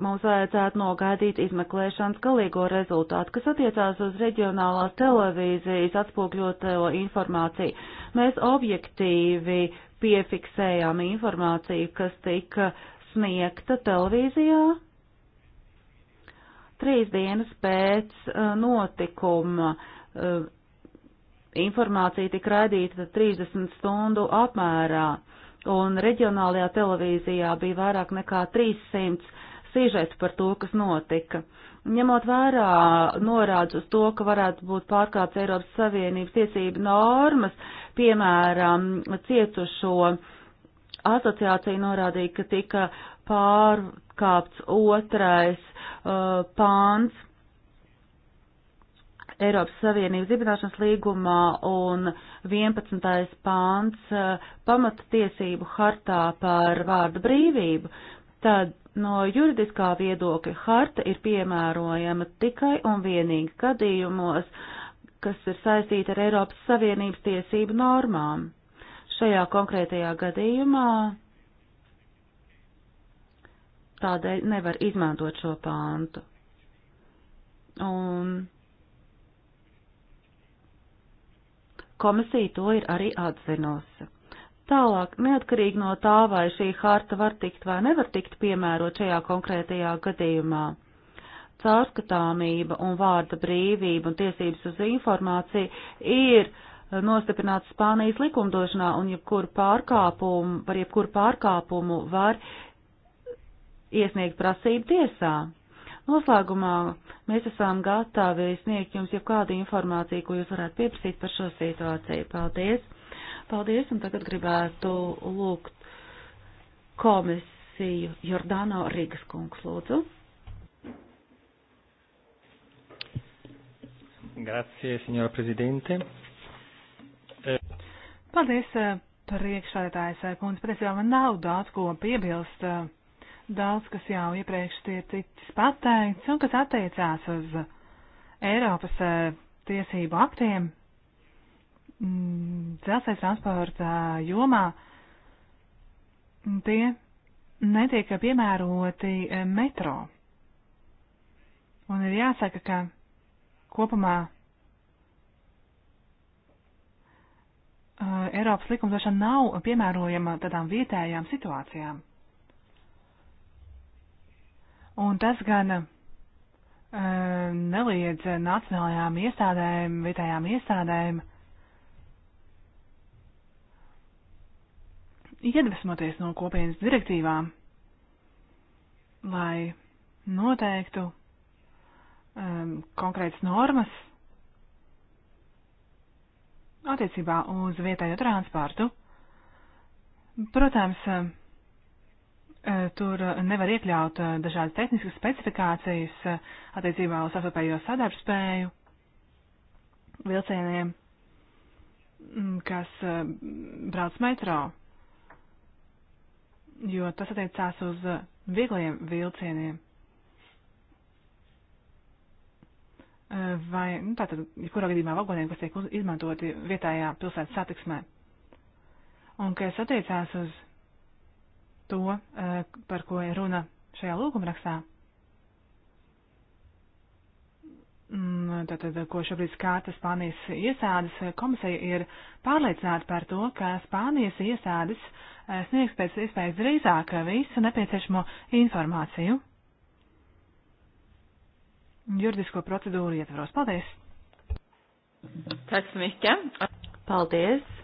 mums vajadzētu nogaidīt izmeklēšanas galīgo rezultātu, kas attiecās uz reģionālās televīzijas atspūkļoto informāciju. Mēs objektīvi piefiksējām informāciju, kas tika sniegta televīzijā trīs dienas pēc eh, notikuma. Uh, informācija tika raidīta 30 stundu apmērā, un reģionālajā televīzijā bija vairāk nekā 300 sižets par to, kas notika. Ņemot vērā norādes uz to, ka varētu būt pārkāpts Eiropas Savienības tiesību normas, piemēram, cietušo asociācija norādīja, ka tika pārkāpts otrais uh, pāns Eiropas Savienības dibināšanas līgumā un 11. pāns eh, pamatiesību hartā par vārdu brīvību, tad no juridiskā viedokļa harta ir piemērojama tikai un vienīgi gadījumos, kas ir saistīti ar Eiropas Savienības tiesību normām. Šajā konkrētajā gadījumā tādēļ nevar izmantot šo pāntu. Un Komisija to ir arī atzinusi. Tālāk, neatkarīgi no tā, vai šī harta var tikt vai nevar tikt piemērot šajā konkrētajā gadījumā, caurskatāmība un vārda brīvība un tiesības uz informāciju ir nostiprināts Spānijas likumdošanā un jebkuru pārkāpumu, par jebkuru pārkāpumu var iesniegt prasību tiesā. Noslēgumā mēs esam gatavi sniegt jums jau kādu informāciju, ko jūs varētu pieprasīt par šo situāciju. Paldies! Paldies, un tagad gribētu lūgt komisiju Jordāno Rīgas kungs, lūdzu. Grazie, signora Presidente. Eh, Paldies, eh, priekšsēdētājs eh, kundze. Patiesībā man nav daudz ko piebilst daudz, kas jau iepriekš ir ticis pateikts un kas attiecās uz Eiropas e, tiesību aktiem mm, dzelzceļa transporta jomā, tie netiek piemēroti e, metro. Un ir jāsaka, ka kopumā e, Eiropas likumdošana nav piemērojama tādām vietējām situācijām. Un tas gan uh, neliedz nacionālajām iestādēm, vietējām iestādēm iedvesmoties no kopienas direktīvām, lai noteiktu um, konkrētas normas attiecībā uz vietējo transportu. Protams, um, Eh, tur eh, nevar iekļaut eh, dažādas tehniskas specifikācijas attiecībā uz savstarpējo sadarbspēju vilcieniem, mm, kas brauc metro, jo tas attiecās uz viegliem vilcieniem. Vai, nu, tātad, kurā gadījumā vagoniem, kas tiek izmantoti vietējā pilsētas satiksmē. Un kas attiecās uz to, eh, par ko ir runa šajā lūgumrakstā. Mm, tātad, ko šobrīd skata Spānijas iestādes, eh, komisija ir pārliecināta par to, ka Spānijas iestādes eh, sniegs pēc iespējas drīzāk visu nepieciešamo informāciju juridisko procedūru ietvaros. Paldies! Tack så mycket. Paldies!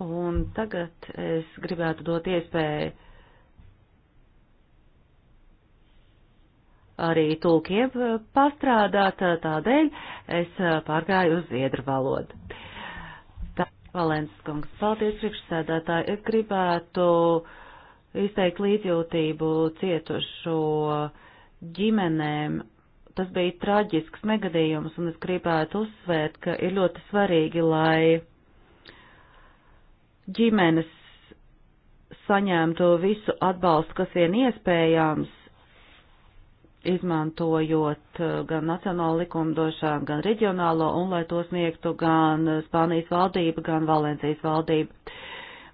Un tagad es gribētu dot iespēju arī tulkiem pastrādāt, tādēļ es pārgāju uz zviedru valodu. Tā, Valēns kungs, paldies priekšsēdētāji, es gribētu izteikt līdzjūtību cietušo ģimenēm. Tas bija traģisks negadījums, un es gribētu uzsvērt, ka ir ļoti svarīgi, lai ģimenes saņemtu visu atbalstu, kas vien iespējams, izmantojot eh, gan nacionālu likumdošanu, gan reģionālo, un lai to sniegtu gan Spānijas valdība, gan Valencijas valdība.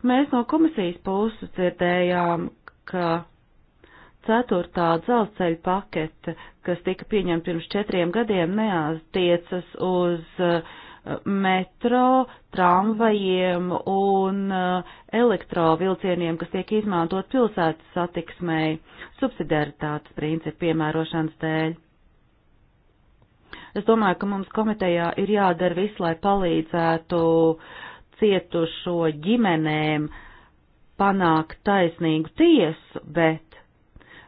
Mēs no komisijas puses dzirdējām, ka ceturtā dzelzceļa pakete, kas tika pieņemta pirms četriem gadiem, neatiecas uz uh, metro, tramvajiem un eh, elektrovilcieniem, kas tiek izmantot pilsētas satiksmēji, subsidiaritātes principu piemērošanas dēļ. Es domāju, ka mums komitejā ir jādara viss, lai palīdzētu cietušo ģimenēm panākt taisnīgu tiesu, bet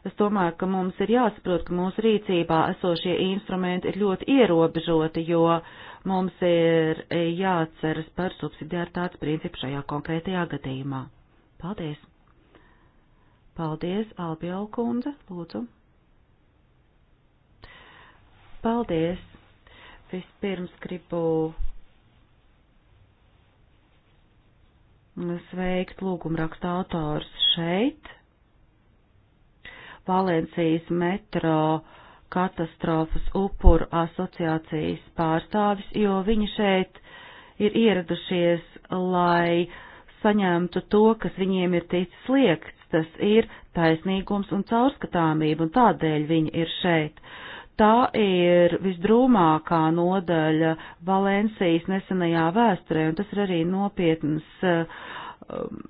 Es domāju, ka mums ir jāsaprot, ka mūsu rīcībā esošie instrumenti ir ļoti ierobežoti, jo uh, Mums ir jāatceras par subsidiārtāts principu šajā konkrētajā gadījumā. Paldies! Paldies, Albiela kundze, lūdzu. Paldies! Vispirms gribu sveikt lūgumraksta autors šeit. Valencijas metro uh, katastrofas upuru asociācijas pārstāvis, jo viņi šeit ir ieradušies, lai saņemtu to, kas viņiem ir ticis liekts. Tas ir taisnīgums un caurskatāmība, un tādēļ viņi ir šeit. Tā ir visdrūmākā nodaļa Valencijas nesenajā vēsturē, un tas ir arī nopietnas. Uh, um,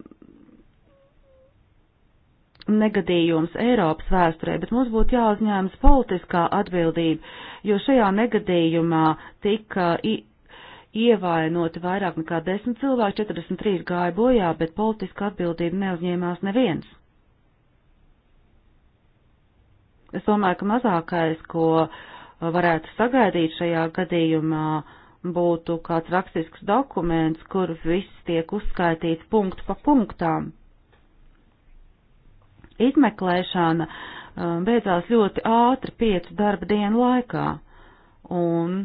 negadījums Eiropas vēsturē, bet mums būtu jāuzņēmas politiskā atbildība, jo šajā negadījumā tika ievainoti vairāk nekā 10 cilvēki, 43 gāja bojā, bet politiska atbildība neuzņēmās neviens. Es domāju, ka mazākais, ko varētu sagaidīt šajā gadījumā, būtu kāds rakstisks dokuments, kur viss tiek uzskaitīts punktu pa punktām izmeklēšana um, beidzās ļoti ātri, piecu darba dienu laikā, un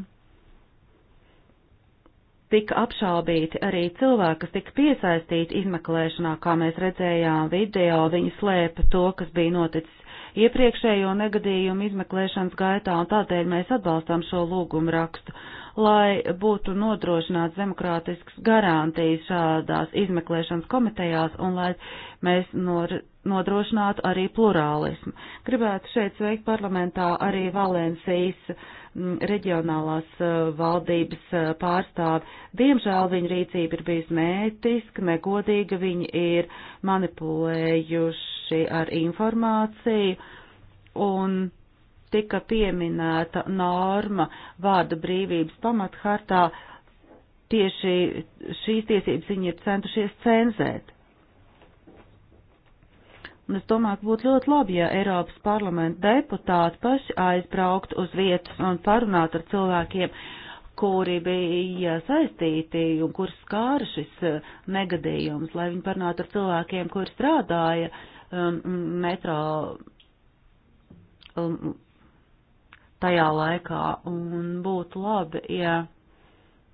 tika apšaubīti arī cilvēki, kas tika piesaistīti izmeklēšanā, kā mēs redzējām video, viņi slēpa to, kas bija noticis iepriekšējo negadījumu izmeklēšanas gaitā, un tādēļ mēs atbalstām šo lūgumu rakstu, lai būtu nodrošināts demokrātisks garantijas šādās izmeklēšanas komitejās, un lai mēs nor nodrošinātu arī plurālismu. Gribētu šeit sveikt parlamentā arī Valencijas mm, reģionālās eh, valdības eh, pārstāvi. Diemžēl viņa rīcība ir bijusi mētiska, negodīga, viņi ir manipulējuši ar informāciju un tika pieminēta norma vārda brīvības pamathartā. Tieši šīs tiesības viņi ir centušies cenzēt. Un es domāju, ka būtu ļoti labi, ja Eiropas parlamenta deputāti paši aizbraukt uz vietas un parunāt ar cilvēkiem, kuri bija saistīti un kur skāra šis eh, negadījums, lai viņi parunātu ar cilvēkiem, kur strādāja um, metro um, tajā laikā. Un būtu labi, ja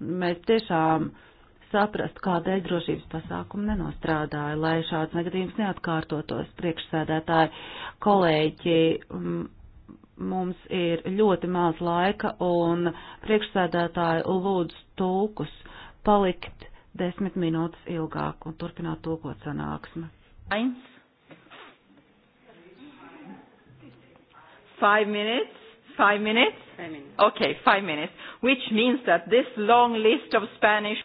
mēs tiešām uh, saprast, kādēļ drošības pasākumi nenostrādāja, lai šāds negadījums neatkārtotos. Priekšsēdētāji kolēģi, mums ir ļoti maz laika un priekšsēdētāji lūdz tulkus palikt desmit minūtes ilgāk un turpināt tulkot sanāksmi. Eins. Five minutes. Five minutes? Five minutes. Okay, five minutes. Which means that this long list of Spanish.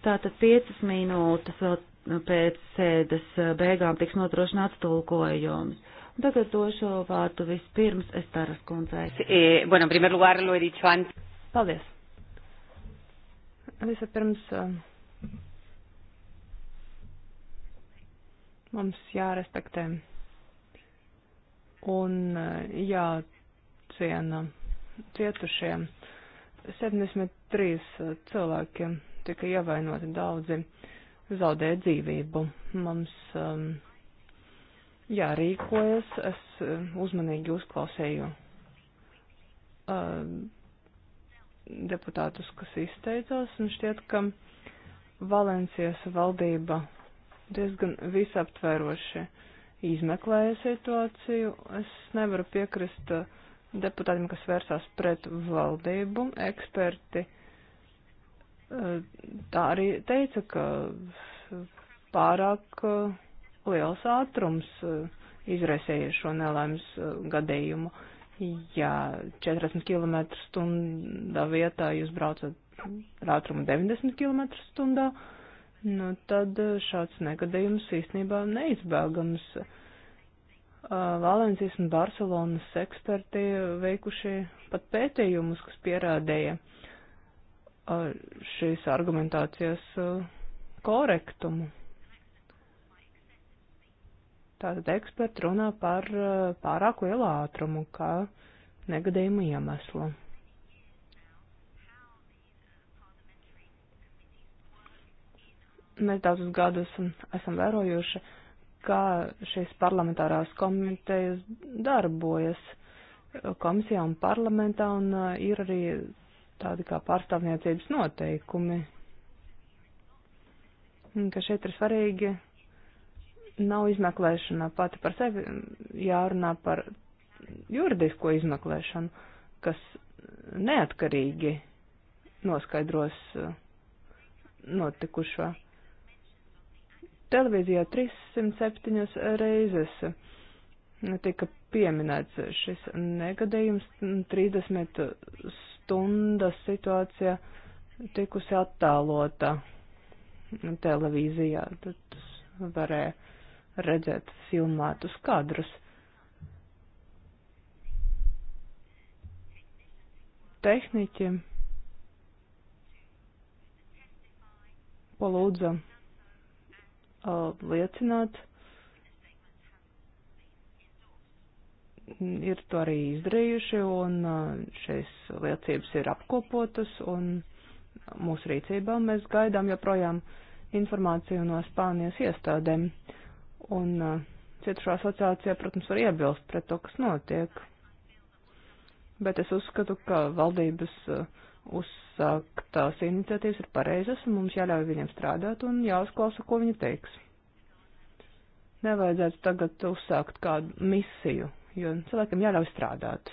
Tātad piecas minūtes vēl pēc sēdes beigām tiks notrošināts tulkojums. Tagad došu vārdu vispirms Estaras kundzei. Eh, bueno, en primer lugar, lo he dicho antes. Paldies. Vispirms eh, mums jārespektē un eh, jāciena cietušie 73 cilvēki tika ievainoti daudzi, zaudēja dzīvību. Mums um, jārīkojas, es um, uzmanīgi uzklausēju uh, um, deputātus, kas izteicās, un šķiet, ka Valencijas valdība diezgan visaptveroši izmeklēja situāciju. Es nevaru piekrist uh, deputātiem, kas vērsās pret valdību. Eksperti uh, tā arī teica, ka pārāk uh, liels ātrums uh, izraisīja šo nelaimes uh, gadījumu. Ja 40 km stundā vietā jūs braucat ar ātrumu 90 km stundā, nu tad šāds negadījums īstenībā neizbēgams. Valencijas un Barcelonas eksperti veikuši pat pētījumus, kas pierādīja, uh, šīs argumentācijas uh, korektumu. Tātad eksperti runā par uh, pārāk lielu ātrumu kā negadījumu iemeslu. Mēs daudzus gadus esam vērojuši, kā šīs parlamentārās komitejas darbojas uh, komisijā un parlamentā, un ir arī tādi kā pārstāvniecības noteikumi, ka šeit ir svarīgi nav izmeklēšana pati par sevi, jārunā par juridisko izmeklēšanu, kas neatkarīgi noskaidros eh, notikušo. Televīzijā 307 reizes tika pieminēts šis negadījums, 30 stundas situācija tikusi attēlota televīzijā, tad varēja redzēt filmētus kadrus. Tehniķi palūdza uh, liecināt ir to arī izdarījuši, un uh, šīs liecības ir apkopotas, un mūsu rīcībā mēs gaidām joprojām informāciju no Spānijas iestādēm. Un uh, cietušo asociācijā, protams, var iebilst pret to, kas notiek. Bet es uzskatu, ka valdības uh, uzsāktās iniciatīvas ir pareizas, un mums jāļauj viņiem strādāt un jāuzklausa, ko viņi teiks nevajadzētu tagad uzsākt kādu misiju jo cilvēkam jāļauj strādāt.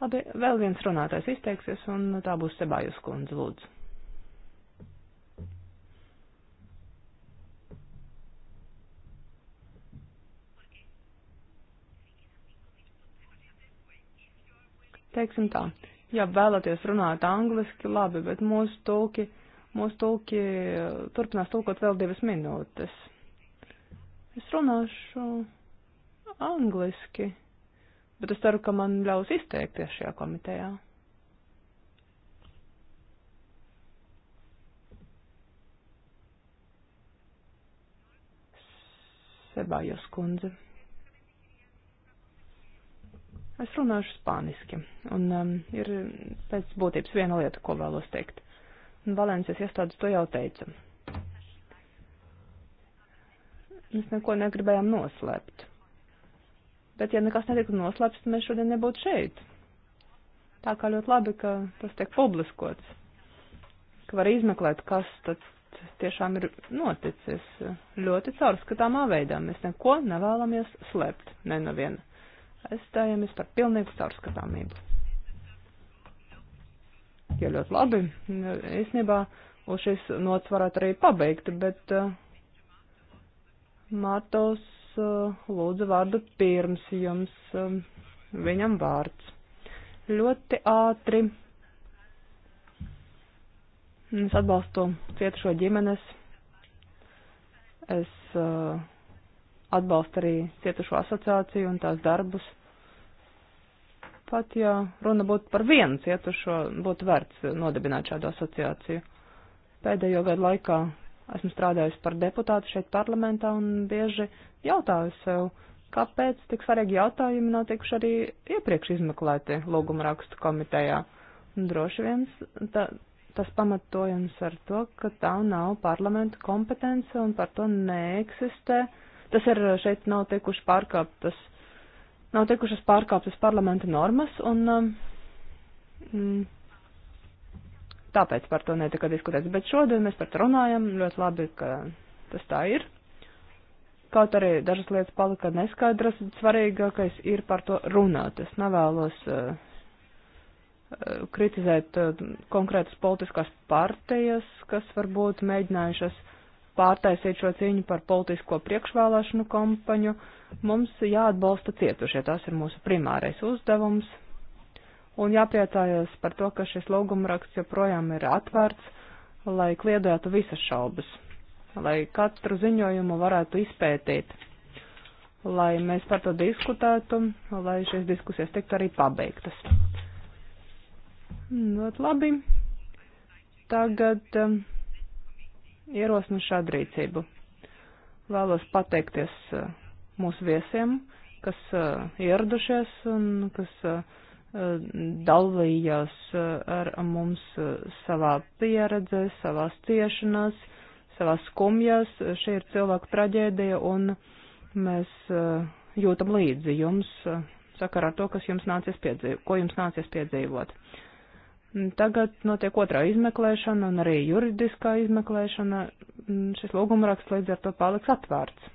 Labi, vēl viens runātājs izteiksies, un tā būs Sebājas kundze, lūdzu. Teiksim tā, ja vēlaties runāt angliski, labi, bet mūsu tulki, mūsu tulki eh, turpinās tulkot vēl divas minūtes. Es runāšu angliski, bet es ceru, ka man ļaus izteikties šajā komitejā. Sebājas kundze. Es runāšu spāniski, un um, ir pēc būtības viena lieta, ko vēlos teikt. Valencijas iestādes to jau teica. Mēs neko negribējām noslēpt. Bet, ja nekas netiktu noslēpts, mēs šodien nebūtu šeit. Tā kā ļoti labi, ka tas tiek publiskots, ka var izmeklēt, kas tad tiešām ir noticis ļoti caurskatāmā veidā. Mēs neko nevēlamies slēpt, ne no viena. Aizstājamies par pilnīgu caurskatāmību. Ja ļoti labi, nu, īsnībā uz šīs nots varētu arī pabeigt, bet uh, Mārtos eh, lūdzu vārdu pirms jums. Eh, viņam vārds. Ļoti ātri. Es atbalstu cietušo ģimenes. Es uh, atbalstu arī cietušo asociāciju un tās darbus. Pat ja runa būtu par vienu cietušo, būtu vērts nodibināt šādu asociāciju. Pēdējo gadu laikā Esmu strādājusi par deputātu šeit parlamentā un bieži jautāju sev, kāpēc tik svarīgi jautājumi nav tikuši arī iepriekš izmeklēti lūguma rakstu komitejā. Droši vien ta, tas pamatojums ar to, ka tā nav parlamenta kompetence un par to neeksistē. Tas ir šeit nav tikuši pārkāptas, nav tikušas pārkāptas parlamenta normas un. Um, mm, Tāpēc par to netika diskutēts. Bet šodien mēs par to runājam. Ļoti labi, ka tas tā ir. Kaut arī dažas lietas palika neskaidras, svarīgākais ir par to runāt. Es nevēlos uh, kritizēt eh, konkrētas politiskās partijas, kas varbūt mēģinājušas pārtaisīt šo cīņu par politisko priekšvēlēšanu kompaņu. Mums jāatbalsta cietušie, tas ir mūsu primārais uzdevums un jāpriecājas par to, ka šis lūgumraksts joprojām ir atvērts, lai kliedētu visas šaubas, lai katru ziņojumu varētu izpētīt, lai mēs par to diskutētu, lai šīs diskusijas tiktu arī pabeigtas. Not nu, labi. Tagad um, ierosinu šādu rīcību. Vēlos pateikties uh, mūsu viesiem, kas uh, ieradušies un kas uh, dalījās eh, ar mums eh, savā pieredzē, savās ciešanās, savās skumjās. Šī ir cilvēka traģēdija un mēs eh, jūtam līdzi jums sakarā ar to, kas jums nācies piedzīvot, ko jums nācies piedzīvot. Tagad notiek otrā izmeklēšana un arī juridiskā izmeklēšana. Šis lūgumraksts līdz ar to paliks atvērts.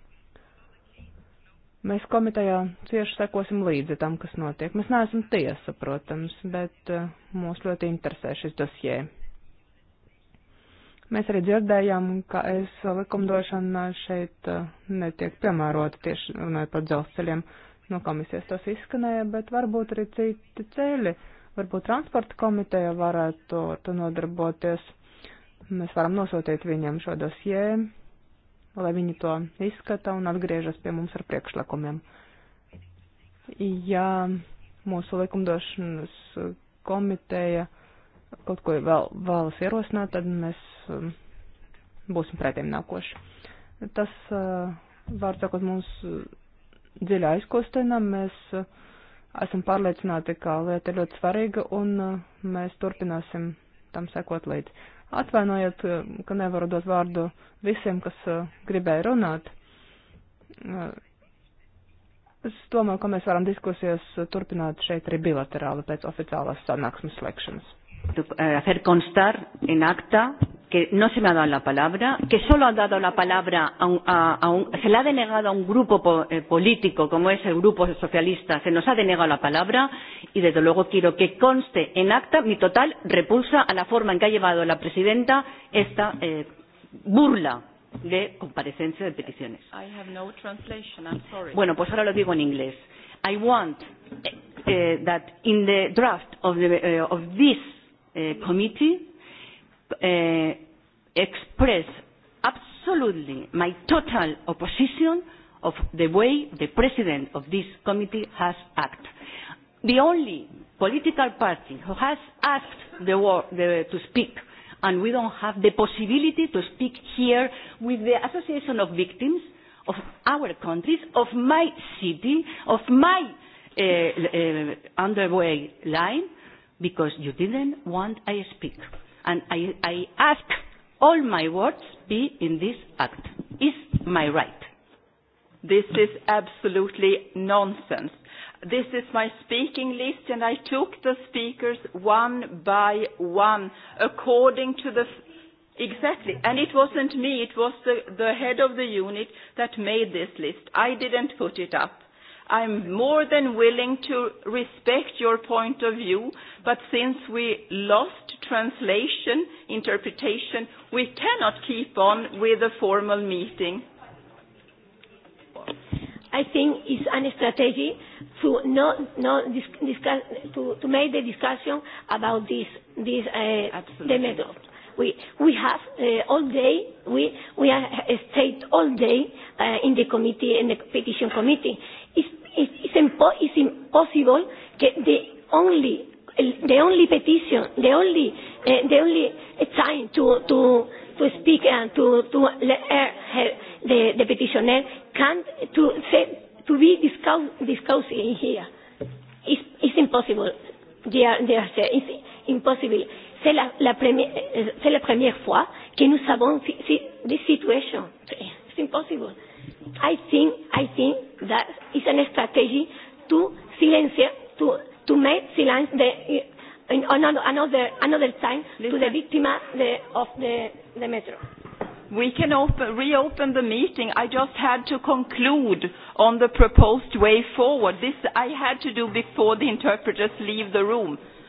Mēs komitejā cieši sekosim līdzi tam, kas notiek. Mēs neesam tiesa, protams, bet eh, mūs ļoti interesē šis dosjē. Mēs arī dzirdējām, ka es likumdošana šeit eh, netiek piemērota tieši runājot par dzelzceļiem. No komisijas tas izskanēja, bet varbūt arī citi ceļi. Varbūt transporta komiteja varētu to, to nodarboties. Mēs varam nosūtīt viņiem šo dosjē lai viņi to izskata un atgriežas pie mums ar priekšlikumiem. Ja mūsu likumdošanas komiteja kaut ko vēl, vēlas ierosināt, tad mēs um, būsim pretim nākoši. Tas, uh, vārdsakot, mums dziļi aizkostina, mēs uh, esam pārliecināti, ka lieta ir ļoti svarīga un uh, mēs turpināsim tam sekot līdz. Atvainojiet, eh, ka nevaru dot vārdu visiem, kas eh, gribēja runāt. Eh, es domāju, ka mēs varam diskusijas turpināt šeit arī bilaterāli pēc oficiālās sanāksmes slēgšanas. Hacer constar en acta que no se me ha dado la palabra, que solo ha dado la palabra a, un, a, a un, se la ha denegado a un grupo po, eh, político como es el grupo socialista, se nos ha denegado la palabra y desde luego quiero que conste en acta mi total repulsa a la forma en que ha llevado la presidenta esta eh, burla de comparecencia de peticiones. I have no translation, I'm sorry. Bueno, pues ahora lo digo en inglés. I want uh, eh, that in the draft of, the, uh, of this uh, committee uh, express absolutely my total opposition of the way the president of this committee has acted. The only political party who has asked the war, the, to speak, and we don't have the possibility to speak here with the Association of Victims of our countries, of my city, of my uh, uh, underway line, because you didn't want I speak. And I, I ask all my words be in this act. Is my right. This is absolutely nonsense. This is my speaking list, and I took the speakers one by one according to the. Exactly. And it wasn't me, it was the, the head of the unit that made this list. I didn't put it up I'm more than willing to respect your point of view, but since we lost translation, interpretation, we cannot keep on with a formal meeting. I think it's a strategy to not, not discuss, to, to make the discussion about this, this uh, Absolutely. the method. We, we have uh, all day, we, we have stayed all day uh, in the committee, in the petition committee it's, it's, impo- it's impossible that the only the only petition, the only uh, the only time to to to speak and to to let her, her, the the petitioner can to say to be discuss, discussing here. It's, it's impossible. Dear, dear, it's impossible. C'est la, la, première, la première fois que nous avons si, si, this situation. It's impossible. I think I think that is a strategy to silence to to make silence the in another another time Listen. to the victim the, of the the metro. We can open, reopen the meeting. I just had to conclude on the proposed way forward. This I had to do before the interpreters leave the room.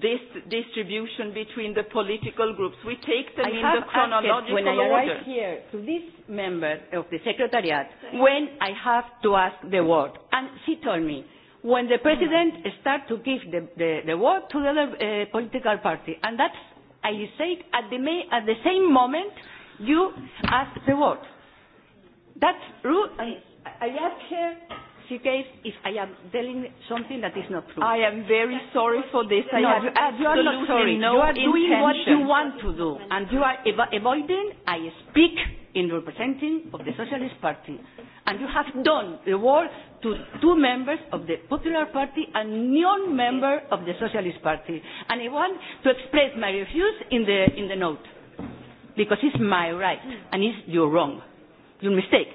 this distribution between the political groups. We take them I in the chronological when order. When I arrived here to this member of the Secretariat, when I have to ask the word, and she told me, when the president mm-hmm. starts to give the, the, the word to the other uh, political party, and that's, I said, at the, may, at the same moment you ask the word. That's rude. I, I asked her she gave if I am telling something that is not true. I am very sorry for this. I no, have you, absolutely you are not sorry. no You are intention. doing what you want to do, and you are ev- avoiding. I speak in representing of the Socialist Party, and you have done the work to two members of the Popular Party and non-member of the Socialist Party, and I want to express my refuse in the in the note because it's my right and it's your wrong, your mistake